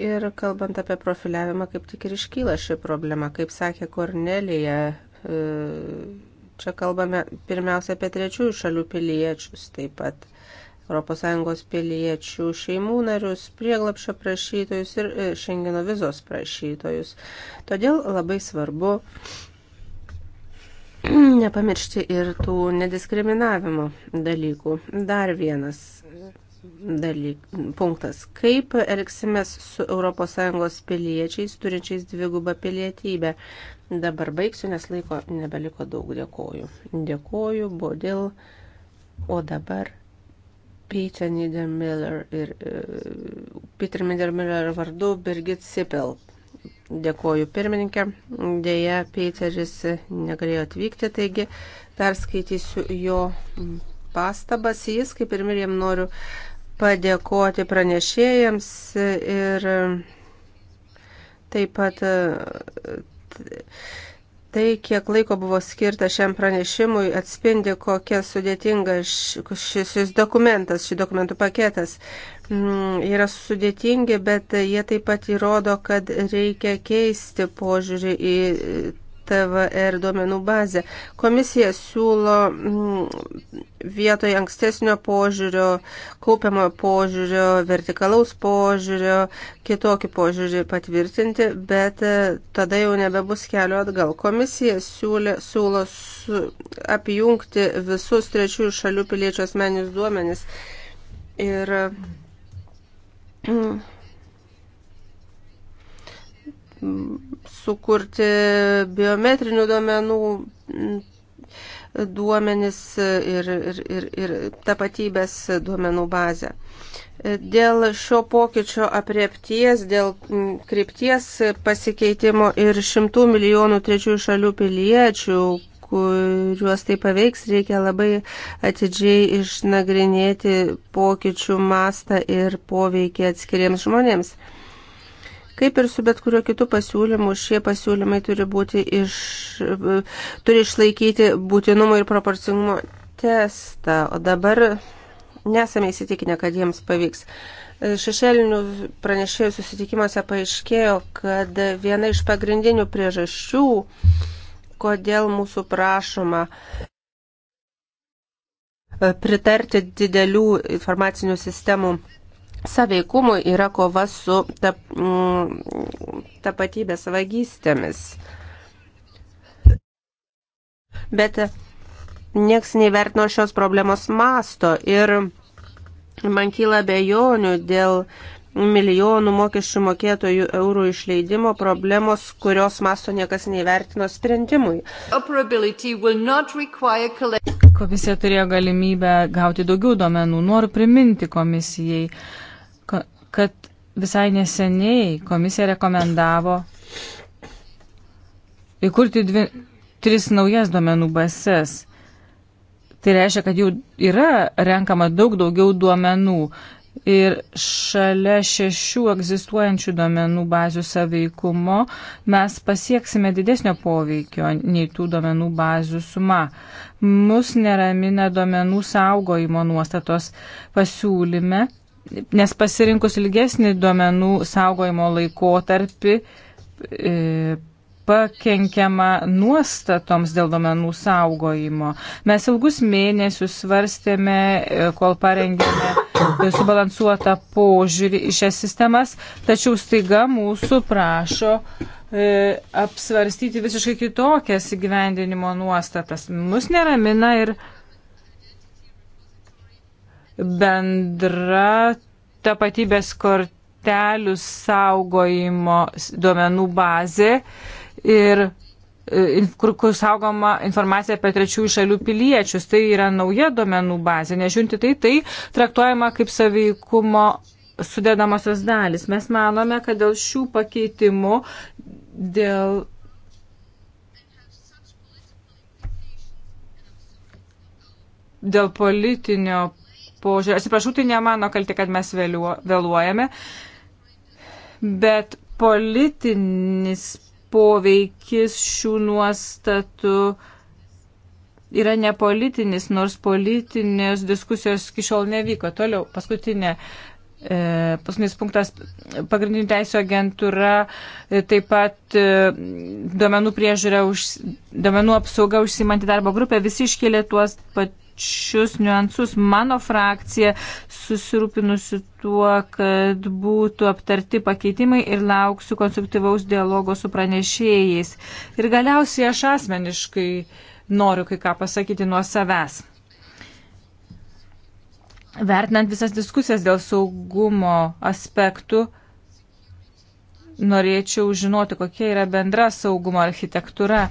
Ir kalbant apie profiliavimą, kaip tik ir iškyla ši problema. Kaip sakė Kornelija, e, čia kalbame pirmiausia apie trečiųjų šalių piliečius, taip pat ES piliečių šeimų narius, prieglapšio prašytojus ir Šengeno e, vizos prašytojus. Todėl labai svarbu (clears throat) nepamiršti ir tų nediskriminavimo dalykų. Dar vienas dalyk, punktas. Kaip elgsimės su ES piliečiais, turinčiais dvigubą pilietybę? Dabar baigsiu, nes laiko nebeliko daug. Dėkoju. Dėkoju, Bodil. O dabar Peter Niedermiller ir uh, Peter Niedermiller vardu Birgit Sipel. Dėkoju pirmininkė. Deja, Peteris negalėjo atvykti, taigi perskaitysiu jo pastabas. Jis, kaip ir Mirjam, noriu padėkoti pranešėjams ir taip pat Tai, kiek laiko buvo skirta šiam pranešimui, atspindi, kokia sudėtinga šis, šis dokumentas, šis dokumentų paketas mm, yra sudėtingi, bet jie taip pat įrodo, kad reikia keisti požiūrį į TVR duomenų bazę. Komisija siūlo mm, vietoj ankstesnio požiūrio, kaupiamojo požiūrio, vertikalaus požiūrio, kitokį požiūrį patvirtinti, bet e, tada jau nebebus kelio atgal. Komisija siūlė, siūlo su, apjungti visus trečiųjų šalių piliečių asmeninius duomenis. Ir mm, sukurti biometrinių duomenų duomenis ir, ir, ir, ir tapatybės duomenų bazę. Dėl šio pokyčio apriepties, dėl krypties pasikeitimo ir šimtų milijonų trečiųjų šalių piliečių, kuriuos tai paveiks, reikia labai atidžiai išnagrinėti pokyčių mastą ir poveikį atskiriems žmonėms. Kaip ir su bet kuriuo kitu pasiūlymu, šie pasiūlymai turi, būti iš, turi išlaikyti būtinumo ir proporcingumo testą, o dabar nesame įsitikinę, kad jiems pavyks. Šešėlinių pranešėjų susitikimuose paaiškėjo, kad viena iš pagrindinių priežasčių, kodėl mūsų prašoma pritarti didelių informacinių sistemų saveikumui yra kova su tap, mm, tapatybės vagystėmis. Bet nieks neįvertino šios problemos masto ir man kyla bejonių dėl milijonų mokesčių mokėtojų eurų išleidimo problemos, kurios masto niekas neįvertino sprendimui. Komisija turėjo galimybę gauti daugiau duomenų. Noriu priminti komisijai, kad visai neseniai komisija rekomendavo įkurti dvi, tris naujas duomenų bases. Tai reiškia, kad jau yra renkama daug daugiau duomenų ir šalia šešių egzistuojančių duomenų bazių saveikumo mes pasieksime didesnio poveikio nei tų duomenų bazių suma. Mus neramina duomenų saugojimo nuostatos pasiūlyme nes pasirinkus ilgesnį duomenų saugojimo laikotarpį e, pakenkiama nuostatoms dėl duomenų saugojimo. Mes ilgus mėnesius svarstėme, e, kol parengėme subalansuotą požiūrį į šias sistemas, tačiau staiga mūsų prašo e, apsvarstyti visiškai kitokias įgyvendinimo nuostatas. Mus neramina ir bendra tapatybės kortelių saugojimo duomenų bazė ir e, kur, kur saugoma informacija apie trečiųjų šalių piliečius. Tai yra nauja duomenų bazė. Nežiūrinti tai, tai traktuojama kaip saveikumo sudėdamosios dalis. Mes manome, kad dėl šių pakeitimų, dėl. Dėl politinio požiūrį. Atsiprašau, tai ne mano kalti, kad mes vėluojame, bet politinis poveikis šių nuostatų yra nepolitinis, nors politinės diskusijos iki šiol nevyko. Toliau, paskutinė. E, paskutinis punktas - pagrindinių teisų agentūra, e, taip pat e, duomenų priežiūra, už, duomenų apsauga užsimanti darbo grupė, visi iškėlė tuos pat pačius niuansus. Mano frakcija susirūpinusi tuo, kad būtų aptarti pakeitimai ir lauksiu konstruktyvaus dialogo su pranešėjais. Ir galiausiai aš asmeniškai noriu kai ką pasakyti nuo savęs. Vertinant visas diskusijas dėl saugumo aspektų, norėčiau žinoti, kokia yra bendra saugumo architektūra.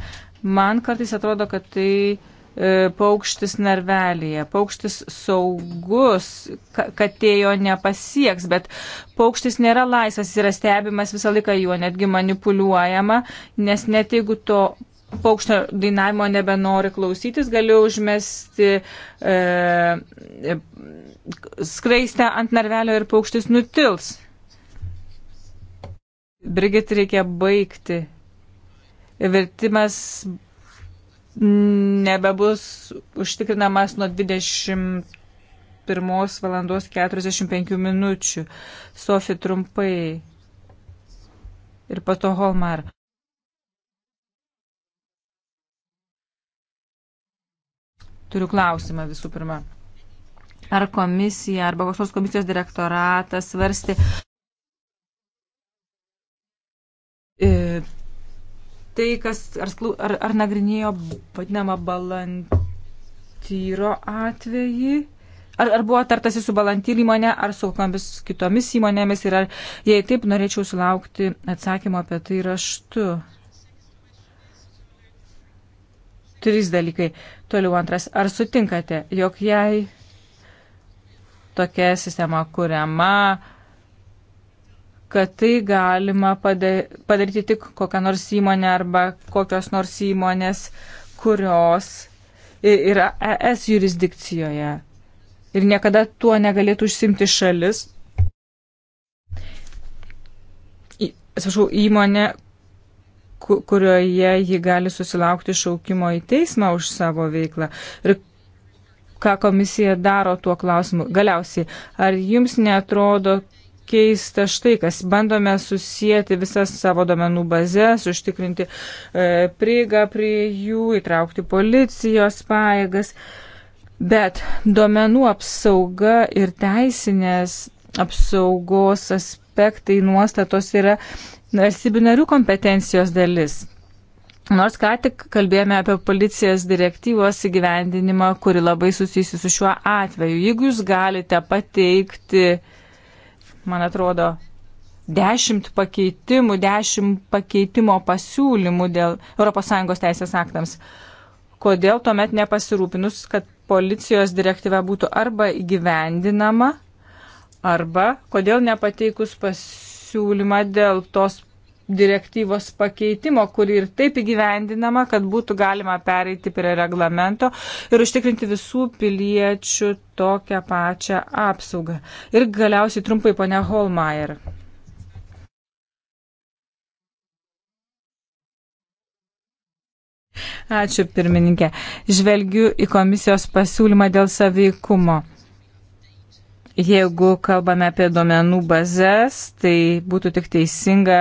Man kartais atrodo, kad tai E, paukštis narvelėje. Paukštis saugus, katėjo nepasieks, bet paukštis nėra laisvas, yra stebimas visą laiką juo, netgi manipuliuojama, nes net jeigu to paukščio dainavimo nebenori klausytis, galiu užmesti e, e, skraistę ant narvelio ir paukštis nutils. Brigit reikia baigti. Vertimas nebebus užtikrinamas nuo 21 valandos 45 minučių. Sofija trumpai ir pato Holmar. Turiu klausimą visų pirma. Ar komisija arba kokios komisijos direktoratas svarstė e, tai, kas ar, ar, ar nagrinėjo vadinamą balantyro atvejį. Ar, ar buvo tartasi su balantyr įmonė, ar su kokiamis kitomis įmonėmis ir ar, jei taip, norėčiau sulaukti atsakymą apie tai raštu. Trys dalykai. Toliau antras. Ar sutinkate, jog jei tokia sistema kuriama, kad tai galima padaryti tik kokią nors įmonę arba kokios nors įmonės, kurios yra ES jurisdikcijoje. Ir niekada tuo negalėtų užsimti šalis, atsiprašau, įmonė, kurioje ji gali susilaukti šaukimo į teismą už savo veiklą. Ir ką komisija daro tuo klausimu. Galiausiai, ar jums netrodo, keista štai, kas bandome susijęti visas savo domenų bazės, užtikrinti e, prieigą prie jų, įtraukti policijos paėgas, bet domenų apsauga ir teisinės apsaugos aspektai nuostatos yra valstybių narių kompetencijos dalis. Nors ką tik kalbėjome apie policijos direktyvos įgyvendinimą, kuri labai susijusi su šiuo atveju. Jeigu jūs galite pateikti uh, man atrodo, dešimt pakeitimų, dešimt pakeitimo pasiūlymų dėl ES teisės aktams. Kodėl tuomet nepasirūpinus, kad policijos direktyva būtų arba įgyvendinama, arba kodėl nepateikus pasiūlymą dėl tos direktyvos pakeitimo, kuri ir taip įgyvendinama, kad būtų galima pereiti prie reglamento ir užtikrinti visų piliečių tokią pačią apsaugą. Ir galiausiai trumpai ponia Holmeier. Ačiū pirmininkė. Žvelgiu į komisijos pasiūlymą dėl saveikumo. Jeigu kalbame apie duomenų bazės, tai būtų tik teisinga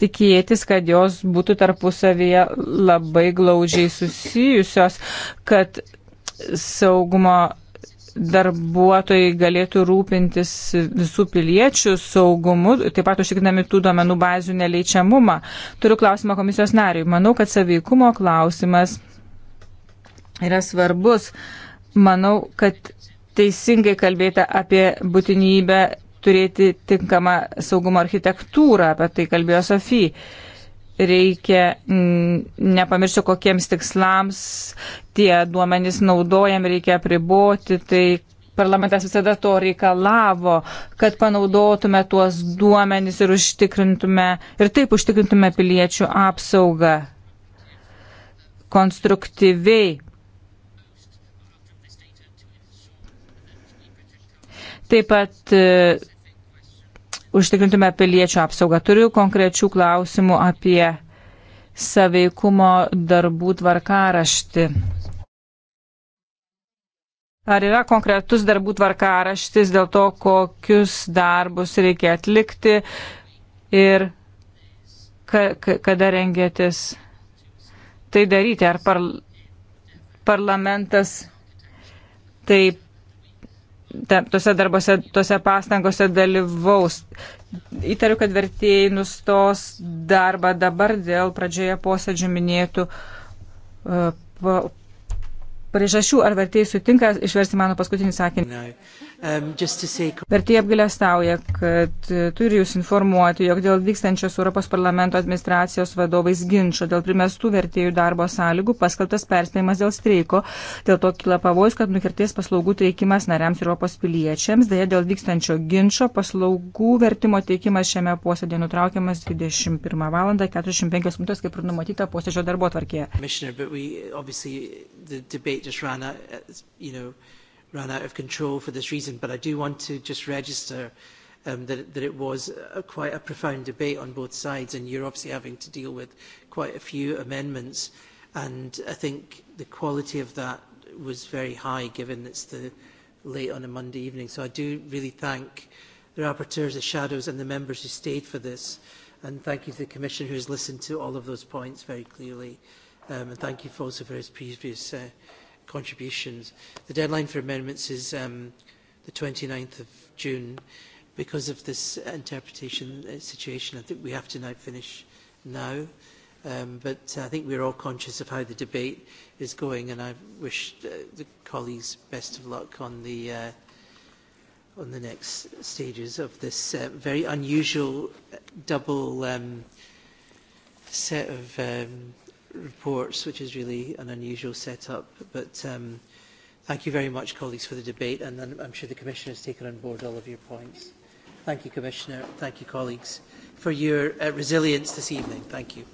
tikėtis, kad jos būtų tarpusavyje labai glaudžiai susijusios, kad saugumo darbuotojai galėtų rūpintis visų piliečių saugumu, taip pat užtikrinami tų duomenų bazių neleičiamumą. Turiu klausimą komisijos nariui. Manau, kad saveikumo klausimas yra svarbus. Manau, kad teisingai kalbėta apie būtinybę turėti tinkamą saugumo architektūrą, apie tai kalbėjo Sofija. Reikia mm, nepamiršti, kokiems tikslams tie duomenys naudojami, reikia priboti, tai parlamentas visada to reikalavo, kad panaudotume tuos duomenys ir užtikrintume, ir taip užtikrintume piliečių apsaugą konstruktyviai. Taip pat e, užtikrintume piliečių apsaugą. Turiu konkrečių klausimų apie saveikumo darbų tvarkaraštį. Ar yra konkretus darbų tvarkaraštis dėl to, kokius darbus reikia atlikti ir ka, ka, kada rengėtis tai daryti? Ar par, parlamentas taip ta, tose darbose, tose pastangose dalyvaus. Įtariu, kad vertėjai nustos darbą dabar dėl pradžioje posėdžių minėtų uh, priežasčių. Ar vertėjai sutinka išversti mano paskutinį sakinį? No. Vertėjai um, apgalėstauja, kad e, turi jūs informuoti, jog dėl vykstančios Europos parlamento administracijos vadovais ginčio dėl primestų vertėjų darbo sąlygų paskaltas perspėjimas dėl streiko. Dėl to kila pavojus, kad nukirties paslaugų teikimas nariams Europos piliečiams. Deja, dėl vykstančio ginčio paslaugų vertimo teikimas šiame posėdėje nutraukiamas 21 val. 45 min. kaip ir numatyta posėdžio darbo tvarkėje ran out of control for this reason, but I do want to just register um, that, that it was a, quite a profound debate on both sides, and you're obviously having to deal with quite a few amendments. And I think the quality of that was very high, given it's the late on a Monday evening. So I do really thank the rapporteurs, the shadows, and the members who stayed for this. And thank you to the Commission who has listened to all of those points very clearly. Um, and thank you for also for his previous uh, contributions. The deadline for amendments is um, the 29th of June. Because of this interpretation uh, situation, I think we have to now finish now. Um, but I think we're all conscious of how the debate is going, and I wish uh, the colleagues best of luck on the uh, on the next stages of this uh, very unusual uh, double um, set of um, reports, which is really an unusual setup. But um, thank you very much, colleagues, for the debate, and I'm, I'm sure the Commissioner has taken on board all of your points. Thank you, Commissioner. Thank you, colleagues, for your uh, resilience this evening. Thank you.